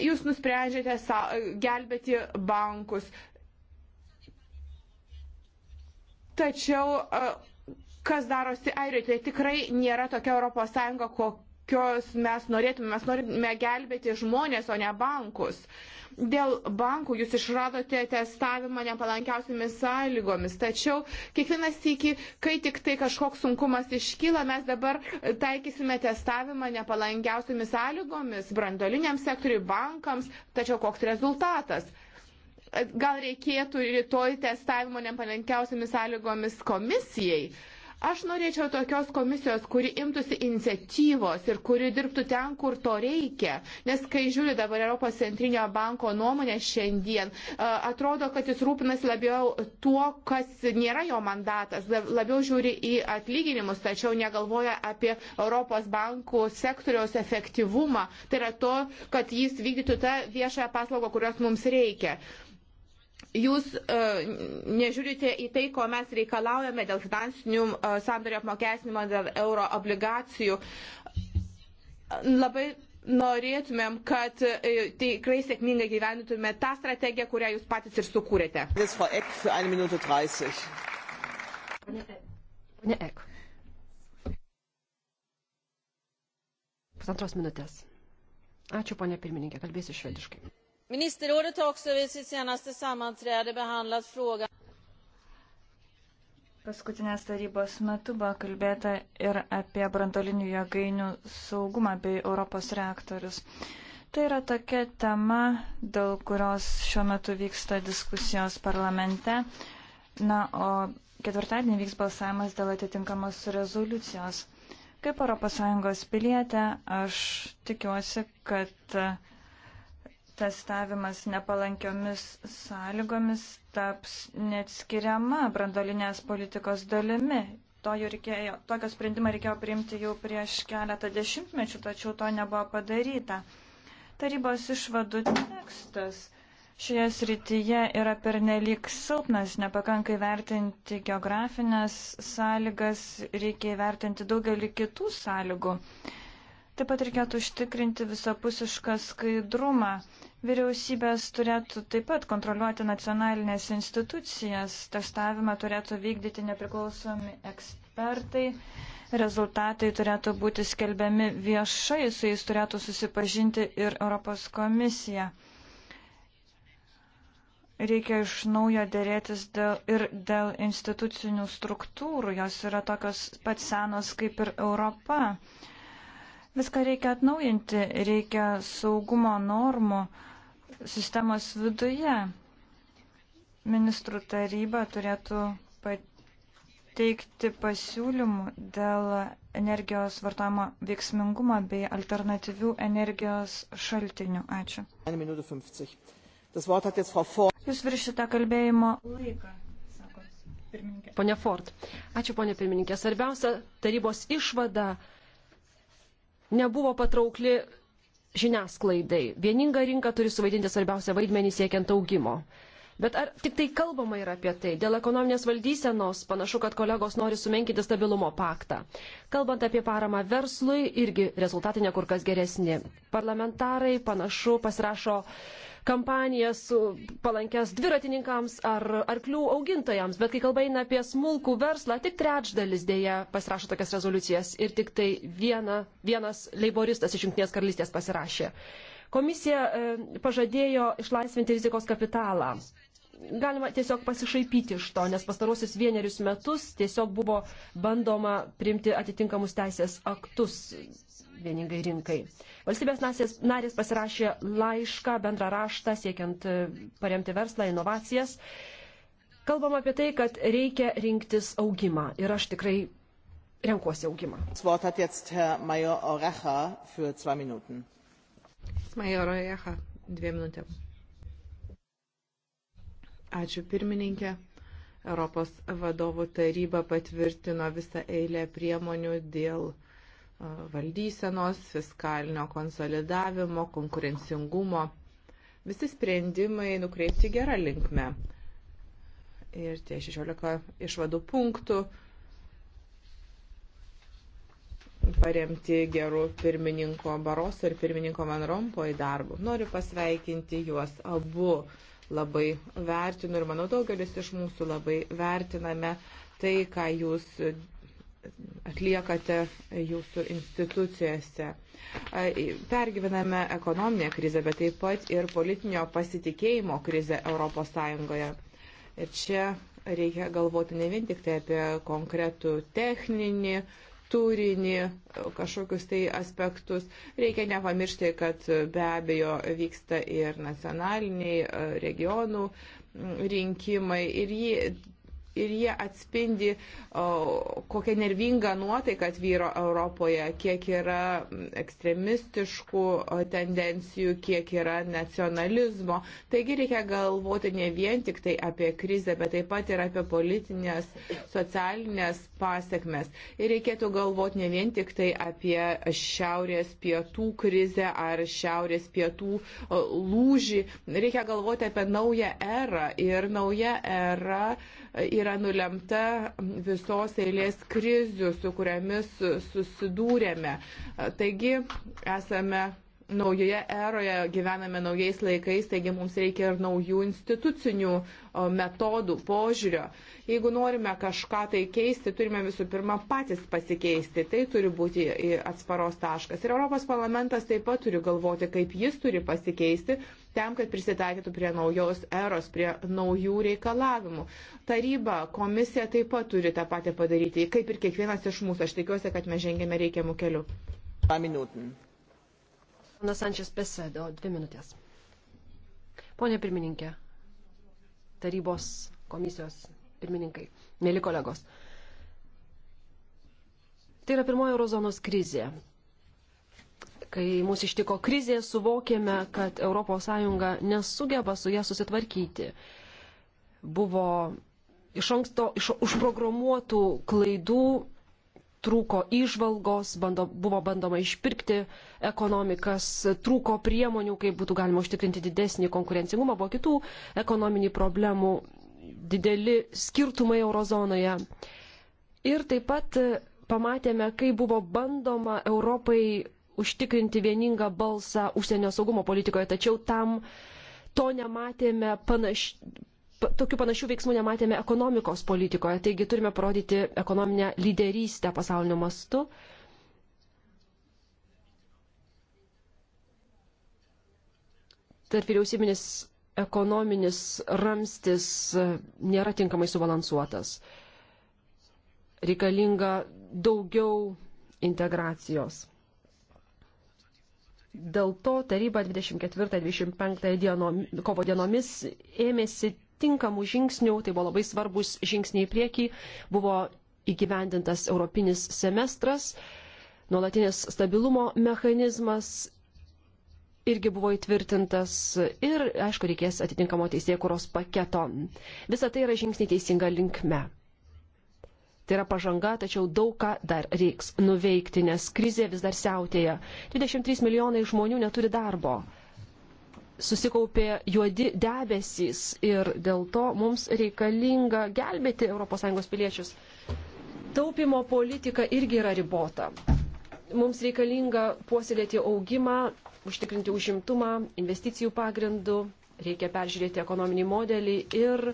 Jūs nusprendžiate gelbėti bankus. Tačiau, kas darosi Airijoje, tai tikrai nėra tokia ES, kokios mes norėtume. Mes norime gelbėti žmonės, o ne bankus. Dėl bankų jūs išradote testavimą nepalankiausiamis sąlygomis, tačiau kiekvienas iki, kai tik tai kažkoks sunkumas iškyla, mes dabar taikysime testavimą nepalankiausiamis sąlygomis brandoliniam sektoriui, bankams, tačiau koks rezultatas? Gal reikėtų rytoj testavimo nepalankiausiamis sąlygomis komisijai? Aš norėčiau tokios komisijos, kuri imtųsi iniciatyvos ir kuri dirbtų ten, kur to reikia. Nes kai žiūri dabar Europos centrinio banko nuomonę šiandien, atrodo, kad jis rūpinasi labiau tuo, kas nėra jo mandatas, labiau žiūri į atlyginimus, tačiau negalvoja apie Europos bankų sektoriaus efektyvumą. Tai yra to, kad jis vykdytų tą viešąją paslaugą, kurios mums reikia jūs e, nežiūrite į tai, ko mes reikalaujame dėl finansinių e, sandorio apmokesnimo, dėl euro obligacijų. Labai norėtumėm, kad e, tikrai sėkmingai gyvenytume tą strategiją, kurią jūs patys ir sukūrėte. Pane Ek. Pusantros minutės. Ačiū, ponė pirmininkė, kalbėsiu švediškai. Ministerrådet har också vid sitt senaste sammanträde behandlat frågan Paskutinės tarybos metu buvo kalbėta ir apie brandolinių jėgainių saugumą bei Europos reaktorius. Tai yra tokia tema, dėl kurios šiuo metu vyksta diskusijos parlamente. Na, o ketvirtadienį vyks balsavimas dėl atitinkamos rezoliucijos. Kaip ES pilietė, aš tikiuosi, kad testavimas nepalankiomis sąlygomis taps neatskiriama brandolinės politikos dalimi. To reikėjo, tokio sprendimą reikėjo priimti jau prieš keletą dešimtmečių, tačiau to nebuvo padaryta. Tarybos išvadų tekstas šioje srityje yra pernelyg silpnas, nepakankai vertinti geografinės sąlygas, reikia įvertinti daugelį kitų sąlygų. Taip pat reikėtų užtikrinti visapusišką skaidrumą. Vyriausybės turėtų taip pat kontroliuoti nacionalinės institucijas, testavimą turėtų vykdyti nepriklausomi ekspertai, rezultatai turėtų būti skelbiami viešai, su jais turėtų susipažinti ir Europos komisija. Reikia iš naujo dėrėtis dėl, ir dėl institucinių struktūrų, jos yra tokios pat senos kaip ir Europa. Viską reikia atnaujinti, reikia saugumo normų sistemos viduje. Ministrų taryba turėtų pateikti pasiūlymų dėl energijos vartojimo veiksmingumo bei alternatyvių energijos šaltinių. Ačiū. Jūs viršite kalbėjimo laiką. Pone Ford. Ačiū, ponė pirmininkė. Svarbiausia tarybos išvada nebuvo patraukli žiniasklaidai. Vieninga rinka turi suvaidinti svarbiausią vaidmenį siekiant augimo. Bet ar tik tai kalbama yra apie tai? Dėl ekonominės valdysenos panašu, kad kolegos nori sumenkinti stabilumo paktą. Kalbant apie paramą verslui, irgi rezultatai nekur kas geresni. Parlamentarai panašu pasirašo kampanijas palankęs dviratininkams ar arklių augintojams, bet kai kalba eina apie smulkų verslą, tik trečdalis dėja pasirašo tokias rezoliucijas ir tik tai viena, vienas leiboristas iš Junktinės karalystės pasirašė. Komisija e, pažadėjo išlaisvinti rizikos kapitalą galima tiesiog pasišaipyti iš to, nes pastarosius vienerius metus tiesiog buvo bandoma priimti atitinkamus teisės aktus vieningai rinkai. Valstybės nasės, narės pasirašė laišką, bendrą raštą, siekiant e, paremti verslą, inovacijas. Kalbam apie tai, kad reikia rinktis augimą ir aš tikrai renkuosi augimą. Majoro Echa, dviem minutėm. Ačiū pirmininkė. Europos vadovų taryba patvirtino visą eilę priemonių dėl valdysenos, fiskalinio konsolidavimo, konkurencingumo. Visi sprendimai nukreipti gerą linkmę. Ir tie 16 išvadų punktų paremti gerų pirmininko Baroso ir pirmininko Van Rompoj darbu. Noriu pasveikinti juos abu labai vertinu ir manau daugelis iš mūsų labai vertiname tai, ką jūs atliekate jūsų institucijose. Pergyvename ekonominę krizę, bet taip pat ir politinio pasitikėjimo krizę ES. Ir čia reikia galvoti ne vien tik tai apie konkretų techninį turinį, kažkokius tai aspektus. Reikia nepamiršti, kad be abejo vyksta ir nacionaliniai regionų rinkimai ir jį, ir jie atspindi, o, kokią nervingą nuotaiką atvyro Europoje, kiek yra ekstremistiškų tendencijų, kiek yra nacionalizmo. Taigi reikia galvoti ne vien tik tai apie krizę, bet taip pat ir apie politinės, socialinės pasiekmes. Ir reikėtų galvoti ne vien tik tai apie šiaurės pietų krizę ar šiaurės pietų lūžį. Reikia galvoti apie naują erą. Ir nauja era yra yra nulemta visos eilės krizių, su kuriamis susidūrėme. Taigi esame naujoje eroje gyvename naujais laikais, taigi mums reikia ir naujų institucinių metodų, požiūrio. Jeigu norime kažką tai keisti, turime visų pirma patys pasikeisti. Tai turi būti atsparos taškas. Ir Europos parlamentas taip pat turi galvoti, kaip jis turi pasikeisti tam, kad prisitaikytų prie naujos eros, prie naujų reikalavimų. Taryba, komisija taip pat turi tą patį padaryti, kaip ir kiekvienas iš mūsų. Aš tikiuosi, kad mes žengėme reikiamų kelių. Minuten. Pana Sančias Pesedo, dvi minutės. Pone pirmininkė, tarybos komisijos pirmininkai, mėly kolegos. Tai yra pirmoji eurozonos krizė. Kai mūsų ištiko krizė, suvokėme, kad ES nesugeba su ją susitvarkyti. Buvo iš anksto iš, užprogramuotų klaidų trūko išvalgos, bando, buvo bandoma išpirkti ekonomikas, trūko priemonių, kaip būtų galima užtikrinti didesnį konkurencingumą, buvo kitų ekonominių problemų, dideli skirtumai eurozonoje. Ir taip pat e, pamatėme, kaip buvo bandoma Europai užtikrinti vieningą balsą užsienio saugumo politikoje, tačiau tam to nematėme panaš, tokių panašių veiksmų nematėme ekonomikos politikoje, taigi turime parodyti ekonominę lyderystę pasaulio mastu. Tarp vyriausybinis ekonominis ramstis nėra tinkamai subalansuotas. Reikalinga daugiau integracijos. Dėl to taryba 24-25 dieno, kovo dienomis ėmėsi tinkamų žingsnių, tai buvo labai svarbus žingsniai į priekį, buvo įgyvendintas europinis semestras, nuolatinės stabilumo mechanizmas irgi buvo įtvirtintas ir, aišku, reikės atitinkamo teisėkuros paketo. Visa tai yra žingsniai teisinga linkme. Tai yra pažanga, tačiau daug ką dar reiks nuveikti, nes krizė vis dar siautėja. 23 milijonai žmonių neturi darbo susikaupė juodi debesys ir dėl to mums reikalinga gelbėti ES piliečius. Taupimo politika irgi yra ribota. Mums reikalinga puoselėti augimą, užtikrinti užimtumą, investicijų pagrindų, reikia peržiūrėti ekonominį modelį ir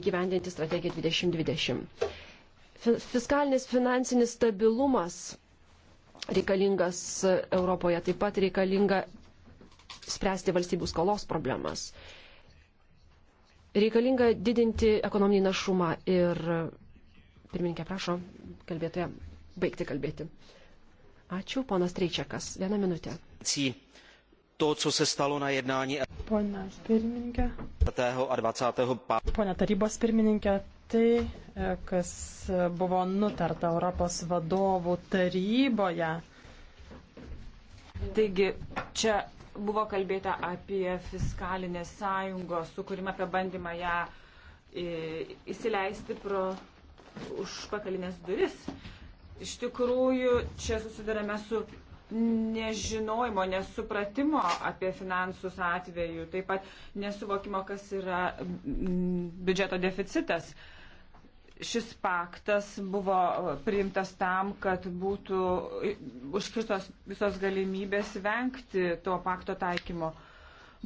įgyvendinti strategiją 2020. Fiskalinis finansinis stabilumas reikalingas Europoje, taip pat reikalinga spręsti valstybių skolos problemas. Reikalinga didinti ekonominį našumą ir pirmininkė prašo kalbėtoje baigti kalbėti. Ačiū, ponas Treičiakas. Vieną minutę. To, co se stalo na jednání. Pone pirmininkė. A 25. Pone tarybos pirmininkė, tai, e, kas buvo nutarta Europos vadovų taryboje. Taigi, čia buvo kalbėta apie fiskalinę sąjungą, sukūrimą apie bandymą ją e, įsileisti pro užpakalinės duris. Iš tikrųjų, čia susidurėme su nežinojimo, nesupratimo apie finansus atveju, taip pat nesuvokimo, kas yra biudžeto deficitas. Uh, Šis paktas buvo priimtas tam, kad būtų užkirtos visos galimybės vengti to pakto taikymo.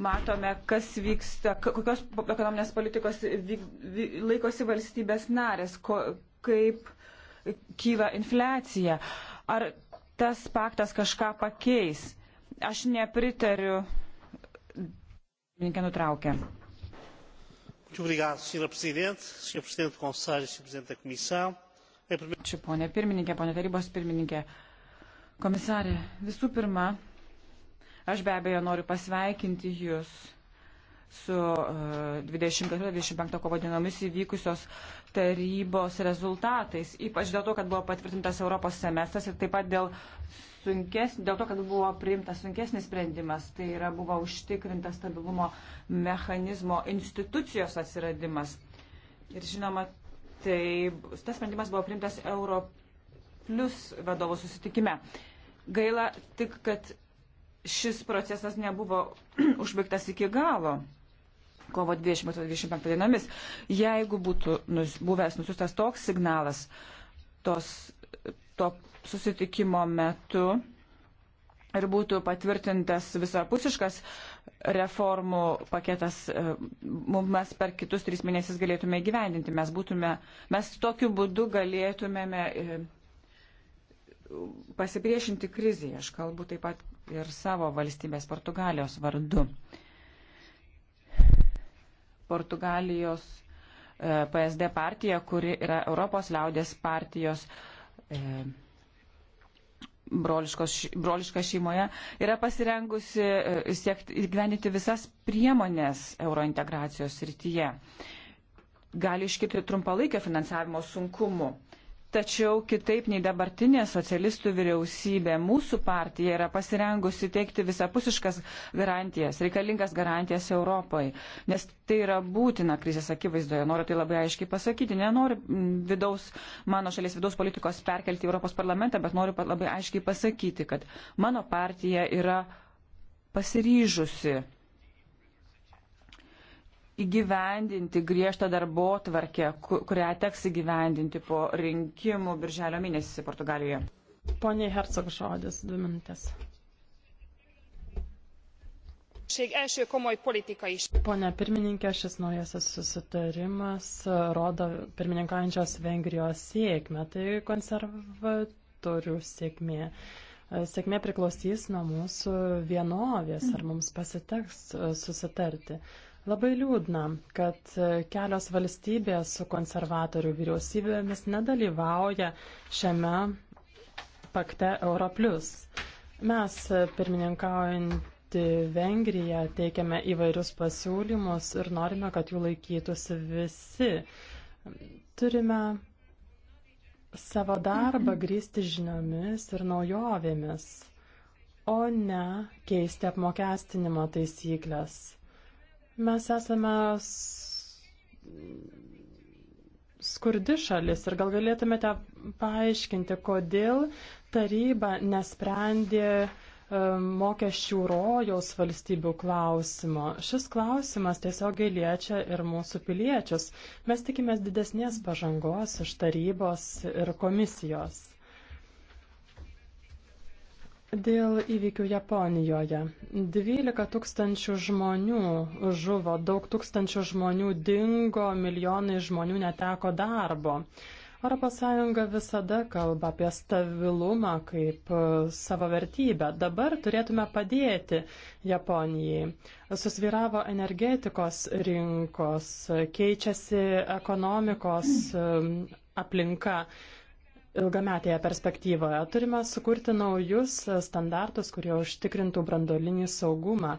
Matome, kas vyksta, kokios ekonominės politikos vyk, vy, laikosi valstybės narės, ko, kaip kyla infliacija. Ar tas paktas kažką pakeis? Aš nepritariu. Minkė nutraukė. Sr. Presidente, Sr. Presidente do Conselho, Sr. Presidente da Comissão. Ačiū, ponė pirmininkė, ponė tarybos pirmininkė. Komisarė, visų pirma, aš be abejo noriu pasveikinti Jūs su 24-25 e, kovo dienomis įvykusios tarybos rezultatais, ypač dėl to, kad buvo patvirtintas Europos semestras ir taip pat dėl sunkes, dėl to, kad buvo priimtas sunkesnis sprendimas, tai yra buvo užtikrintas stabilumo mechanizmo institucijos atsiradimas. Ir žinoma, tai tas sprendimas buvo priimtas Euro plus vadovo susitikime. Gaila tik, kad šis procesas nebuvo užbaigtas iki galo kovo 20-25 dienomis. Jeigu būtų nus, buvęs nusiustas toks signalas, tos, to susitikimo metu ir būtų patvirtintas visapusiškas reformų paketas, e, mes per kitus tris mėnesius galėtume gyvendinti. Mes, būtume, mes tokiu būdu galėtumėme e, pasipriešinti krizį. Aš kalbu taip pat ir savo valstybės Portugalijos vardu. Portugalijos e, PSD partija, kuri yra Europos liaudės partijos. E, broliška šeimoje, yra pasirengusi e, siekti įgyveninti visas priemonės eurointegracijos rytyje. Gali iškirti trumpalaikio finansavimo sunkumų. Tačiau kitaip nei dabartinė socialistų vyriausybė, mūsų partija yra pasirengusi teikti visapusiškas garantijas, reikalingas garantijas Europai, nes tai yra būtina krizės akivaizdoje. Noriu tai labai aiškiai pasakyti. Nenoriu mm, vidaus, mano šalies vidaus politikos perkelti į Europos parlamentą, bet noriu labai aiškiai pasakyti, kad mano partija yra pasiryžusi įgyvendinti griežtą darbo tvarkę, kurią teks įgyvendinti po rinkimų birželio mėnesį Portugalijoje. Pone Hercog žodis, dvi minutės. Pone pirmininkė, šis naujasis susitarimas rodo pirmininkaujančios Vengrijos sėkmę, tai konservatorių sėkmė. Sėkmė priklausys nuo mūsų vienovės, ar mums pasiteks susitarti. Labai liūdna, kad e, kelios valstybės su konservatorių vyriausybėmis nedalyvauja šiame pakte Europlius. Mes e, pirmininkaujantį Vengriją teikiame įvairius pasiūlymus ir norime, kad jų laikytųsi visi. Turime savo darbą grįsti žiniomis ir naujovėmis, o ne keisti apmokestinimo taisyklės. Mes esame skurdi šalis ir gal galėtumėte paaiškinti, kodėl taryba nesprendė um, mokesčių rojaus valstybių klausimo. Šis klausimas tiesiogiai liečia ir mūsų piliečius. Mes tikimės didesnės pažangos iš tarybos ir komisijos. Dėl įvykių Japonijoje. 12 tūkstančių žmonių žuvo, daug tūkstančių žmonių dingo, milijonai žmonių neteko darbo. ES visada kalba apie stabilumą kaip e, savo vertybę. Dabar turėtume padėti Japonijai. Susviravo energetikos rinkos, keičiasi ekonomikos e, aplinka. Mm ilgametėje perspektyvoje. Turime sukurti naujus standartus, kurie užtikrintų brandolinį saugumą.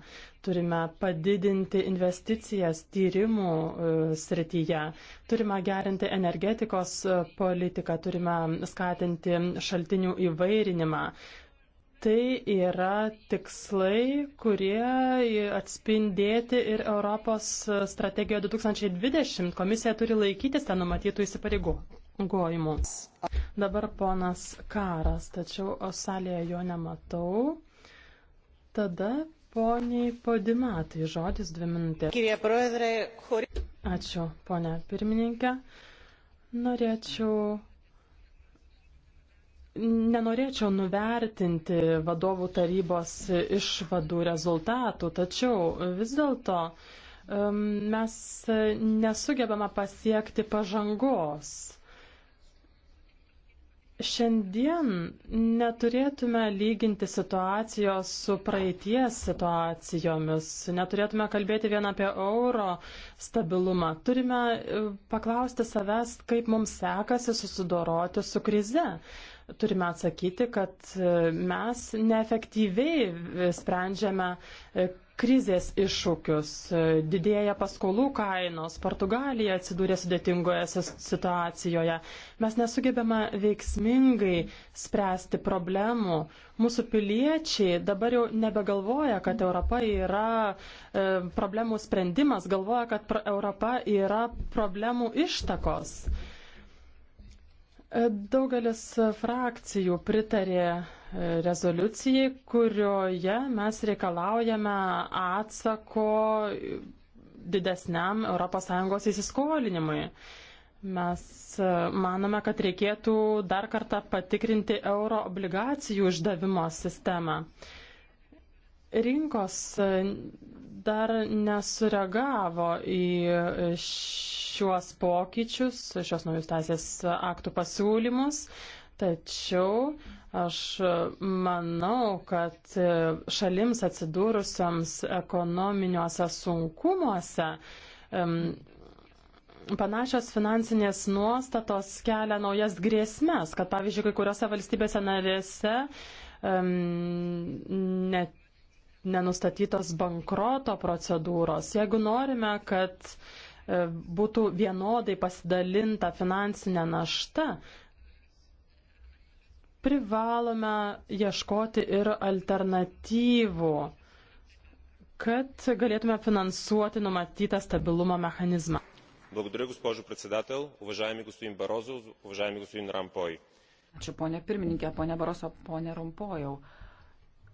Turime padidinti investicijas tyrimų e, srityje. Turime gerinti energetikos e, politiką. Turime skatinti šaltinių įvairinimą. Tai yra tikslai, kurie atspindėti ir Europos strategijoje 2020. Komisija turi laikytis ten numatytų įsipareigojimų gojimų. Dabar ponas Karas, tačiau salėje jo nematau. Tada poniai Podimatai žodis dvi minutės. Ačiū, ponia pirmininkė. Norėčiau Nenorėčiau nuvertinti vadovų tarybos išvadų rezultatų, tačiau vis dėlto mes nesugebame pasiekti pažangos. Šiandien neturėtume lyginti situacijos su praeities situacijomis, neturėtume kalbėti vien apie euro stabilumą. Turime e, paklausti savęs, kaip mums sekasi susidoroti su krize. Turime atsakyti, kad e, mes neefektyviai e, sprendžiame krizės iššūkius, didėja paskolų kainos, Portugalija atsidūrė sudėtingoje situacijoje, mes nesugebėme veiksmingai spręsti problemų. Mūsų piliečiai dabar jau nebegalvoja, kad Europa yra e, problemų sprendimas, galvoja, kad Europa yra problemų ištakos. E, daugelis frakcijų pritarė rezoliucijai, kurioje mes reikalaujame atsako didesniam ES įsiskolinimui. Mes e, manome, kad reikėtų dar kartą patikrinti euro obligacijų išdavimo sistemą. Rinkos e, dar nesureagavo į šiuos pokyčius, šios naujus teisės aktų pasiūlymus, tačiau uh, Aš e, manau, kad e, šalims atsidūrusiams ekonominiuose sunkumuose panašios finansinės nuostatos kelia naujas grėsmės, kad pavyzdžiui, kai kuriuose valstybėse narėse net nenustatytos bankroto procedūros. Jeigu norime, kad e, būtų vienodai pasidalinta finansinė našta, privalome ieškoti ir alternatyvų, kad galėtume finansuoti numatytą stabilumo mechanizmą. Благодаря, госпожо председател. Уважаеми господин Барозо, уважаеми господин Рампой. Ačiū, ponė pirmininkė, ponė Baroso, ponė Rumpojau.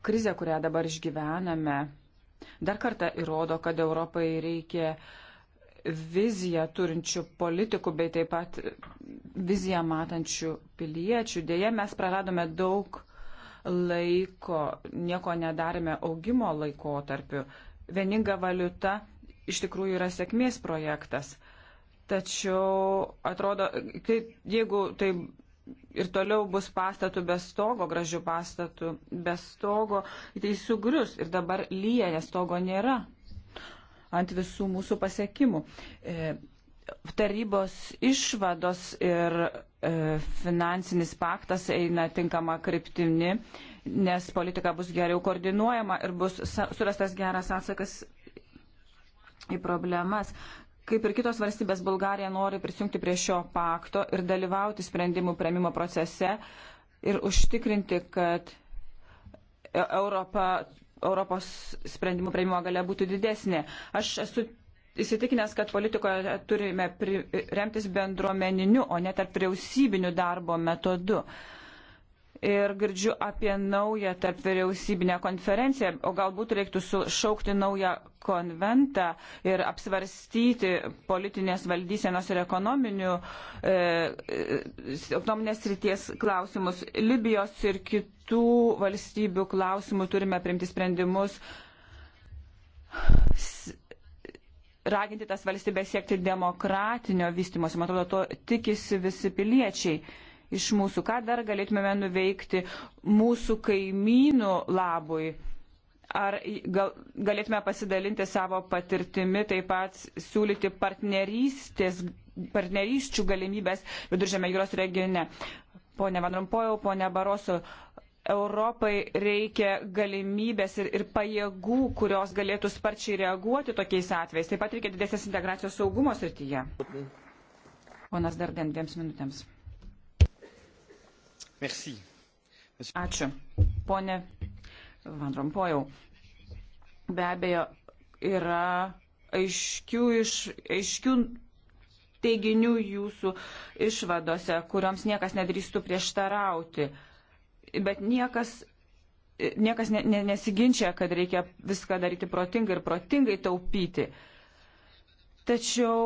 Krizė, kurią dabar išgyvename, dar kartą įrodo, kad Europai reikia uh, viziją turinčių politikų, bei taip pat viziją matančių piliečių. Deja, mes praradome daug laiko, nieko nedarėme augimo laikotarpiu. Vieninga valiuta iš tikrųjų yra sėkmės projektas. Tačiau atrodo, tai, jeigu tai ir toliau bus pastatų be stogo, gražių pastatų be stogo, tai sugrius ir dabar lyja, nes stogo nėra ant visų mūsų pasiekimų. E, tarybos išvados ir e, finansinis paktas eina tinkama kryptimi, nes politika bus geriau koordinuojama ir bus surastas geras atsakas į problemas. Kaip ir kitos valstybės, Bulgarija nori prisijungti prie šio pakto ir dalyvauti sprendimų prieimimo procese ir užtikrinti, kad e-, Europa Europos sprendimų prieimimo galia būtų didesnė. Aš esu įsitikinęs, kad politikoje turime remtis bendruomeniniu, o ne tarp vyriausybiniu darbo metodu. Uh, ir girdžiu apie naują tarp vyriausybinę konferenciją, o galbūt reiktų sušaukti naują konventą ir apsvarstyti politinės valdysenos ir ekonominių, e, e ekonominės ryties klausimus. Libijos ir kitų valstybių klausimų turime priimti sprendimus raginti tas valstybės siekti demokratinio vystimosi. Man atrodo, to tikisi visi piliečiai iš mūsų, ką dar galėtumėme nuveikti mūsų kaimynų labui. Ar gal, galėtume pasidalinti savo patirtimi, taip pat siūlyti partnerystės, partnerysčių galimybės Viduržėme jūros regione. Pone Van Rompojau, pone Baroso, Europai reikia galimybės ir, ir pajėgų, kurios galėtų sparčiai reaguoti tokiais atvejais. Taip pat reikia didesnės integracijos saugumo srityje. Ponas dar dviems minutėms. Merci. Ačiū. Pone Van Rompojau, be abejo, yra aiškių, iš, aiškių teiginių jūsų išvadose, kurioms niekas nedrįstų prieštarauti. Bet niekas niekas ne, ne, nesiginčia, kad reikia viską daryti protingai ir protingai taupyti. Tačiau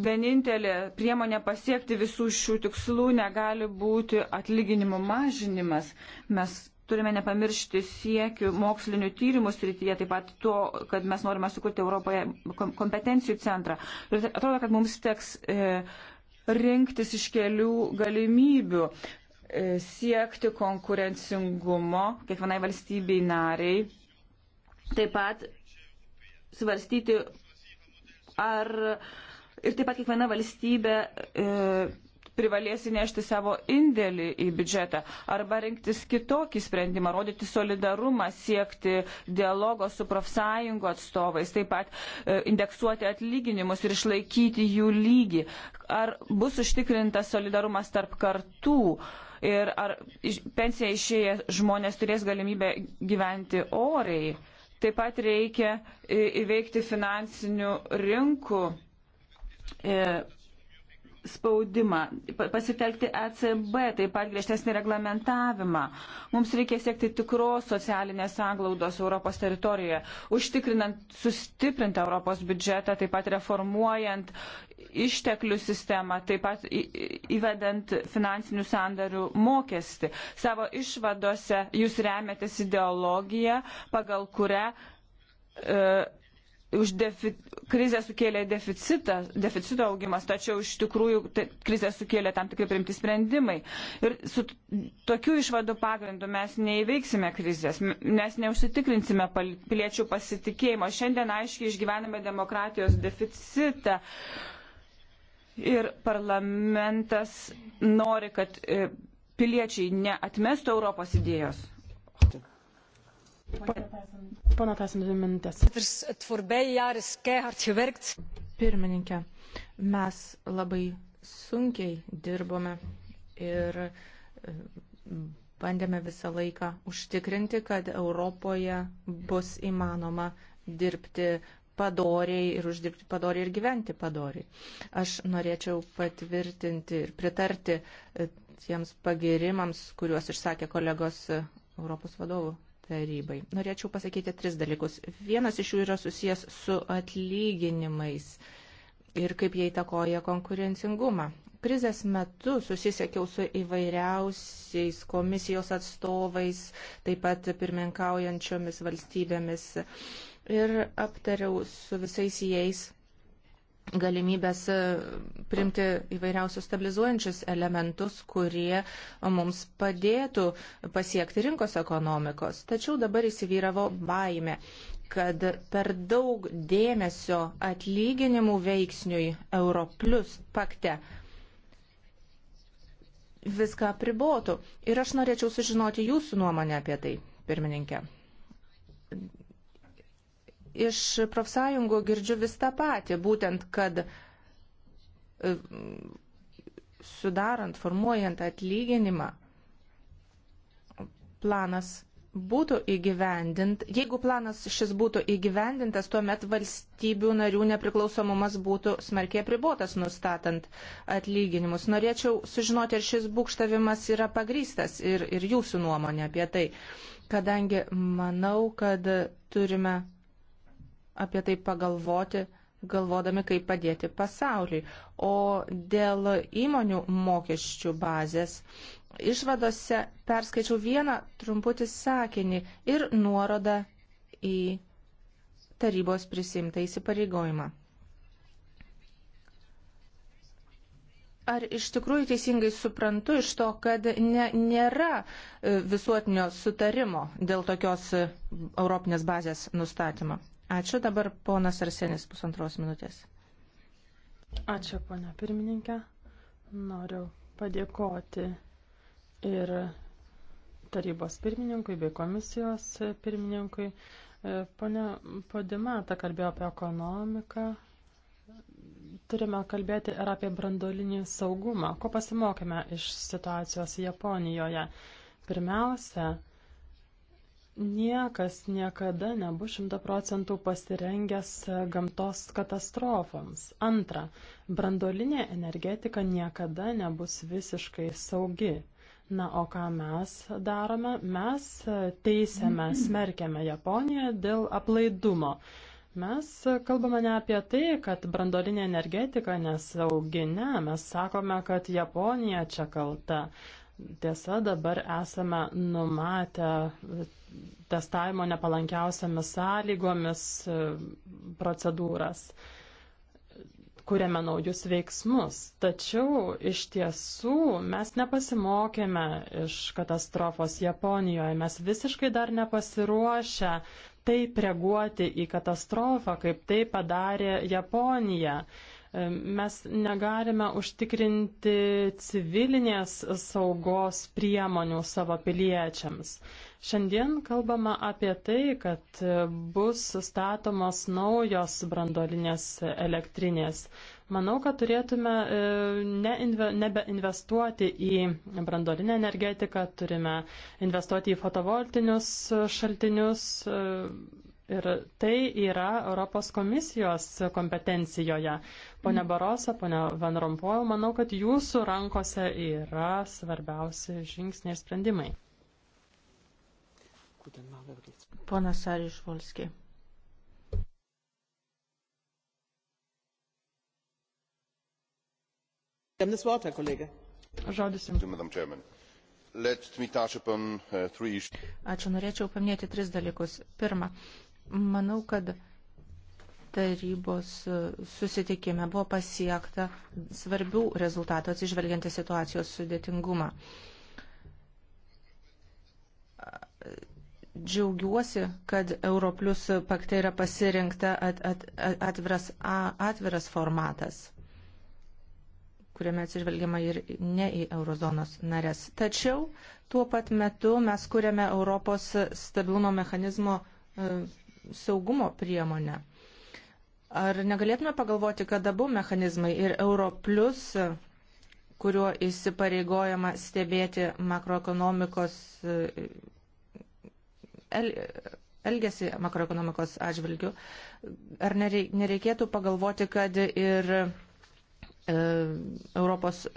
vienintelė priemonė pasiekti visų šių tikslų negali būti atlyginimų mažinimas. Mes turime nepamiršti siekių mokslinių tyrimų srityje, taip pat to, kad mes norime sukurti Europoje kompetencijų centrą. Ir tai atrodo, kad mums teks e, rinktis iš kelių galimybių e, siekti konkurencingumo kiekvienai valstybei nariai. Taip pat svarstyti, ar e, Ir taip pat kiekviena valstybė e, privalės įnešti savo indėlį į biudžetą arba rinktis kitokį sprendimą, rodyti solidarumą, siekti dialogo su profsąjungo atstovais, taip pat e, indeksuoti atlyginimus ir išlaikyti jų lygį. Ar bus užtikrintas solidarumas tarp kartų ir ar pensija išėję žmonės turės galimybę gyventi oriai. Taip pat reikia e, įveikti finansinių rinkų E, spaudimą, pasitelkti ECB, taip pat griežtesnį reglamentavimą. Mums reikia siekti tikros socialinės anglaudos Europos teritorijoje, užtikrinant sustiprintą Europos biudžetą, taip pat reformuojant išteklių sistemą, taip pat įvedant finansinių sandarių mokestį. Savo išvadose jūs remiatės ideologiją, pagal kurią e, už defi, krizę sukėlė deficitą, deficito augimas, tačiau iš tikrųjų tai, krizę sukėlė tam tikrai primti sprendimai. Ir su tokiu išvadu pagrindu mes neįveiksime krizės, mes neužsitikrinsime piliečių pasitikėjimo. Šiandien aiškiai išgyvename demokratijos deficitą. Ir parlamentas nori, kad e, piliečiai neatmestų Europos idėjos. Taip. Pana Tasin, dvi minutės. Pirmininkė, mes labai sunkiai dirbome ir e, bandėme visą laiką užtikrinti, kad Europoje bus įmanoma dirbti padoriai ir uždirbti padoriai ir gyventi padoriai. Aš norėčiau patvirtinti ir pritarti e, tiems pagirimams, kuriuos išsakė kolegos e, Europos vadovų tarybai. Norėčiau pasakyti tris dalykus. Vienas iš jų yra susijęs su atlyginimais ir kaip jie įtakoja konkurencingumą. Krizės metu susisiekiau su įvairiausiais komisijos atstovais, taip pat pirmininkaujančiomis valstybėmis ir aptariau su visais jais galimybės e, primti įvairiausius stabilizuojančius elementus, kurie mums padėtų pasiekti rinkos ekonomikos. Tačiau dabar įsivyravo baime kad per daug dėmesio atlyginimų veiksniui Europlus pakte viską pribotų. Ir aš norėčiau sužinoti jūsų nuomonę apie tai, pirmininkė iš profsąjungų girdžiu vis tą patį, būtent, kad e, sudarant, formuojant atlyginimą, planas būtų įgyvendint, jeigu planas šis būtų įgyvendintas, tuomet valstybių narių nepriklausomumas būtų smarkiai pribotas nustatant atlyginimus. Norėčiau sužinoti, ar šis būkštavimas yra pagrystas ir, ir jūsų nuomonė apie tai, kadangi manau, kad turime apie tai pagalvoti, galvodami, kaip padėti pasauliui. O dėl įmonių mokesčių bazės išvadose perskaičiau vieną trumputį sakinį ir nuorodą į tarybos prisimtą įsipareigojimą. Ar iš tikrųjų teisingai suprantu iš to, kad ne, nėra e, visuotinio sutarimo dėl tokios e, europinės bazės nustatymo? Ačiū dabar ponas Arsenis pusantros minutės. Ačiū ponia pirmininkė. Noriu padėkoti ir tarybos pirmininkui bei komisijos pirmininkui. E, Pone Podimata kalbėjo apie ekonomiką. Turime kalbėti ir apie brandolinį saugumą. Ko pasimokėme iš situacijos Japonijoje? Pirmiausia, Niekas niekada nebus šimta procentų pasirengęs gamtos katastrofoms. Antra, brandolinė energetika niekada nebus visiškai saugi. Na, o ką mes darome? Mes teisėme, smerkėme Japoniją dėl aplaidumo. Mes kalbame ne apie tai, kad brandolinė energetika nesaugi, ne, mes sakome, kad Japonija čia kalta. Tiesa, dabar esame numatę testavimo nepalankiausiamis sąlygomis e, procedūras, kuriame naujus veiksmus. Tačiau iš tiesų mes nepasimokėme iš katastrofos Japonijoje, mes visiškai dar nepasiruošę taip reaguoti į katastrofą, kaip tai padarė Japonija. Mes negalime užtikrinti civilinės saugos priemonių savo piliečiams. Šiandien kalbama apie tai, kad bus statomos naujos brandolinės elektrinės. Manau, kad turėtume e, nebeinvestuoti į brandolinę energetiką, turime investuoti į fotovoltinius šaltinius e, Ir tai yra Europos komisijos kompetencijoje. Pone Barosa, pone Van Rompojo, manau, kad jūsų rankose yra svarbiausi žingsniai ir sprendimai. Ponas Sariš Volskiai. Žodis Jums. E, Ačiū, norėčiau paminėti tris dalykus. Pirma, Manau, kad tarybos susitikime buvo pasiekta svarbių rezultatų atsižvelgiant į situacijos sudėtingumą. Džiaugiuosi, kad Europlius pakte yra pasirinkta at, at, atviras, atviras formatas, kuriame atsižvelgiama ir ne į eurozonos narės. Tačiau tuo pat metu mes kuriame Europos stabilumo mechanizmo e, saugumo priemonę. Ar negalėtume pagalvoti, kad abu mechanizmai ir Europlus, kuriuo įsipareigojama stebėti makroekonomikos el, elgesi makroekonomikos atžvilgių, ar nereikėtų pagalvoti, kad ir e, Europos e,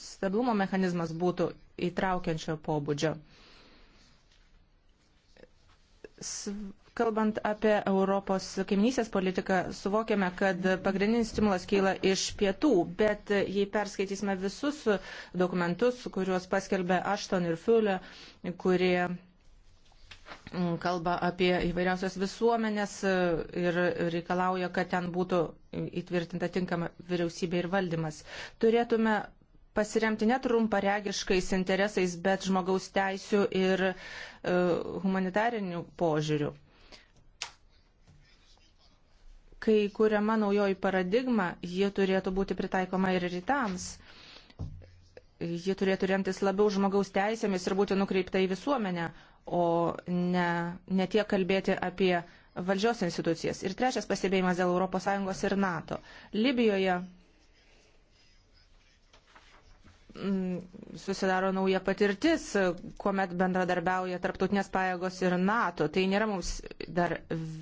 stabilumo mechanizmas būtų įtraukiančio pobūdžio kalbant apie Europos kaiminysės politiką, suvokiame, kad pagrindinis stimulas kyla iš pietų, bet jei perskaitysime visus dokumentus, kuriuos paskelbė Ašton ir Fiulė, kurie mm, kalba apie įvairiausias visuomenės e, ir reikalauja, kad ten būtų įtvirtinta tinkama vyriausybė ir valdymas. Turėtume pasiremti netrumparegiškais interesais, bet žmogaus teisų ir e, humanitarinių požiūrių kai kuriama naujoji paradigma, ji turėtų būti pritaikoma ir rytams. Ji turėtų remtis labiau žmogaus teisėmis ir būti nukreipta į visuomenę, o ne, ne tiek kalbėti apie valdžios institucijas. Ir trečias pastebėjimas dėl ES ir NATO. Libijoje Mm, susidaro nauja patirtis, kuomet bendradarbiauja tarptautinės pajėgos ir NATO. Tai nėra mums dar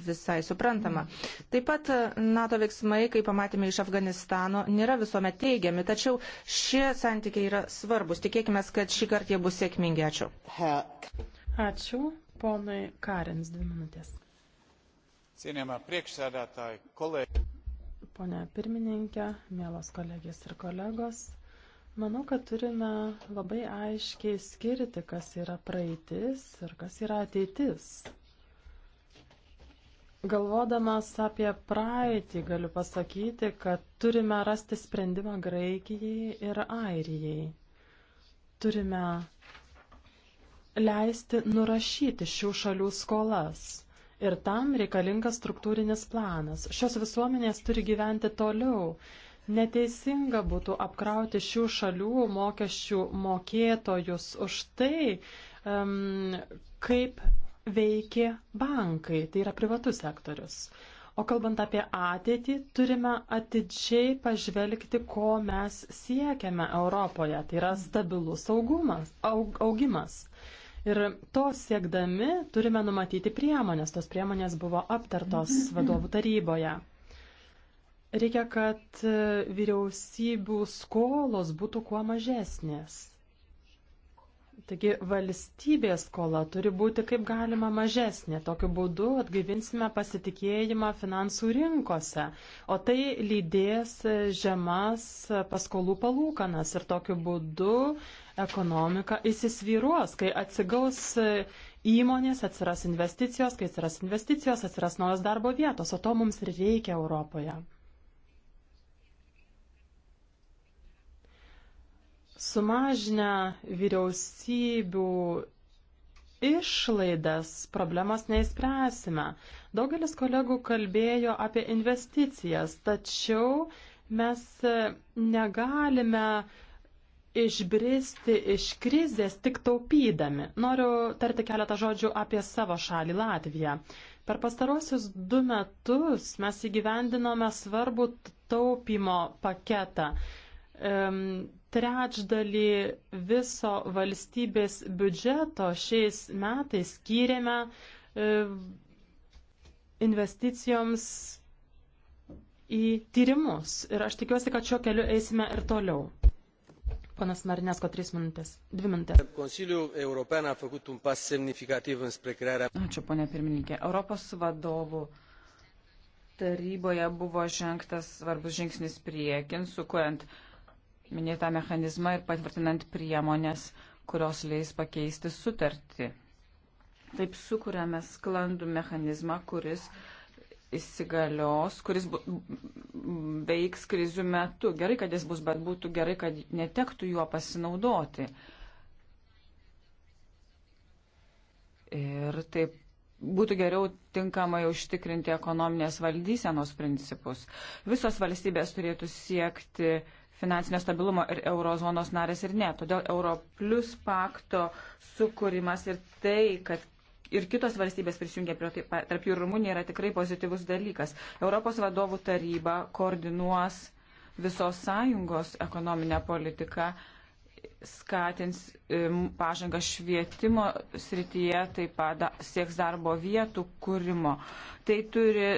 visai suprantama. Taip pat e, NATO veiksmai, kaip pamatėme iš Afganistano, nėra visuomet teigiami, tačiau šie santykiai yra svarbus. Tikėkime, kad šį kartą jie bus sėkmingi. Ačiū. Ačiū. Ponai Karins, dvi minutės. Sėnėma priekšsėdėtai, kolegai. Pone pirmininkė, mielos kolegės ir kolegos. Manau, kad turime labai aiškiai skirti, kas yra praeitis ir kas yra ateitis. Galvodamas apie praeitį, galiu pasakyti, kad turime rasti sprendimą Graikijai ir Airijai. Turime leisti nurašyti šių šalių skolas. Ir tam reikalingas struktūrinis planas. Šios visuomenės turi gyventi toliau. Neteisinga būtų apkrauti šių šalių mokesčių mokėtojus už tai, um, kaip veikia bankai, tai yra privatus sektorius. O kalbant apie ateitį, turime atidžiai pažvelgti, ko mes siekiame Europoje. Tai yra stabilus augumas, aug, augimas. Ir to siekdami turime numatyti priemonės. Tos priemonės buvo aptartos vadovų taryboje. Reikia, kad e, vyriausybių skolos būtų kuo mažesnės. Taigi valstybės skola turi būti kaip galima mažesnė. Tokiu būdu atgaivinsime pasitikėjimą finansų rinkose, o tai lydės žemas paskolų palūkanas ir tokiu būdu ekonomika įsisvyruos, kai atsigaus įmonės, atsiras investicijos, kai atsiras investicijos, atsiras naujos darbo vietos, o to mums reikia Europoje. Sumažinę vyriausybių išlaidas problemas neįspręsime. Daugelis kolegų kalbėjo apie investicijas, tačiau mes negalime išbristi iš krizės tik taupydami. Noriu tarti keletą žodžių apie savo šalį Latviją. Per pastarosius du metus mes įgyvendinome svarbų taupimo paketą trečdalį viso valstybės biudžeto šiais metais skyrėme investicijoms į tyrimus. Ir aš tikiuosi, kad šiuo keliu eisime ir toliau. Ponas Marinesko, trys minutės. Dvi minutės. Konsiliul European a făcut un pas semnificativ înspre crearea. Ačiū, ponia pirmininkė. Europos vadovų taryboje buvo žengtas svarbus žingsnis priekin, sukuojant uh, minėtą mechanizmą ir patvirtinant priemonės, kurios leis pakeisti sutartį. Taip sukūrėme sklandų mechanizmą, kuris įsigalios, kuris bu, veiks krizių metu. Gerai, kad jis bus, bet būtų gerai, kad netektų juo pasinaudoti. Ir taip būtų geriau tinkamai užtikrinti ekonominės valdysenos principus. Visos valstybės turėtų siekti uh, finansinio stabilumo ir eurozonos narės ir ne. Todėl Europlus pakto sukūrimas ir tai, kad ir kitos valstybės prisijungia prie taip, tarp jų Rumunija yra tikrai pozityvus dalykas. Europos vadovų taryba koordinuos visos sąjungos ekonominę politiką, skatins pažangą švietimo srityje, taip pat sieks darbo vietų kūrimo. Tai turi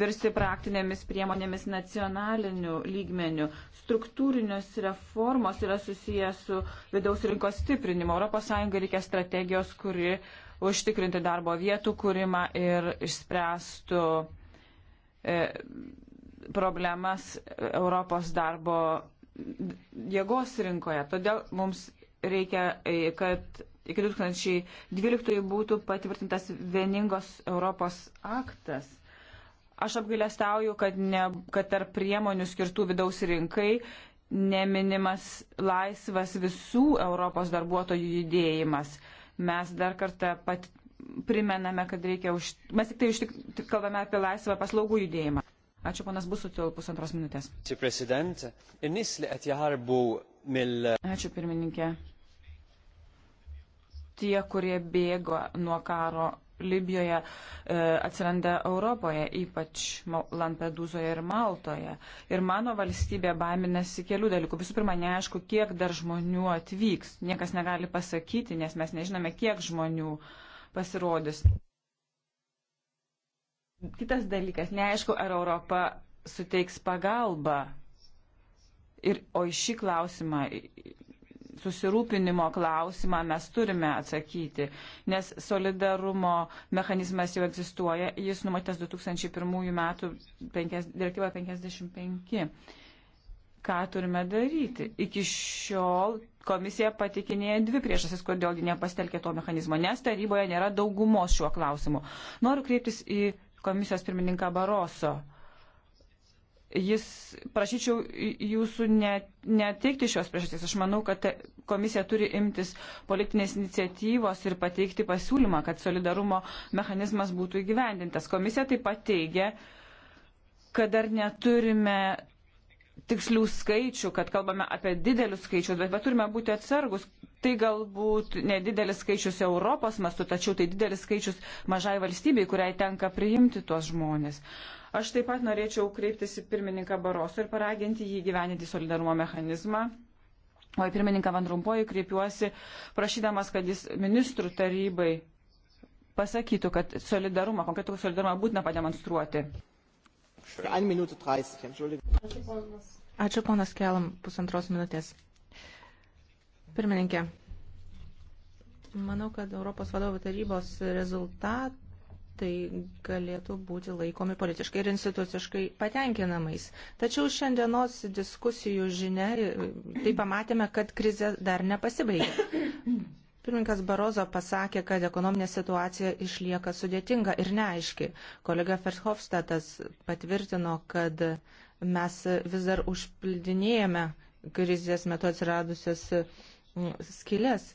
virsti praktinėmis priemonėmis nacionaliniu lygmeniu struktūrinės reformos yra susijęs su vidaus rinkos stiprinimu. ES reikia strategijos, kuri užtikrinti darbo vietų kūrimą ir išspręstų e, problemas Europos darbo jėgos rinkoje. Todėl mums reikia, e, kad iki 2012 būtų patvirtintas vieningos Europos aktas. Aš apgailestauju, kad, ne, kad tarp priemonių skirtų vidaus rinkai neminimas laisvas visų Europos darbuotojų judėjimas. Mes dar kartą pat primename, kad reikia už... Mes tik tai užtik... kalbame apie laisvą paslaugų judėjimą. Ačiū, ponas Busutil, pusantros minutės. Ačiū, pirmininkė. Tie, kurie bėgo nuo karo Libijoje e, atsiranda Europoje, ypač Lampedūzoje ir Maltoje. Ir mano valstybė baiminasi kelių dalykų. Visų pirma, neaišku, kiek dar žmonių atvyks. Niekas negali pasakyti, nes mes nežinome, kiek žmonių pasirodys. Kitas dalykas, neaišku, ar Europa suteiks pagalbą. Ir, o į šį klausimą susirūpinimo klausimą mes turime atsakyti, nes solidarumo mechanizmas jau egzistuoja, jis numatytas 2001 metų direktyva 55 ką turime daryti. Iki šiol komisija patikinėja dvi priežasis, kodėl ji nepastelkė to mechanizmo, nes taryboje nėra daugumos šiuo klausimu. Noriu kreiptis į komisijos pirmininką Baroso jis, prašyčiau jūsų neteikti šios priežasties. Aš manau, kad komisija turi imtis politinės iniciatyvos ir pateikti pasiūlymą, kad solidarumo mechanizmas būtų įgyvendintas. Komisija taip pat teigia, kad dar neturime tikslių skaičių, kad kalbame apie didelius skaičius, bet, bet turime būti atsargus. Tai galbūt nedidelis skaičius Europos mastu, tačiau tai didelis skaičius mažai valstybei, kuriai tenka priimti tuos žmonės. Uh, Aš taip pat norėčiau kreiptis į pirmininką Baroso ir paraginti jį gyveninti solidarumo mechanizmą. O į pirmininką Van Rumpojų kreipiuosi, prašydamas, kad jis ministrų tarybai pasakytų, kad solidarumą, konkretų solidarumą būtina pademonstruoti. Ačiū ponas Kelam, pusantros minutės. Pirmininkė, manau, kad Europos vadovų tarybos rezultatų tai galėtų būti laikomi politiškai ir instituciškai patenkinamais. Tačiau šiandienos diskusijų žinia, tai pamatėme, kad krizė dar nepasibaigė. Pirmininkas Barozo pasakė, kad ekonominė situacija išlieka sudėtinga ir neaiški. Kolega Fershofstadas patvirtino, kad mes vis dar užpildinėjame krizės metu atsiradusias mm, skilės.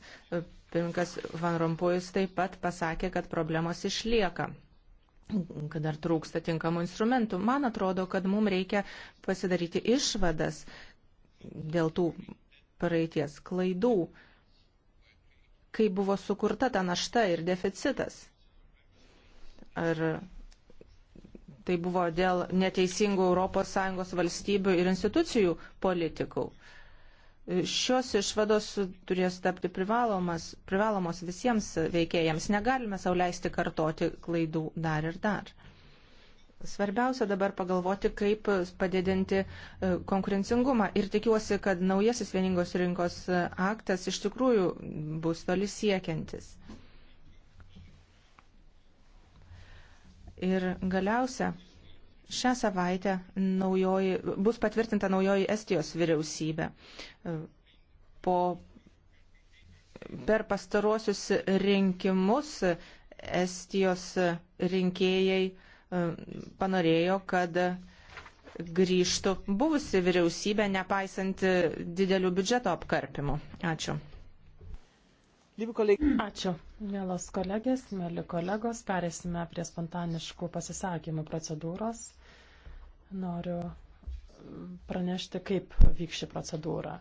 Pirmininkas Van Rompujus taip pat pasakė, kad problemos išlieka kad dar trūksta tinkamų instrumentų. Man atrodo, kad mums reikia pasidaryti išvadas dėl tų praeities klaidų, kai buvo sukurta ta našta ir deficitas. Ar tai buvo dėl neteisingų ES valstybių ir institucijų politikų? Šios išvados turės tapti privalomos visiems veikėjams. Negalime sauliaisti kartoti klaidų dar ir dar. Svarbiausia dabar pagalvoti, kaip padidinti e, konkurencingumą. Ir tikiuosi, kad naujasis vieningos rinkos e, aktas iš tikrųjų bus toli siekiantis. Ir galiausia, Šią savaitę naujoji, bus patvirtinta naujoji Estijos vyriausybė. Po, per pastaruosius rinkimus Estijos rinkėjai e, panorėjo, kad grįžtų buvusi vyriausybė, nepaisant didelių biudžeto apkarpimų. Ačiū. Ačiū, mielos kolegės, mėly kolegos. Perėsime prie spontaniškų pasisakymų procedūros. Noriu pranešti, kaip vyks ši procedūra.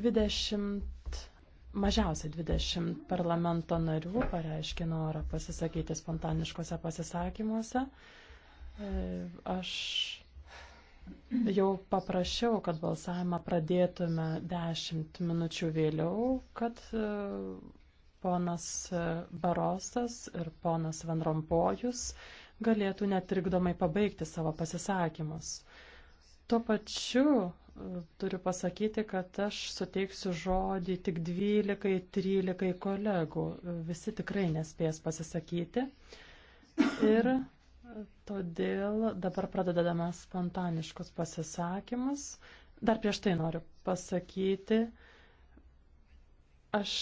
20, mažiausiai 20 parlamento narių pareiškė norą pasisakyti spontaniškose pasisakymuose. E, aš Jau paprašiau, kad balsavimą pradėtume 10 minučių vėliau, kad e, ponas e, Barosas ir ponas Vanrompojus galėtų netrikdomai pabaigti savo pasisakymus. Tuo pačiu e, turiu pasakyti, kad aš suteiksiu žodį tik 12-13 kolegų. Visi tikrai nespės pasisakyti. Ir Todėl dabar pradedame spontaniškus pasisakymus. Dar prieš tai noriu pasakyti, aš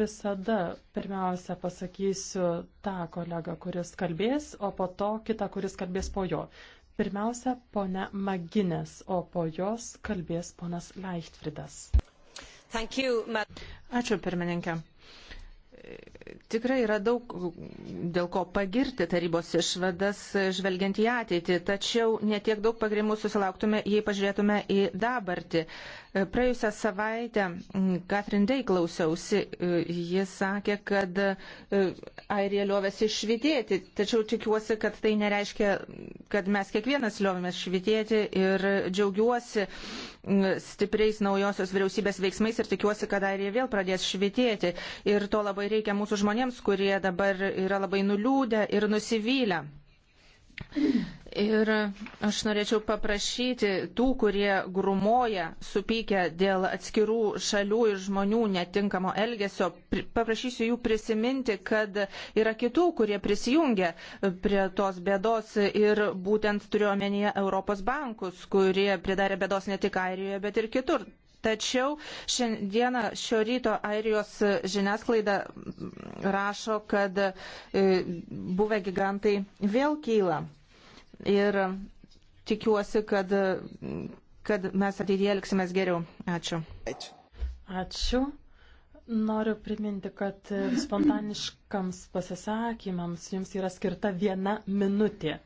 visada pirmiausia pasakysiu tą kolegą, kuris kalbės, o po to kitą, kuris kalbės po jo. Pirmiausia, ponia Maginės, o po jos kalbės ponas Leichtfriedas. You, Ačiū pirmininkė. Tikrai yra daug dėl ko pagirti tarybos išvadas žvelgiant į ateitį, tačiau netiek daug pagrimų susilauktume, jei pažiūrėtume į dabartį. Praėjusią savaitę Katrin Dei klausiausi, jis sakė, kad e, airija liovėsi švitėti, tačiau tikiuosi, kad tai nereiškia, kad mes kiekvienas liovėmės švitėti ir džiaugiuosi stipriais naujosios vyriausybės veiksmais ir tikiuosi, kad airija vėl pradės švitėti ir to labai reikia mūsų žmonėms, kurie dabar yra labai nuliūdę ir nusivylę. Ir aš norėčiau paprašyti tų, kurie grumoja, supykę dėl atskirų šalių ir žmonių netinkamo elgesio, paprašysiu jų prisiminti, kad yra kitų, kurie prisijungia prie tos bėdos ir būtent turiuomenyje Europos bankus, kurie pridarė bėdos ne tik Airijoje, bet ir kitur. Tačiau šiandieną šio ryto Airijos žiniasklaida rašo, kad e, buvę gigantai vėl kyla. Ir tikiuosi, kad, kad mes ateityje elgsimės geriau. Ačiū. Ačiū. Noriu priminti, kad spontaniškams pasisakymams jums yra skirta viena minutė.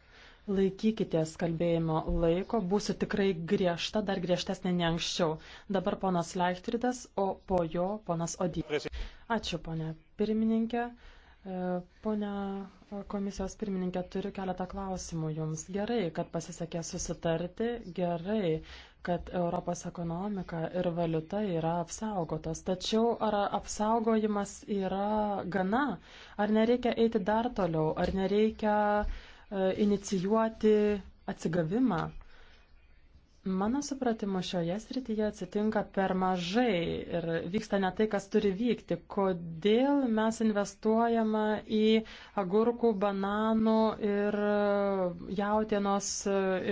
Laikykitės kalbėjimo laiko, būsiu tikrai griežta, dar griežtesnė ne anksčiau. Dabar ponas Leichtridas, o po jo ponas Odį. Ačiū, ponė pirmininkė. E, Pone komisijos pirmininkė, turiu keletą klausimų jums. Gerai, kad pasisekė susitarti, gerai, kad Europos ekonomika ir valiuta yra apsaugotos. Tačiau ar apsaugojimas yra gana? Ar nereikia eiti dar toliau? Ar nereikia uh, E, inicijuoti atsigavimą. Mano supratimu, šioje srityje atsitinka per mažai ir vyksta ne tai, kas turi vykti. Kodėl mes investuojame į agurkų, bananų ir jautienos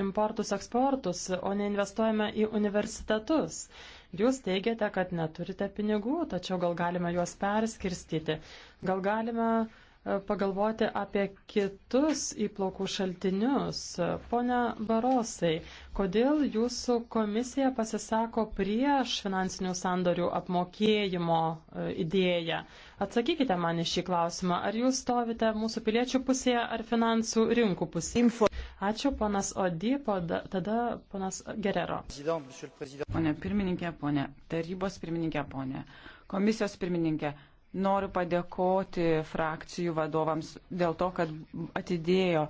importus, eksportus, o neinvestuojame į universitetus? Jūs teigiate, kad neturite pinigų, tačiau gal galime juos perskirstyti. Gal galime uh, pagalvoti apie kitus įplaukų šaltinius. Pone Barosai, kodėl jūsų komisija pasisako prieš finansinių sandorių apmokėjimo e, idėją? Atsakykite man į šį klausimą. Ar jūs stovite mūsų piliečių pusėje ar finansų rinkų pusėje? Info. Ačiū, ponas Odi, poda, tada ponas Gerero. Pone pirmininkė, pone tarybos pirmininkė, pone komisijos pirmininkė. Noriu padėkoti frakcijų vadovams dėl to, kad atidėjo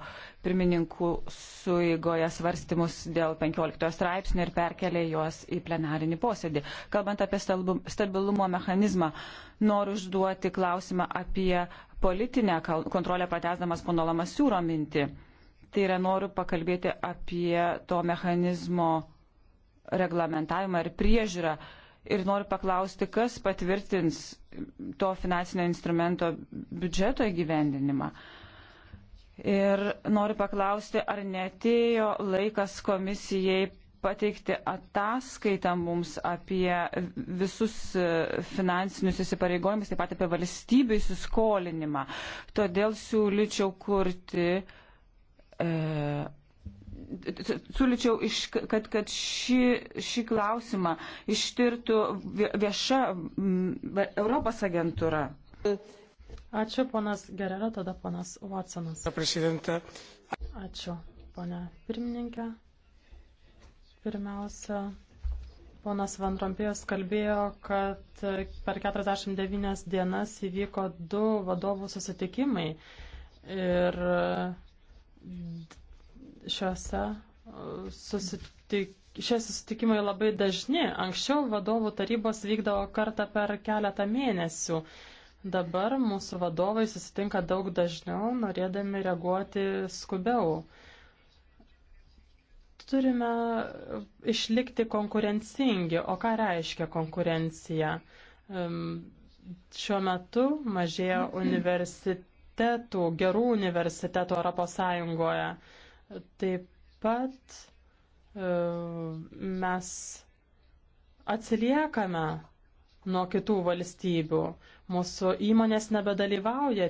pirmininkų suigoje svarstymus dėl 15 straipsnių ir perkelė juos į plenarinį posėdį. Kalbant apie stabilumo mechanizmą, noriu užduoti klausimą apie politinę kontrolę pratesdamas pono Lamasiūro mintį. Tai yra noriu pakalbėti apie to mechanizmo reglamentavimą ir priežiūrą ir noriu paklausti, kas patvirtins to finansinio instrumento biudžeto įgyvendinimą. Ir noriu paklausti, ar netėjo laikas komisijai pateikti ataskaitą mums apie visus finansinius įsipareigojimus, taip pat apie valstybių įsiskolinimą. Todėl siūlyčiau kurti e, Sūlyčiau, kad, kad šį, šį klausimą ištirtų vieša Europos agentūra. Ačiū, ponas Gerera, tada ponas Watsonas. Ačiū, ponė pirmininkė. Pirmiausia, Ponas Van Rompėjas kalbėjo, kad per 49 dienas įvyko du vadovų susitikimai ir šiuose uh, susitikimuose šie susitikimai labai dažni. Anksčiau vadovų tarybos vykdavo kartą per keletą mėnesių. Dabar mūsų vadovai susitinka daug dažniau, norėdami reaguoti skubiau. Turime išlikti konkurencingi. O ką reiškia konkurencija? Um, šiuo metu mažėja universitetų, gerų universitetų Europos Sąjungoje. Taip pat e, mes atsiliekame nuo kitų valstybių. Mūsų įmonės nebedalyvauja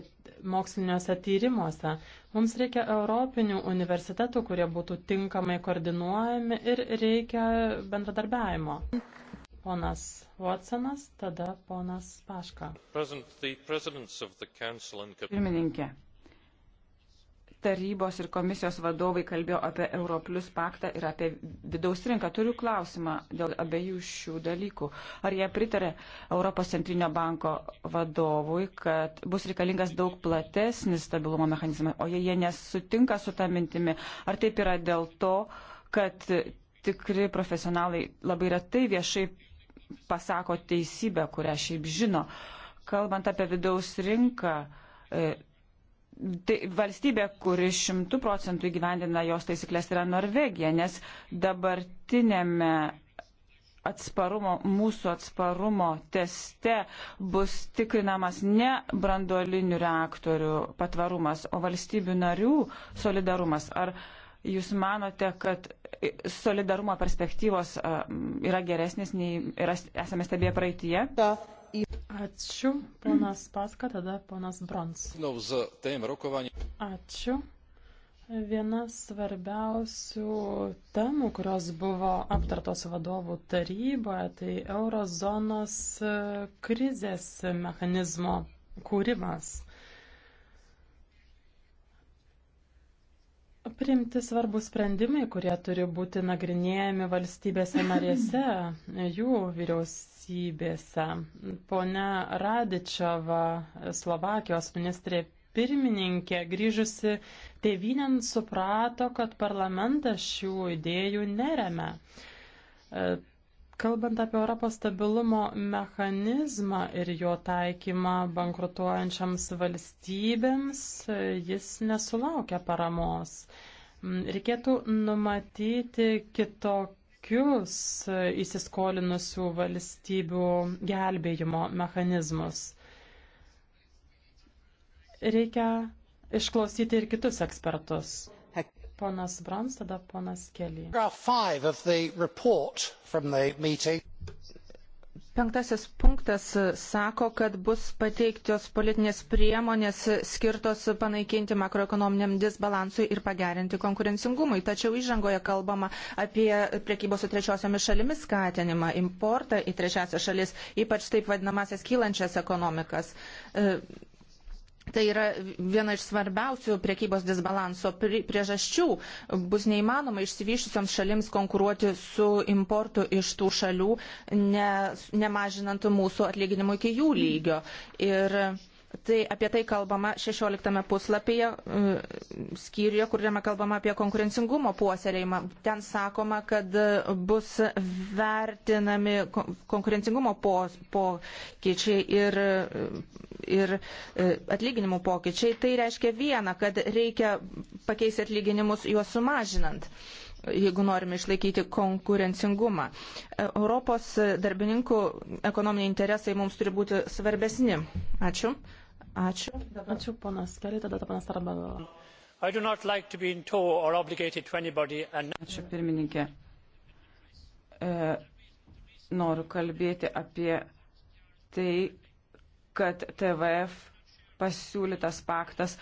moksliniuose tyrimuose. Mums reikia europinių universitetų, kurie būtų tinkamai koordinuojami ir reikia bendradarbiavimo. Ponas Watsonas, tada ponas Paška. Pirmininkė, tarybos ir komisijos vadovai kalbėjo apie Europlius paktą ir apie vidaus rinką. Turiu klausimą dėl abiejų šių dalykų. Ar jie pritarė Europos centrinio banko vadovui, kad bus reikalingas daug platesnis stabilumo mechanizmas, o jei jie nesutinka su tą mintimi, ar taip yra dėl to, kad tikri profesionalai labai retai viešai pasako teisybę, kurią šiaip žino. Kalbant apie vidaus rinką, e, tai valstybė, kuri šimtų procentų įgyvendina jos taisyklės, yra Norvegija, nes dabartinėme atsparumo, mūsų atsparumo teste bus tikrinamas ne brandolinių reaktorių patvarumas, o valstybių narių solidarumas. Ar jūs manote, kad solidarumo perspektyvos yra geresnės nei yra, esame stebėję praeitie? Ta. Ačiū, ponas Paska, tada ponas Brons. Ačiū. Viena svarbiausių temų, kurios buvo aptartos vadovų taryboje, tai eurozonos krizės mechanizmo kūrimas. Priimti svarbus sprendimai, kurie turi būti nagrinėjami valstybėse narėse, jų vyriausybėse. Pone Radičiava, Slovakijos ministrė pirmininkė, grįžusi tėvynėn, suprato, kad parlamentas šių idėjų neremia. Kalbant apie Europos stabilumo mechanizmą ir jo taikymą bankrutuojančiams valstybėms, jis nesulaukia paramos. Mm, reikėtų numatyti kitokius įsiskolinusių valstybių gelbėjimo mechanizmus. Reikia išklausyti ir kitus ekspertus ponas Brons, tada ponas Kelly. Penktasis punktas sako, kad bus pateiktos politinės priemonės skirtos panaikinti makroekonominiam disbalansui ir pagerinti konkurencingumui. Tačiau įžangoje kalbama apie priekybos su trečiosiomis šalimis skatinimą, importą į trečiasias šalis, ypač taip vadinamasias kylančias ekonomikas. E, Tai yra viena iš svarbiausių priekybos disbalanso priežasčių. Bus neįmanoma išsivyšusioms šalims konkuruoti su importu iš tų šalių, ne, nemažinant mūsų atlyginimų iki jų lygio. Ir tai, apie tai kalbama 16 puslapyje mm, skyriuje, kuriame kalbama apie konkurencingumo puoselėjimą. Ten sakoma, kad bus vertinami konkurencingumo pokyčiai ir, ir e, atlyginimų pokyčiai. Tai reiškia vieną, kad reikia pakeisti atlyginimus juos sumažinant jeigu norime išlaikyti konkurencingumą. E, Europos darbininkų ekonominiai interesai mums turi būti svarbesni. Ačiū. Ačiū. Ačiū, ponas Keli, tada ponas Tarabelo. Ačiū, pirmininkė. E, noriu kalbėti apie tai, kad TVF pasiūlytas paktas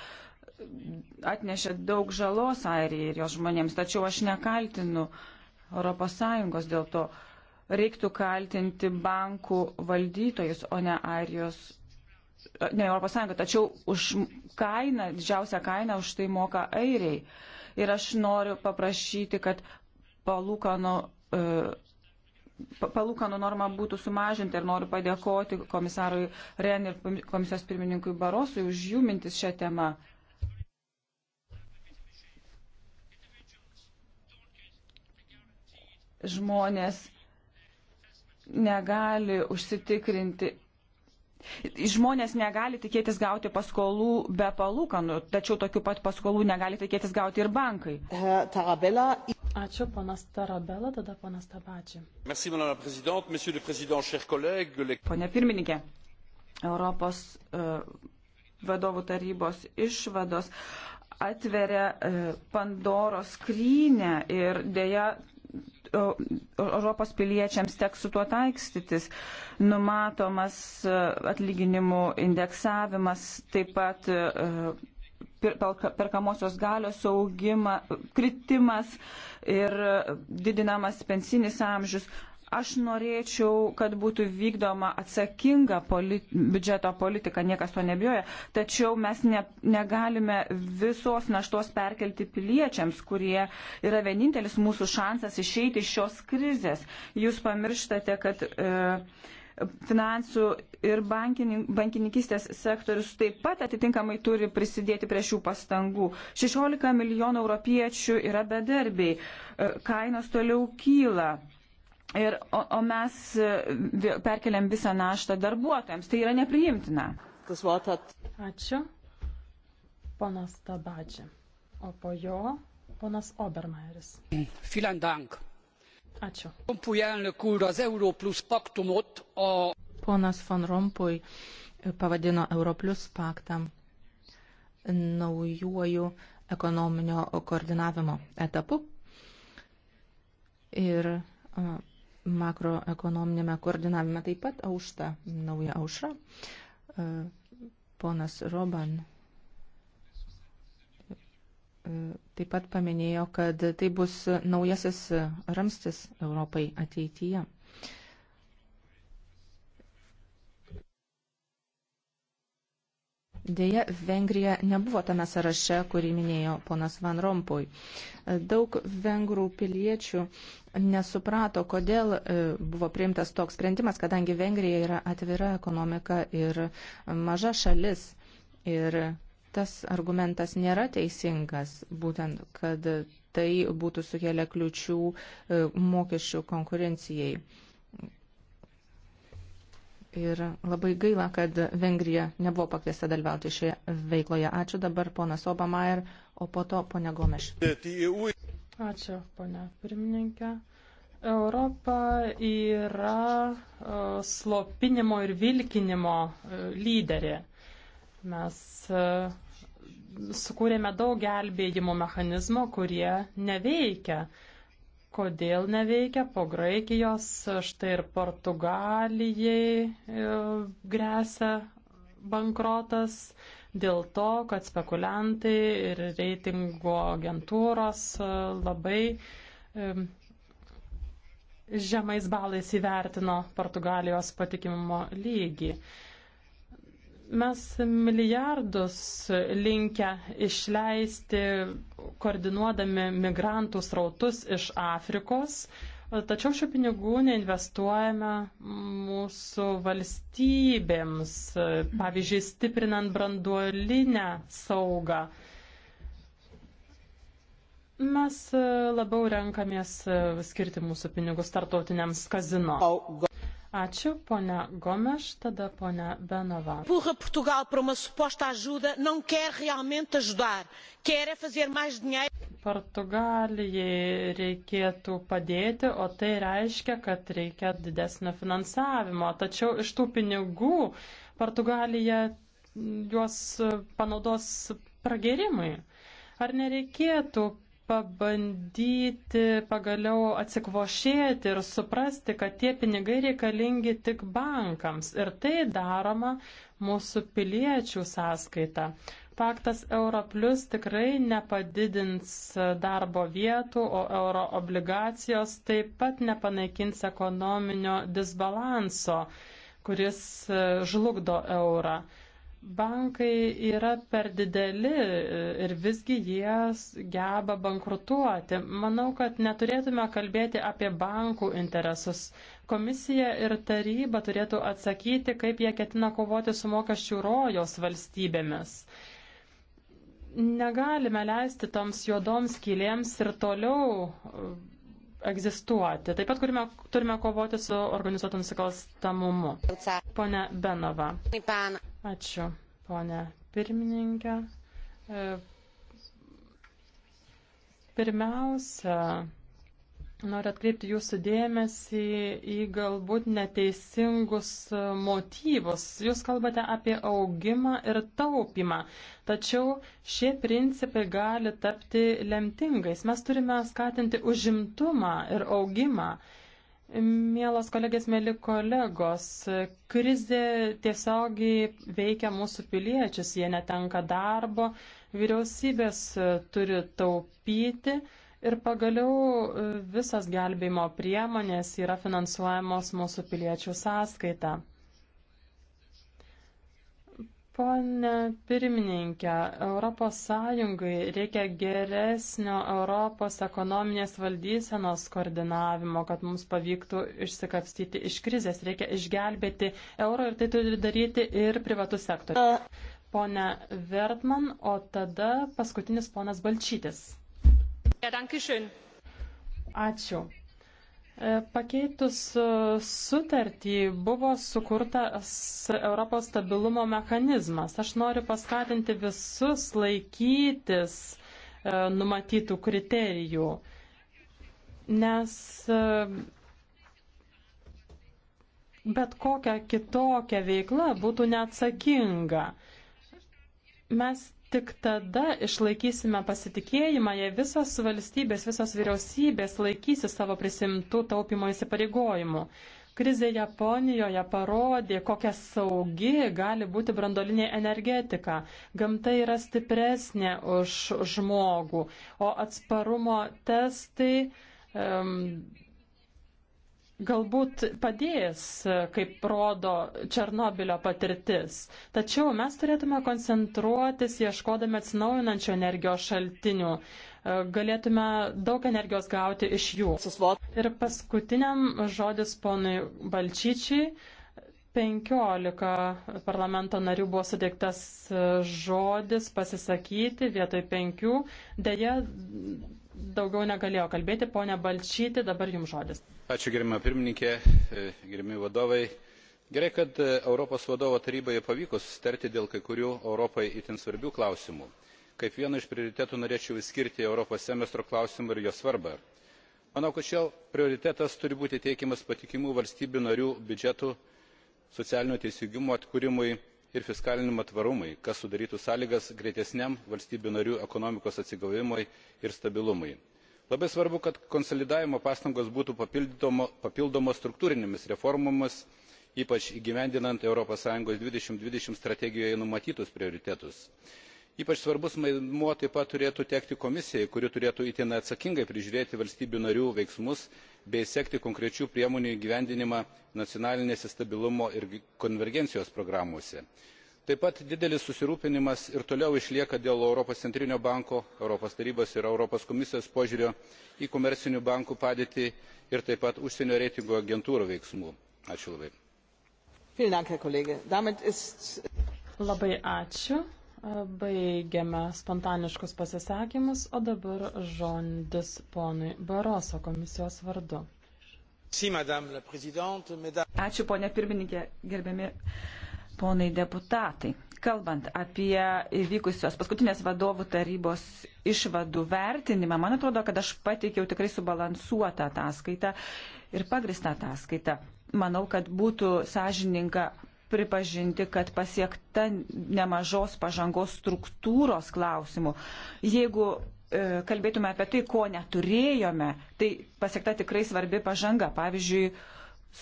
atnešė daug žalos Airijai ir jos žmonėms, tačiau aš nekaltinu ES dėl to. Reiktų kaltinti bankų valdytojus, o ne Airijos ne Europos Sąjunga, tačiau už kainą, didžiausią kainą už tai moka airiai. Ir aš noriu paprašyti, kad palūkanų. E, palūkanų norma būtų sumažinta ir noriu padėkoti komisarui Ren ir komisijos pirmininkui Barosui už jų mintis šią temą. Žmonės negali užsitikrinti Žmonės negali tikėtis gauti paskolų be palūkanų, tačiau tokių pat paskolų negali tikėtis gauti ir bankai. Ačiū, ponas Tarabela, tada ponas Tabačiai. Pone pirmininkė, Europos e, vadovų tarybos išvados atveria e, Pandoros skrynę ir dėja Europos piliečiams teks su tuo taikstytis. Numatomas e, atlyginimų indeksavimas, taip pat e, perkamosios galios augimą, kritimas ir e, didinamas pensinis amžius. Aš norėčiau, kad būtų vykdoma atsakinga politi biudžeto politika, niekas to nebijoja, tačiau mes ne, negalime visos naštos perkelti piliečiams, kurie yra vienintelis mūsų šansas išeiti iš šios krizės. Jūs pamirštate, kad. E, finansų ir bankininkistės sektorius taip pat atitinkamai turi prisidėti prie šių pastangų. 16 milijonų europiečių yra bedarbiai, e, kainos toliau kyla. Ir, o, o mes e, perkeliam visą naštą darbuotojams. Tai yra nepriimtina. Ačiū. Ponas Tabadži. O po jo ponas Obermeieris. Vielen Dank. Ačiū. Rompuy elnök úr az Europlus paktumot a... Ponas von Rompuy pavadino Europlus paktą naujuoju ekonominio koordinavimo etapu. Ir makroekonominėme koordinavime taip pat aušta nauja aušra. E, ponas Roban e, taip pat paminėjo, kad tai bus naujasis ramstis Europai ateityje. Deja, Vengrija nebuvo tame sąraše, kurį minėjo ponas Van Rompuy. Daug vengrų piliečių nesuprato, kodėl e, buvo priimtas toks sprendimas, kadangi Vengrija yra atvira ekonomika ir maža šalis. Ir tas argumentas nėra teisingas, būtent, kad tai būtų sukėlę kliučių e, mokesčių konkurencijai. Ir labai gaila, kad Vengrija nebuvo pakviesta dalyvauti šioje veikloje. Ačiū dabar ponas Obamair, o po to ponė Gomeš. Ačiū, ponė pirmininkė. Europa yra e, slopinimo ir vilkinimo e, lyderė. Mes e, sukūrėme daug gelbėjimo mechanizmų, kurie neveikia kodėl neveikia po Graikijos, štai ir Portugalijai e, grėsia bankrotas dėl to, kad spekuliantai ir reitingo agentūros e, labai e, žemais balais įvertino Portugalijos patikimumo lygį. Mes milijardus linkę išleisti, koordinuodami migrantų srautus iš Afrikos, Tačiau šių pinigų neinvestuojame mūsų valstybėms, pavyzdžiui, stiprinant branduolinę saugą. Mes labiau renkamės skirti mūsų pinigus tartautiniams kazino. Ačiū, ponia Gomes, tada ponia Benova. Empurra Portugal para uma suposta ajuda, não quer realmente ajudar, quer é fazer mais dinheiro. Portugalijai reikėtų padėti, o tai reiškia, kad reikia didesnio finansavimo. Tačiau iš tų pinigų Portugalija juos panaudos pragerimui. Ar nereikėtų pabandyti pagaliau atsikvošėti ir suprasti, kad tie pinigai reikalingi tik bankams. Ir tai daroma mūsų piliečių sąskaita. Paktas Europlus tikrai nepadidins darbo vietų, o euro obligacijos taip pat nepanaikins ekonominio disbalanso, kuris žlugdo eurą bankai yra per dideli e, ir visgi jie geba bankrutuoti. Manau, kad neturėtume kalbėti apie bankų interesus. Komisija ir taryba turėtų atsakyti, kaip jie ketina kovoti su mokesčių rojos valstybėmis. Negalime leisti toms juodoms kilėms ir toliau e, egzistuoti. Taip pat turime, turime kovoti su organizuotu nusikalstamumu. Pone Benova. Ačiū, ponė pirmininkė. E, pirmiausia, Noriu atkreipti jūsų dėmesį į galbūt neteisingus motyvus. Jūs kalbate apie augimą ir taupimą, tačiau šie principai gali tapti lemtingais. Mes turime skatinti užimtumą ir augimą. Mielos kolegės, mėly kolegos, krizė tiesiogiai veikia mūsų piliečius, jie netenka darbo, vyriausybės turi taupyti ir pagaliau visas gelbėjimo priemonės yra finansuojamos mūsų piliečių sąskaita. Pone pirmininkė, ES reikia geresnio Europos ekonominės valdysenos koordinavimo, kad mums pavyktų išsikapstyti iš krizės. Reikia išgelbėti euro ir tai turi daryti ir privatus sektorius. Pone Vertman, o tada paskutinis ponas Balčytis. Ja, Ačiū. E, pakeitus e, sutartį buvo sukurtas Europos stabilumo mechanizmas. Aš noriu paskatinti visus laikytis e, numatytų kriterijų, nes bet kokia kitokia veikla būtų neatsakinga. Mes Tik tada išlaikysime pasitikėjimą, jei visos valstybės, visos vyriausybės laikysi savo prisimtų taupimo įsipareigojimų. Krizė Japonijoje parodė, kokia saugi gali būti brandolinė energetika. Gamta yra stipresnė už žmogų, o atsparumo testai um, galbūt padės, kaip rodo Černobilio patirtis. Tačiau mes turėtume koncentruotis, ieškodami atsinaujinančių energijos šaltinių. Galėtume daug energijos gauti iš jų. Ir paskutiniam žodis ponui Balčyčiai. 15 parlamento narių buvo suteiktas žodis pasisakyti vietoj 5. Deja, daugiau negalėjo kalbėti. Pone Balčyti, dabar jums žodis. Ačiū gerima pirmininkė, e, gerimi vadovai. Gerai, kad e, Europos vadovo taryboje pavyko susitarti dėl kai kurių Europai itin svarbių klausimų. Kaip vieną iš prioritetų norėčiau įskirti Europos semestro klausimą ir jo svarbą. Manau, kad šio prioritetas turi būti teikiamas patikimų valstybių narių biudžetų socialinio teisingumo atkūrimui ir fiskaliniam atsparumui kas sudarytų sąlygas greitesniam valstybių narių ekonomikos atsigavimui ir stabilumui. labai svarbu kad konsolidavimo pastangos būtų papildomos struktūrinėmis reformomis ypač įgyvendinant europos sąjungos two thousand and twenty strategijoje numatytus prioritetus ypač svarbus vaidmuo taip pat turėtų tekti komisijai kuri turėtų itin atsakingai prižiūrėti valstybių narių veiksmus bei sekti konkrečių priemonių įgyvendinimą nacionalinėse stabilumo ir konvergencijos programose. taip pat didelis susirūpinimas ir toliau išlieka dėl europos centrinio banko europos tarybos ir europos komisijos požiūrio į komercinių bankų padėtį ir taip pat užsienio reitingų agentūrų veiksmų. Ačiū labai. Labai ačiū. Baigiame spontaniškus pasisakymus, o dabar žondis ponui Baroso komisijos vardu. Ačiū, ponė pirmininkė, gerbiami ponai deputatai. Kalbant apie įvykusios paskutinės vadovų tarybos išvadų vertinimą, man atrodo, kad aš pateikiau tikrai subalansuotą ataskaitą ir pagristą ataskaitą. Manau, kad būtų sąžininga pripažinti, kad pasiekta nemažos pažangos struktūros klausimų. Jeigu e, kalbėtume apie tai, ko neturėjome, tai pasiekta tikrai svarbi pažanga. Pavyzdžiui,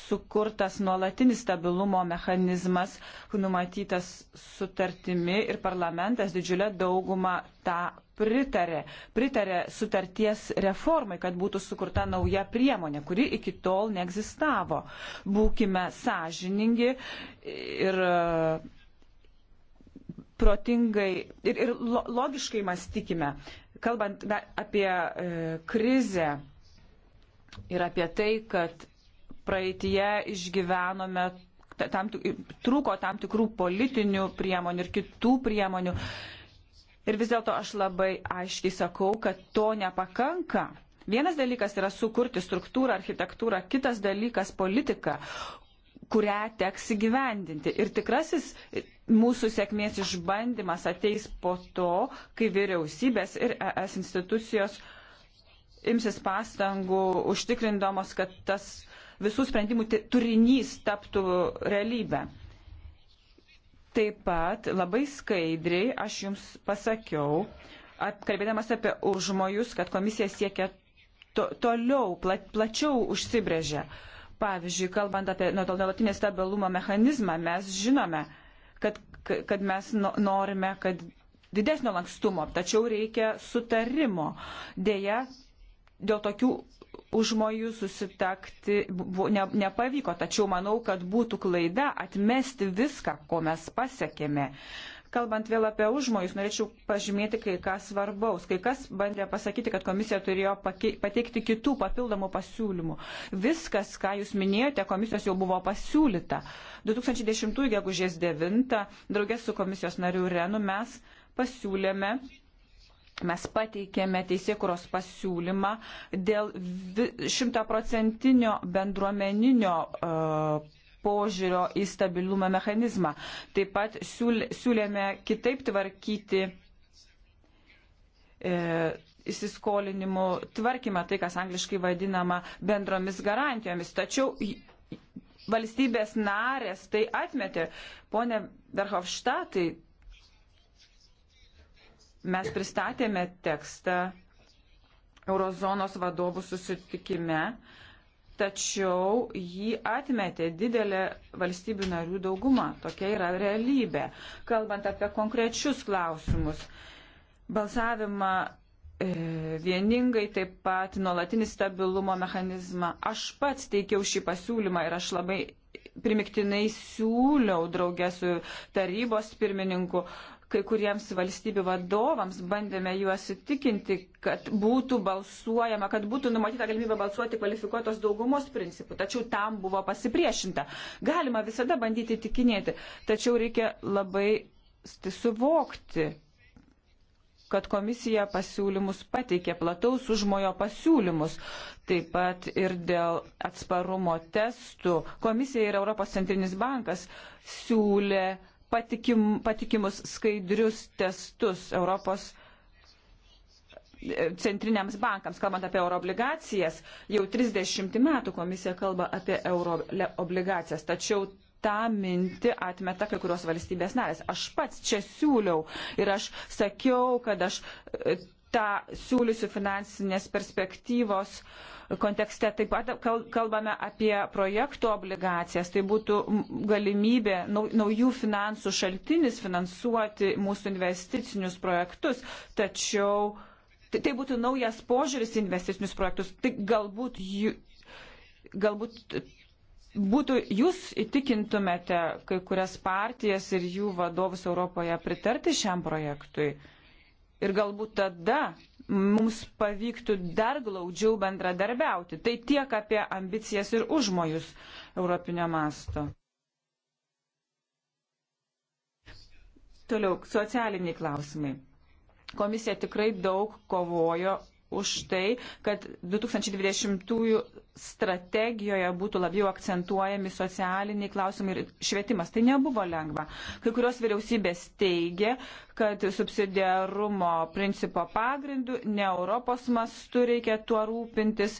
sukurtas nuolatinis stabilumo mechanizmas, numatytas sutartimi ir parlamentas didžiulę daugumą tą pritarė, pritarė sutarties reformai, kad būtų sukurta nauja priemonė, kuri iki tol neegzistavo. Būkime sąžiningi ir protingai ir, ir logiškai mąstykime, kalbant apie e, krizę ir apie tai, kad praeitie išgyvenome tam, trūko tam tikrų politinių priemonių ir kitų priemonių. Ir vis dėlto aš labai aiškiai sakau, kad to nepakanka. Vienas dalykas yra sukurti struktūrą, architektūrą, kitas dalykas politika, kurią teks įgyvendinti. Ir tikrasis mūsų sėkmės išbandymas ateis po to, kai vyriausybės ir ES institucijos imsis pastangų užtikrindomos, kad tas visų sprendimų turinys taptų realybę. Taip pat labai skaidriai aš jums pasakiau, kalbėdamas apie užmojus, kad komisija siekia to, toliau, pla, plačiau užsibrėžę. Pavyzdžiui, kalbant apie nu, nuolatinį stabilumo mechanizmą, mes žinome, kad, kad mes norime, kad didesnio lankstumo, tačiau reikia sutarimo. Deja, dėl tokių užmojų susitakti ne, nepavyko, tačiau manau, kad būtų klaida atmesti viską, ko mes pasiekėme. Kalbant vėl apie užmojus, norėčiau pažymėti kai ką svarbaus. Kai kas bandė pasakyti, kad komisija turėjo pateikti kitų papildomų pasiūlymų. Viskas, ką jūs minėjote, komisijos jau buvo pasiūlyta. 2010 gegužės 9 draugės su komisijos nariu Renu mes pasiūlėme Mes pateikėme teisėkuros pasiūlymą dėl šimtaprocentinio bendruomeninio uh, požiūrio į stabilumo mechanizmą. Taip pat siūlėme kitaip tvarkyti e, įsiskolinimų tvarkymą, tai kas angliškai vadinama bendromis garantijomis. Tačiau valstybės narės tai atmetė. Pone Verhofštatai, Mes pristatėme tekstą Eurozonos vadovų susitikime, tačiau jį atmetė didelė valstybių narių dauguma. Tokia yra realybė. Kalbant apie konkrečius klausimus, balsavimą e, vieningai taip pat nuolatinį stabilumo mechanizmą. Aš pats teikiau šį pasiūlymą ir aš labai primiktinai siūliau draugę su tarybos pirmininku kai kuriems valstybių vadovams, bandėme juos įtikinti, kad būtų balsuojama, kad būtų numatyta galimybė balsuoti kvalifikuotos daugumos principų, tačiau tam buvo pasipriešinta. Galima visada bandyti įtikinėti, tačiau reikia labai suvokti, kad komisija pasiūlymus pateikė plataus užmojo pasiūlymus, taip pat ir dėl atsparumo testų. Komisija ir Europos centrinis bankas siūlė patikim, patikimus skaidrius testus Europos e, centriniams bankams, kalbant apie euroobligacijas, jau 30 metų komisija kalba apie euroobligacijas, tačiau tą mintį atmeta kai kurios valstybės narės. Aš pats čia siūliau ir aš sakiau, kad aš e, tą siūlysiu finansinės perspektyvos kontekste. Taip pat kalbame apie projektų obligacijas. Tai būtų galimybė, naujų finansų šaltinis finansuoti mūsų investicinius projektus. Tačiau tai būtų naujas požiūris į investicinius projektus. Tai galbūt, galbūt būtų jūs įtikintumėte kai kurias partijas ir jų vadovus Europoje pritarti šiam projektui ir galbūt tada mums pavyktų dar glaudžiau bendradarbiauti. Tai tiek apie ambicijas ir užmojus Europinio masto. Toliau, socialiniai klausimai. Komisija tikrai daug kovojo už tai, kad 2020-ųjų strategijoje būtų labiau akcentuojami socialiniai klausimai ir švietimas. Tai nebuvo lengva. Kai kurios vyriausybės teigia, kad subsidiarumo principo pagrindų ne Europos mastu reikia tuo rūpintis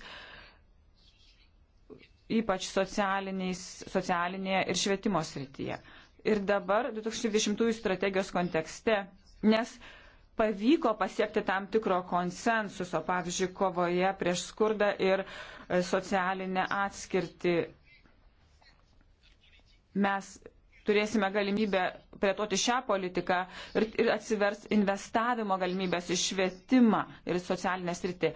ypač socialinėje ir švietimo srityje. Ir dabar 2020 strategijos kontekste, nes pavyko pasiekti tam tikro konsensuso, pavyzdžiui, kovoje prieš skurdą ir e, socialinę atskirtį. Mes turėsime galimybę plėtoti šią politiką ir, ir atsivers investavimo galimybės į švietimą ir socialinę sritį.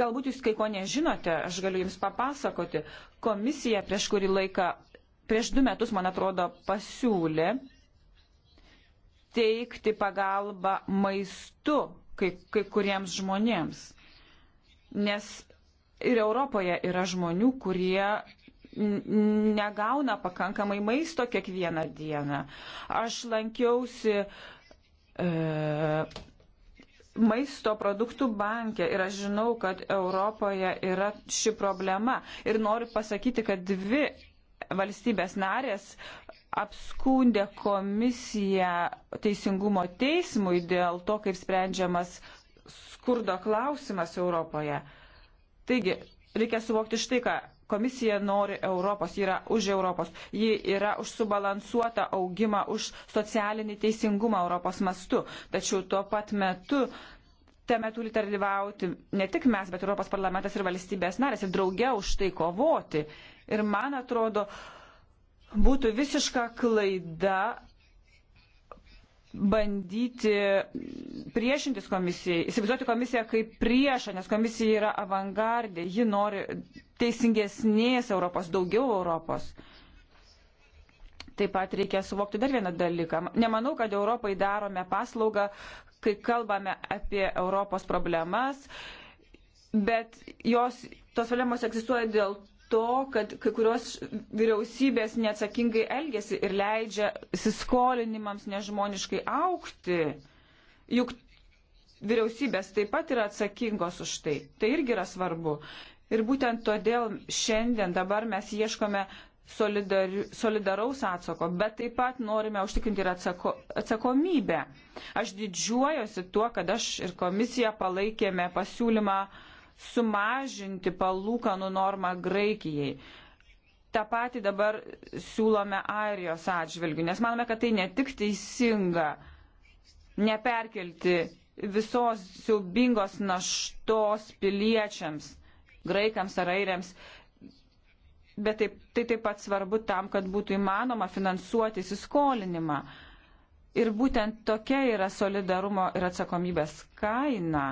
Galbūt jūs kai ko nežinote, aš galiu jums papasakoti. Komisija prieš kurį laiką, prieš du metus, man atrodo, pasiūlė teikti pagalbą maistu kai, kai kuriems žmonėms. Nes ir Europoje yra žmonių, kurie negauna pakankamai maisto kiekvieną dieną. Aš lankiausi e, maisto produktų bankė ir aš žinau, kad Europoje yra ši problema. Ir noriu pasakyti, kad dvi valstybės narės apskundė komisiją Teisingumo teismui dėl to, kaip sprendžiamas skurdo klausimas Europoje. Taigi, reikia suvokti štai ką. Komisija nori Europos, yra už Europos, ji yra už subalansuotą augimą, už socialinį teisingumą Europos mastu. Tačiau tuo pat metu tame turi dalyvauti ne tik mes, bet Europos parlamentas ir valstybės narės ir drauge už tai kovoti. Ir man atrodo, uh, Būtų visiška klaida bandyti priešintis komisijai, įsivaizduoti komisiją kaip priešą, nes komisija yra avangardė, ji nori teisingesnės Europos, daugiau Europos. Taip pat reikia suvokti dar vieną dalyką. Nemanau, kad Europai darome paslaugą, kai kalbame apie Europos problemas, bet jos, tos problemos egzistuoja dėl to, kad kai kurios vyriausybės neatsakingai elgesi ir leidžia įsiskolinimams nežmoniškai aukti. Juk vyriausybės taip pat yra atsakingos už tai. Tai irgi yra svarbu. Ir būtent todėl šiandien dabar mes ieškome solidar, solidaraus atsako, bet taip pat norime užtikrinti ir atsako, atsakomybę. Aš didžiuojuosi tuo, kad aš ir komisija palaikėme pasiūlymą uh, sumažinti palūkanų normą Graikijai. Ta pati dabar siūlome Airijos atžvilgių, nes manome, kad tai ne tik teisinga neperkelti visos siaubingos naštos piliečiams, graikams ar airiams, bet taip, tai taip pat svarbu tam, kad būtų įmanoma finansuoti įsiskolinimą. Ir būtent tokia yra solidarumo ir atsakomybės kaina.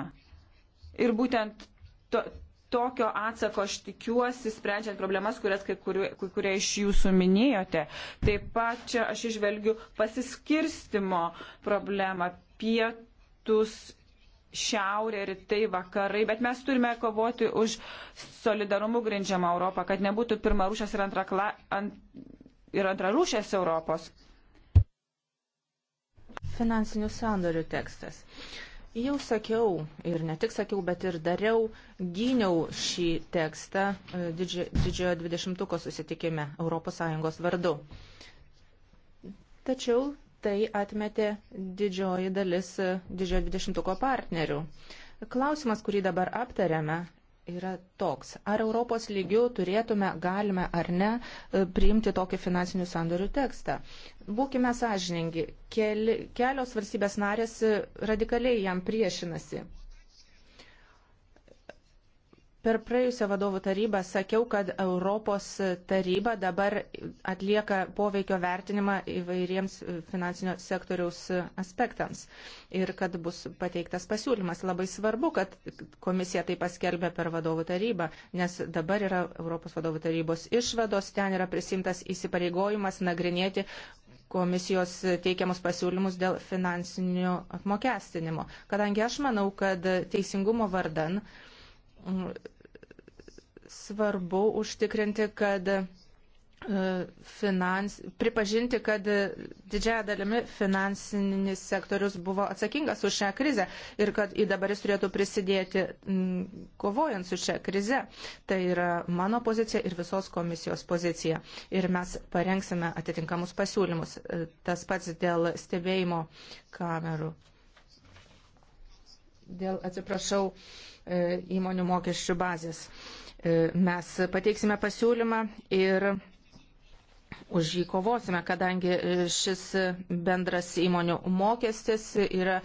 Ir būtent to, tokio atsako aš tikiuosi, sprendžiant problemas, kurias kai kurie, kai kurie iš jūsų minėjote. Taip pat čia aš išvelgiu pasiskirstimo problemą pietus. Šiaurė, rytai, vakarai, bet mes turime kovoti už solidarumų grindžiamą Europą, kad nebūtų pirmarūšės ir, antrakla, ant, ir antrarūšės Europos. Finansinių sandorių tekstas. Uh, Jau sakiau, ir ne tik sakiau, bet ir dariau, gyniau šį tekstą e, didžiojo dvidešimtuko susitikime ES vardu. Tačiau tai atmetė didžioji dalis e, didžiojo dvidešimtuko partnerių. Klausimas, kurį dabar aptariame, yra toks. Ar Europos lygių turėtume, galime ar ne e, priimti tokį finansinių sandorių tekstą? Būkime sąžiningi, keli, kelios valstybės narės e, radikaliai jam priešinasi. Per praėjusią vadovų tarybą sakiau, kad Europos taryba dabar atlieka poveikio vertinimą įvairiems finansinio sektoriaus aspektams ir kad bus pateiktas pasiūlymas. Labai svarbu, kad komisija tai paskelbė per vadovų tarybą, nes dabar yra Europos vadovų tarybos išvados, ten yra prisimtas įsipareigojimas nagrinėti komisijos teikiamus pasiūlymus dėl finansinio apmokestinimo. Kadangi aš manau, kad teisingumo vardan svarbu užtikrinti, kad e, finans, pripažinti, kad didžiaja dalimi finansinis sektorius buvo atsakingas už šią krizę ir kad į dabar jis turėtų prisidėti kovojant su šią krize. Tai yra mano pozicija ir visos komisijos pozicija. Ir mes parengsime atitinkamus pasiūlymus. E, tas pats dėl stebėjimo kamerų. Dėl, atsiprašau, e, įmonių mokesčių bazės. E, mes pateiksime pasiūlymą ir už jį kovosime, kadangi e, šis bendras įmonių mokestis yra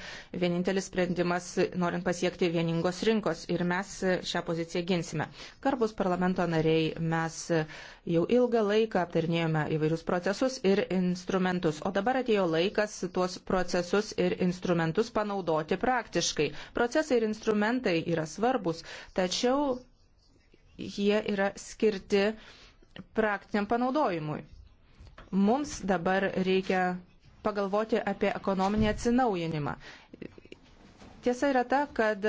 vienintelis sprendimas, norint pasiekti vieningos rinkos ir mes šią poziciją ginsime. Garbus parlamento nariai, mes jau ilgą laiką aptarnėjome įvairius procesus ir instrumentus, o dabar atėjo laikas tuos procesus ir instrumentus panaudoti praktiškai. Procesai ir instrumentai yra svarbus, tačiau jie yra skirti praktiniam panaudojimui. Mums dabar reikia pagalvoti apie ekonominį atsinaujinimą. Tiesa yra ta, kad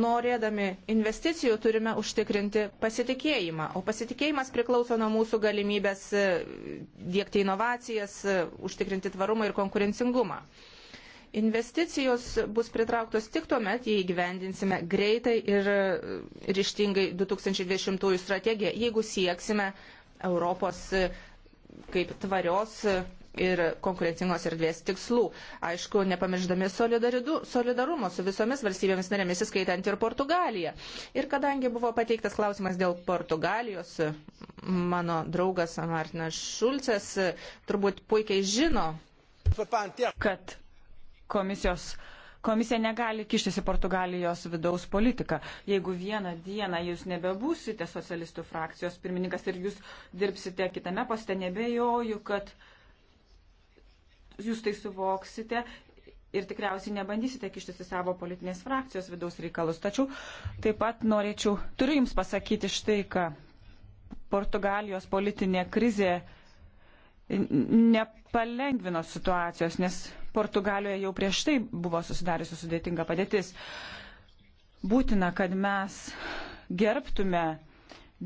norėdami investicijų turime užtikrinti pasitikėjimą, o pasitikėjimas priklauso nuo mūsų galimybės e, dėkti inovacijas, e, užtikrinti tvarumą ir konkurencingumą. Investicijos bus pritrauktos tik tuo met, jei įgyvendinsime greitai ir e, ryštingai 2020 strategiją, jeigu sieksime Europos e, kaip tvarios e, ir konkurencingos erdvės tikslų. Aišku, nepamirždami solidarumo su visomis valstybėmis narėmis, įskaitant ir Portugaliją. Ir kadangi buvo pateiktas klausimas dėl Portugalijos, mano draugas Martinas Šulcas turbūt puikiai žino, kad komisijos komisija negali kištis į Portugalijos vidaus politiką. Jeigu vieną dieną jūs nebebūsite socialistų frakcijos pirmininkas ir jūs dirbsite kitame poste, nebejoju, kad jūs tai suvoksite. Ir tikriausiai nebandysite kištis į savo politinės frakcijos vidaus reikalus. Tačiau taip pat norėčiau, turiu Jums pasakyti štai, kad Portugalijos politinė krizė nepalengvino situacijos, nes Portugalijoje jau prieš tai buvo susidariusi sudėtinga padėtis. Būtina, kad mes gerbtume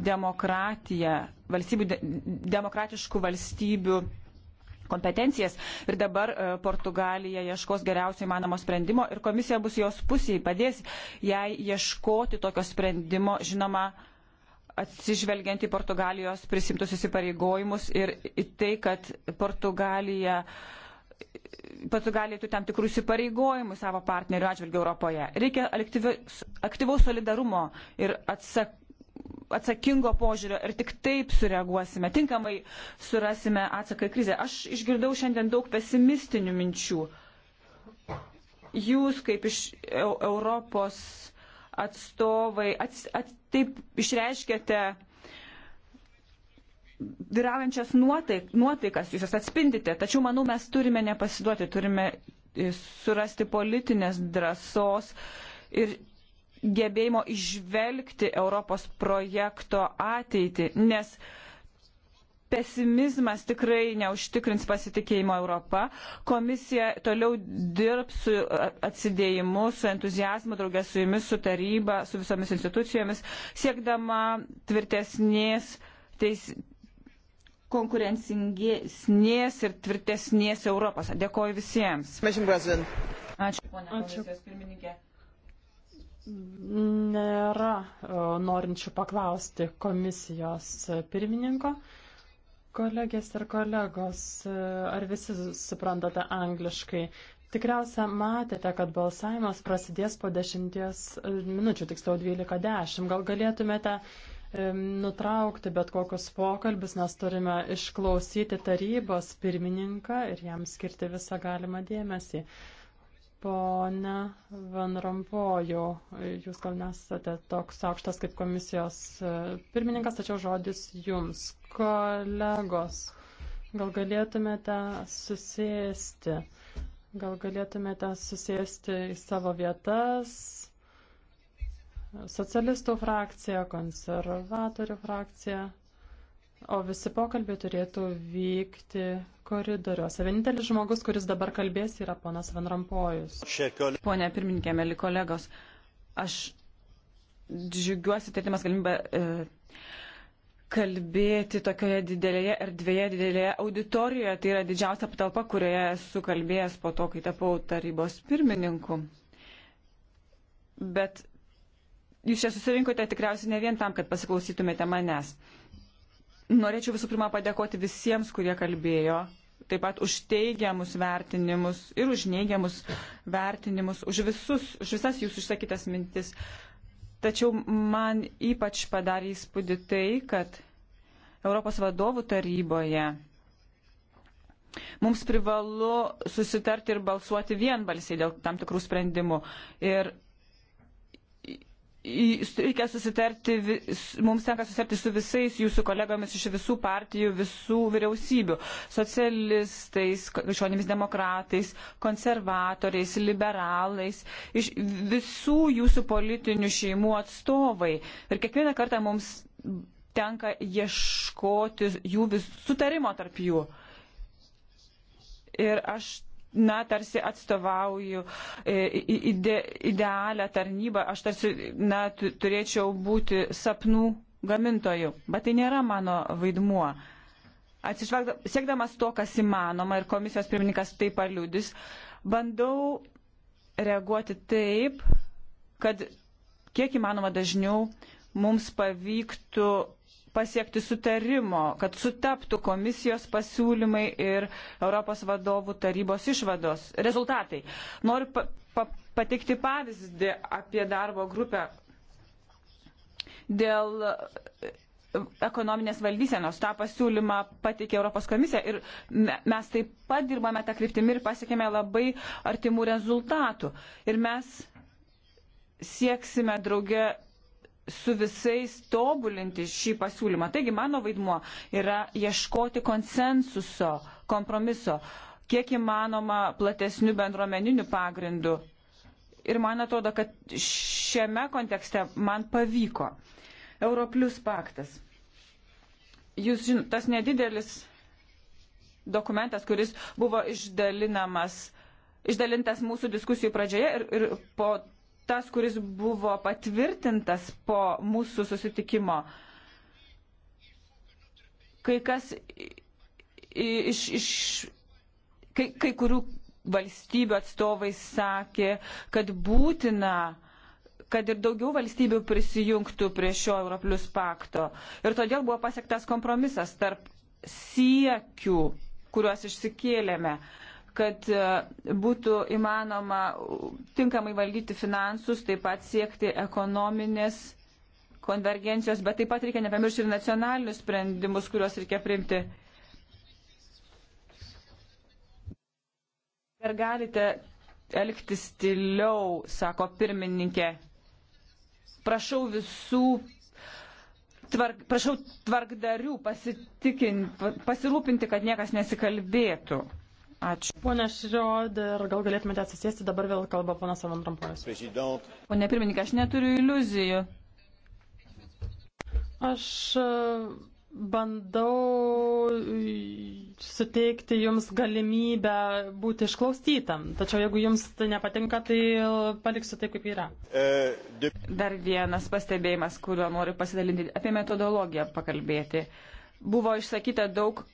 demokratiją, valstybių, de, demokratiškų valstybių kompetencijas. Ir dabar e, Portugalija ieškos geriausio įmanomo sprendimo ir komisija bus jos pusėje, padės jai ieškoti tokio sprendimo, žinoma, atsižvelgiant į Portugalijos prisimtus įsipareigojimus ir į tai, kad Portugalija uh, Portugalija turi tam tikrų įsipareigojimų savo partnerių atžvilgių Europoje. Reikia aktyvaus solidarumo ir atsak, atsakingo požiūrio ir tik taip sureaguosime, tinkamai surasime atsaką į krizę. Aš išgirdau šiandien daug pesimistinių minčių. Jūs kaip iš Europos atstovai at, at, taip išreiškėte vyraujančias nuotaik, nuotaikas, jūs jas atspindite, tačiau manau mes turime nepasiduoti, turime e, surasti politinės drąsos ir gebėjimo išvelgti Europos projekto ateitį, nes pesimizmas tikrai neužtikrins pasitikėjimo Europą. Komisija toliau dirbs su atsidėjimu, su entuzijazmu, draugė su jumis, su taryba, su visomis institucijomis, siekdama tvirtesnės teis, konkurencingesnės ir tvirtesnės Europos. Dėkoju visiems. Ačiū, ponia komisijos pirmininkė. Nėra norinčių paklausti komisijos pirmininko. Kolegės ir kolegos, ar visi suprantate angliškai? Tikriausia, matėte, kad balsavimas prasidės po dešimties minučių, tiksliau 12.10. Gal galėtumėte uh, nutraukti bet kokius pokalbius, nes turime išklausyti tarybos pirmininką ir jam skirti visą galimą dėmesį. Pone Van Rompoju, jūs gal nesate toks aukštas kaip komisijos e, pirmininkas, tačiau žodis jums. Kolegos, gal galėtumėte susėsti? Gal galėtumėte susėsti į savo vietas? socialistų frakcija, konservatorių frakcija, o visi pokalbiai turėtų vykti koridoriuose. Vienintelis žmogus, kuris dabar kalbės, yra ponas Van Rampojus. Pone pirmininkė, mėly kolegos, aš džiugiuosi, turėdamas galimybę e, kalbėti tokioje didelėje erdvėje, didelėje auditorijoje. Tai yra didžiausia patalpa, kurioje esu kalbėjęs po to, kai tapau tarybos pirmininku. Bet Jūs čia susirinkote tikriausiai ne vien tam, kad pasiklausytumėte manęs. Norėčiau visų pirma padėkoti visiems, kurie kalbėjo, taip pat už teigiamus vertinimus ir už neigiamus vertinimus, už, visus, už visas jūsų išsakytas mintis. Tačiau man ypač padarė įspūdį tai, kad Europos vadovų taryboje mums privalu susitarti ir balsuoti vienbalsiai dėl tam tikrų sprendimų. Ir reikia susitarti, mums tenka susitarti su visais jūsų kolegomis iš visų partijų, visų vyriausybių - socialistais, krikščionimis demokratais, konservatoriais, liberalais, iš visų jūsų politinių šeimų atstovai. Ir kiekvieną kartą mums tenka ieškoti jų vis, sutarimo tarp jų. Ir aš na, tarsi atstovauju e, ide, idealią tarnybą, aš tarsi, na, turėčiau būti sapnų gamintoju, bet tai nėra mano vaidmuo. Siekdamas to, kas įmanoma ir komisijos pirmininkas tai paliudis, bandau reaguoti taip, kad kiek įmanoma dažniau mums pavyktų pasiekti sutarimo, kad sutaptų komisijos pasiūlymai ir Europos vadovų tarybos išvados rezultatai. Noriu pa, pa, pateikti pavyzdį apie darbo grupę dėl e, ekonominės valdysenos. Ta pasiūlymą pateikė Europos komisija ir mes taip pat dirbame tą kryptimį ir pasiekėme labai artimų rezultatų. Ir mes sieksime drauge su visais tobulinti šį pasiūlymą. Taigi mano vaidmuo yra ieškoti konsensuso, kompromiso, kiek įmanoma platesnių bendruomeninių pagrindų. Ir man atrodo, kad šiame kontekste man pavyko. Europlius paktas. Jūs žinote, tas nedidelis dokumentas, kuris buvo išdalinamas, išdalintas mūsų diskusijų pradžioje ir, ir po tas, kuris buvo patvirtintas po mūsų susitikimo. Kai kas iš, iš kai, kai kurių valstybių atstovai sakė, kad būtina kad ir daugiau valstybių prisijungtų prie šio Europlius pakto. Ir todėl buvo pasiektas kompromisas tarp siekių, kuriuos išsikėlėme. Uh, kad e, būtų įmanoma tinkamai valdyti finansus, taip pat siekti ekonominės konvergencijos, bet taip pat reikia nepamiršti ir nacionalinius sprendimus, kuriuos reikia priimti. Ar galite elgtis stiliau, sako pirmininkė. Prašau visų tvark, prašau tvarkdarių pasitikin, pasirūpinti, kad niekas nesikalbėtų. Ačiū. Pone Šrioder, gal galėtumėte atsisėsti, dabar vėl kalba ponas Avantrampojas. Pone pirmininkai, aš neturiu iliuzijų. Aš e, bandau e, suteikti jums galimybę būti išklausytam. Tačiau jeigu jums tai nepatinka, tai e, paliksiu taip, kaip yra. Dar vienas pastebėjimas, kuriuo noriu pasidalinti, apie metodologiją pakalbėti. Buvo išsakyta daug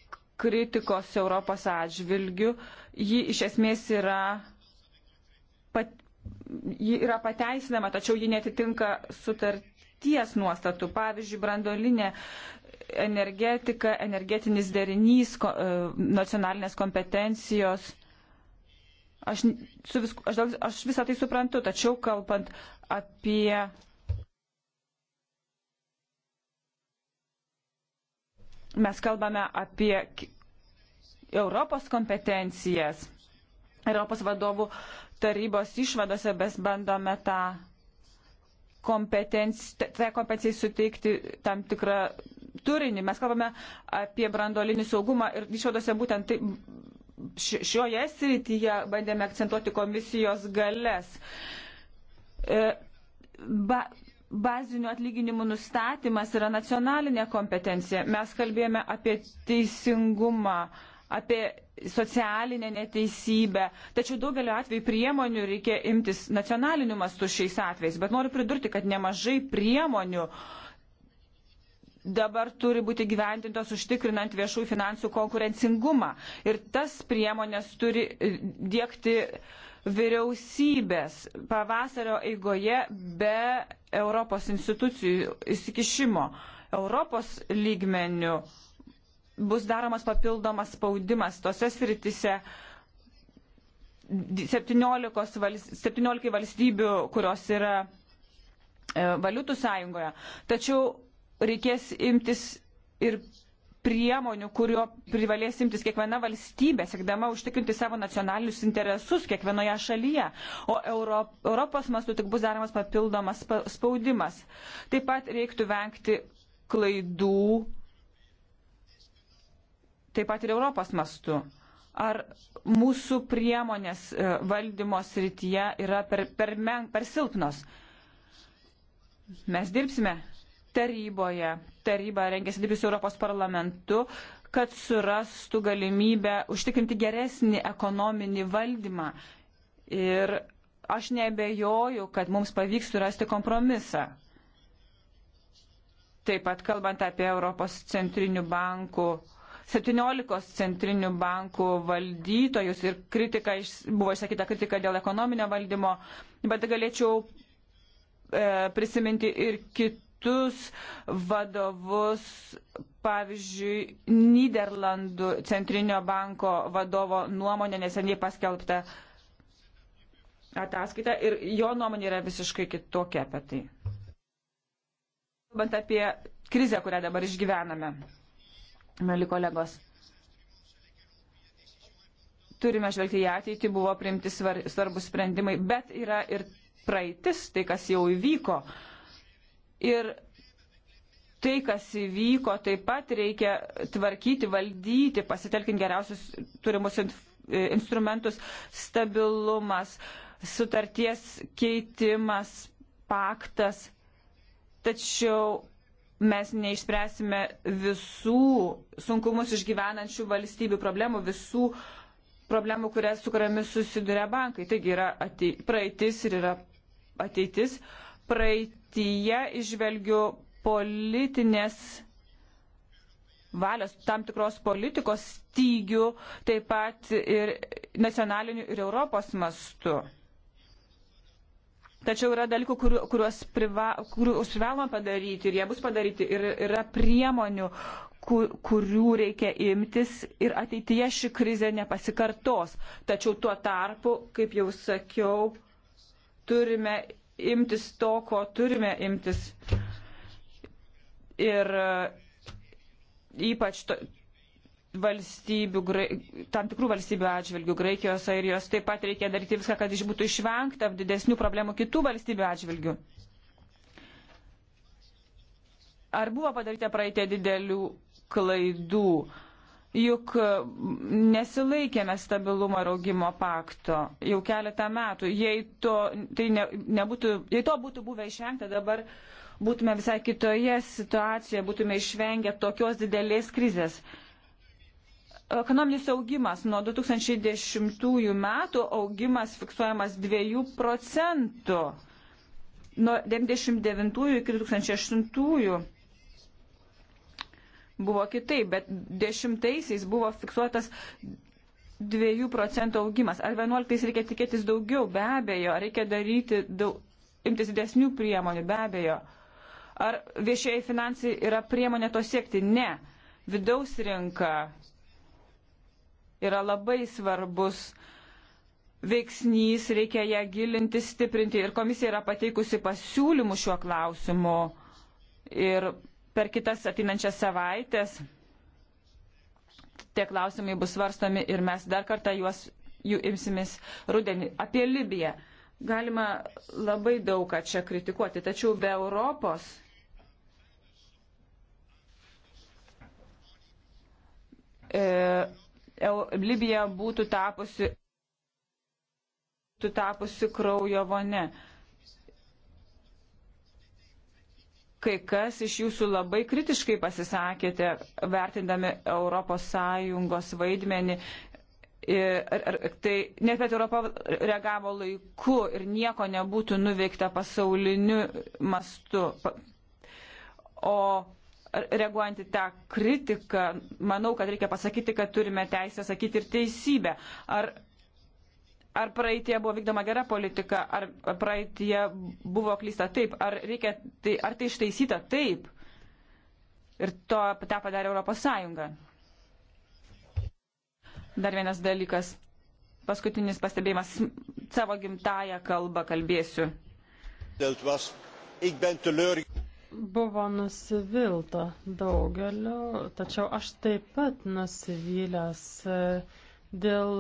kritikos Europos atžvilgių, ji iš esmės yra, pat, ji yra pateisinama, tačiau ji netitinka sutarties nuostatų. Pavyzdžiui, brandolinė energetika, energetinis derinys, e, nacionalinės kompetencijos. Aš, vis, aš, aš visą tai suprantu, tačiau kalbant apie mes kalbame apie Europos kompetencijas. Europos vadovų tarybos išvadose mes bandome tą kompetenciją, kompetencijai suteikti tam tikrą turinį. Mes kalbame apie brandolinį saugumą ir išvadose būtent tai, šioje srityje bandėme akcentuoti komisijos galės. E, ba, bazinių atlyginimų nustatymas yra nacionalinė kompetencija. Mes kalbėjome apie teisingumą, apie socialinę neteisybę. Tačiau daugeliu atveju priemonių reikia imtis nacionaliniu mastu šiais atvejais. Bet noriu pridurti, kad nemažai priemonių dabar turi būti gyventintos užtikrinant viešųjų finansų konkurencingumą. Ir tas priemonės turi dėkti uh, vyriausybės pavasario eigoje be Europos institucijų įsikišimo. Europos lygmenių bus daromas papildomas spaudimas tose sritise 17, vals, 17 valstybių, kurios yra e, valiutų sąjungoje. Tačiau reikės imtis ir priemonių, kurio privalės imtis kiekviena valstybė, siekdama užtikrinti savo nacionalinius interesus kiekvienoje šalyje, o Euro, Europos mastu tik bus daromas papildomas spaudimas. Taip pat reiktų vengti klaidų, taip pat ir Europos mastu. Ar mūsų priemonės e, valdymo srityje yra per, per, men, per silpnos? Mes dirbsime taryboje. Taryba rengėsi dirbti su Europos parlamentu, kad surastų galimybę užtikrinti geresnį ekonominį valdymą. Ir aš nebejoju, kad mums pavyks surasti kompromisą. Taip pat kalbant apie Europos centrinių bankų 17 centrinių bankų valdytojus ir kritika, buvo išsakyta kritika dėl ekonominio valdymo, bet galėčiau e, prisiminti ir kitų kitus vadovus, pavyzdžiui, Niderlandų centrinio banko vadovo nuomonė neseniai paskelbta ataskaita ir jo nuomonė yra visiškai kitokia apie tai. Kalbant apie krizę, kurią dabar išgyvename, mėly kolegos, turime žvelgti į ateitį, buvo priimti svar, svarbus sprendimai, bet yra ir praeitis, tai kas jau įvyko. Uh, Ir tai, kas įvyko, taip pat reikia tvarkyti, valdyti, pasitelkint geriausius turimus e, instrumentus - stabilumas, sutarties keitimas, paktas. Tačiau mes neišspręsime visų sunkumus išgyvenančių valstybių problemų, visų problemų, kurias su kuriamis susiduria bankai. Taigi yra atei, praeitis ir yra ateitis. Uh, praeitįje išvelgiu politinės valios, tam tikros politikos stygių, taip pat ir nacionaliniu ir Europos mastu. Tačiau yra dalykų, kuriuos, priva, kuriuos privaloma padaryti ir jie bus padaryti ir yra priemonių, kur, kurių reikia imtis ir ateityje ši krizė nepasikartos. Tačiau tuo tarpu, kaip jau sakiau, turime imtis to, ko turime imtis. Ir e, ypač to, valstybių, tam tikrų valstybių atžvilgių, Graikijos, Airijos, taip pat reikia daryti viską, kad iš būtų išvengta didesnių problemų kitų valstybių atžvilgių. Ar buvo padaryta praeitė didelių klaidų? juk mm, nesilaikėme stabilumo ir augimo pakto jau keletą metų. Jei to, tai ne, nebūtų, jei to būtų buvę išvengta, dabar būtume visai kitoje situacijoje, būtume išvengę tokios didelės krizės. Ekonominis augimas nuo 2010 metų augimas fiksuojamas 2 procentų. Nuo 1999 iki 2008 buvo kitaip, bet dešimtaisiais buvo fiksuotas 2 procentų augimas. Ar 11 reikia tikėtis daugiau? Be abejo. Ar reikia daryti daug, imtis didesnių priemonių? Be abejo. Ar viešieji finansai yra priemonė to siekti? Ne. Vidaus rinka yra labai svarbus veiksnys, reikia ją gilinti, stiprinti. Ir komisija yra pateikusi pasiūlymų šiuo klausimu. Ir per kitas ateinančias savaitės tie klausimai bus svarstomi ir mes dar kartą juos jų imsimės rudenį. Apie Libiją galima labai daug ką čia kritikuoti, tačiau be Europos e, Libija būtų tapusi, būtų tapusi kraujo vone. E, kai kas iš jūsų labai kritiškai pasisakėte, vertindami ES vaidmenį. Ir, ir, tai net bet Europa reagavo laiku ir nieko nebūtų nuveikta pasauliniu mastu. O reaguojant į tą kritiką, manau, kad reikia pasakyti, kad turime teisę sakyti ir teisybę. Ar ar praeitie buvo vykdoma gera politika, ar praeitie buvo klysta taip, ar, reikia, tai, ar tai ištaisyta taip. Ir to, tą padarė Europos Sąjunga. Dar vienas dalykas. Paskutinis pastebėjimas. Savo gimtają kalbą kalbėsiu. Buvo nusivilta daugeliu, tačiau aš taip pat nusivylęs e, dėl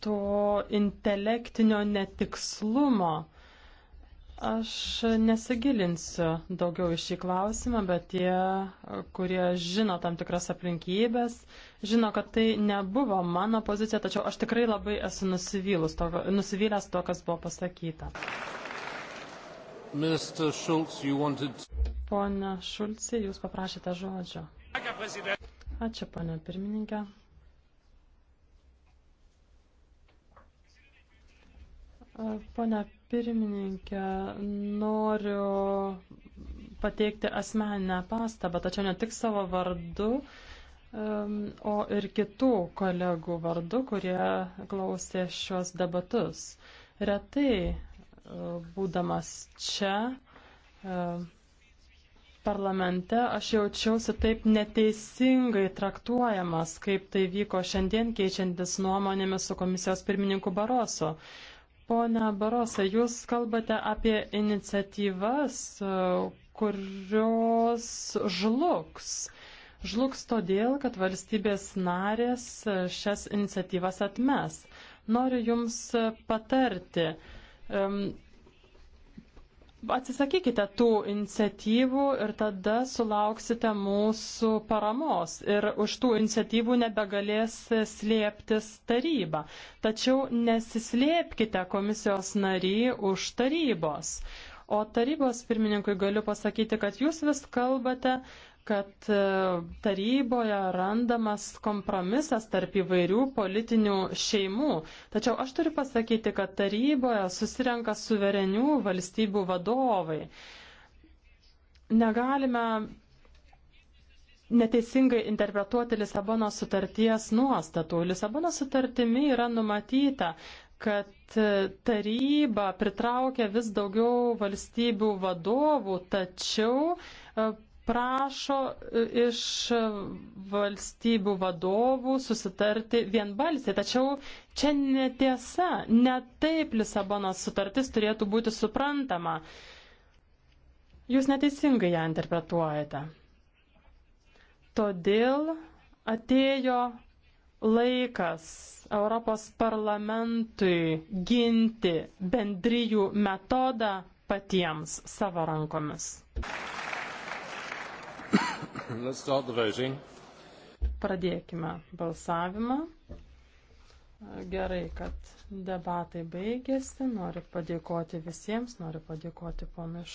to intelektinio netikslumo. Aš nesigilinsiu daugiau į šį klausimą, bet tie, kurie žino tam tikras aplinkybės, žino, kad tai nebuvo mano pozicija, tačiau aš tikrai labai esu to, nusivylęs to, kas buvo pasakyta. Schultz, wanted... Pone Šulci, jūs paprašėte žodžio. Ačiū, pane pirmininkė. Pone pirmininkė, noriu pateikti asmeninę pastabą, tačiau ne tik savo vardu, o ir kitų kolegų vardu, kurie klausė šios debatus. Retai, e, būdamas čia, e, parlamente aš jaučiausi taip neteisingai traktuojamas, kaip tai vyko šiandien keičiantis nuomonėmis su komisijos pirmininku Baroso. Pone Barosai, jūs kalbate apie iniciatyvas, kurios žlugs. Žlugs todėl, kad valstybės narės šias iniciatyvas atmes. Noriu Jums patarti. Atsisakykite tų iniciatyvų ir tada sulauksite mūsų paramos ir už tų iniciatyvų nebegalės slėptis taryba. Tačiau nesislėpkite komisijos nary už tarybos. O tarybos pirmininkui galiu pasakyti, kad jūs vis kalbate kad e, taryboje randamas kompromisas tarp įvairių politinių šeimų. Tačiau aš turiu pasakyti, kad taryboje susirenka suverenių valstybių vadovai. Negalime neteisingai interpretuoti Lisabono sutarties nuostatų. Lisabono sutartimi yra numatyta, kad e, taryba pritraukia vis daugiau valstybių vadovų, tačiau e, prašo e, iš e, valstybių vadovų susitarti vienbalsiai. Tačiau čia netiesa, netaip Lisabonos sutartis turėtų būti suprantama. Jūs neteisingai ją interpretuojate. Todėl atėjo laikas Europos parlamentui ginti bendryjų metodą patiems savo rankomis. Let's start the voting. Pradėkime balsavimą. Gerai, kad debatai baigėsi. Noriu padėkoti visiems, noriu padėkoti ponui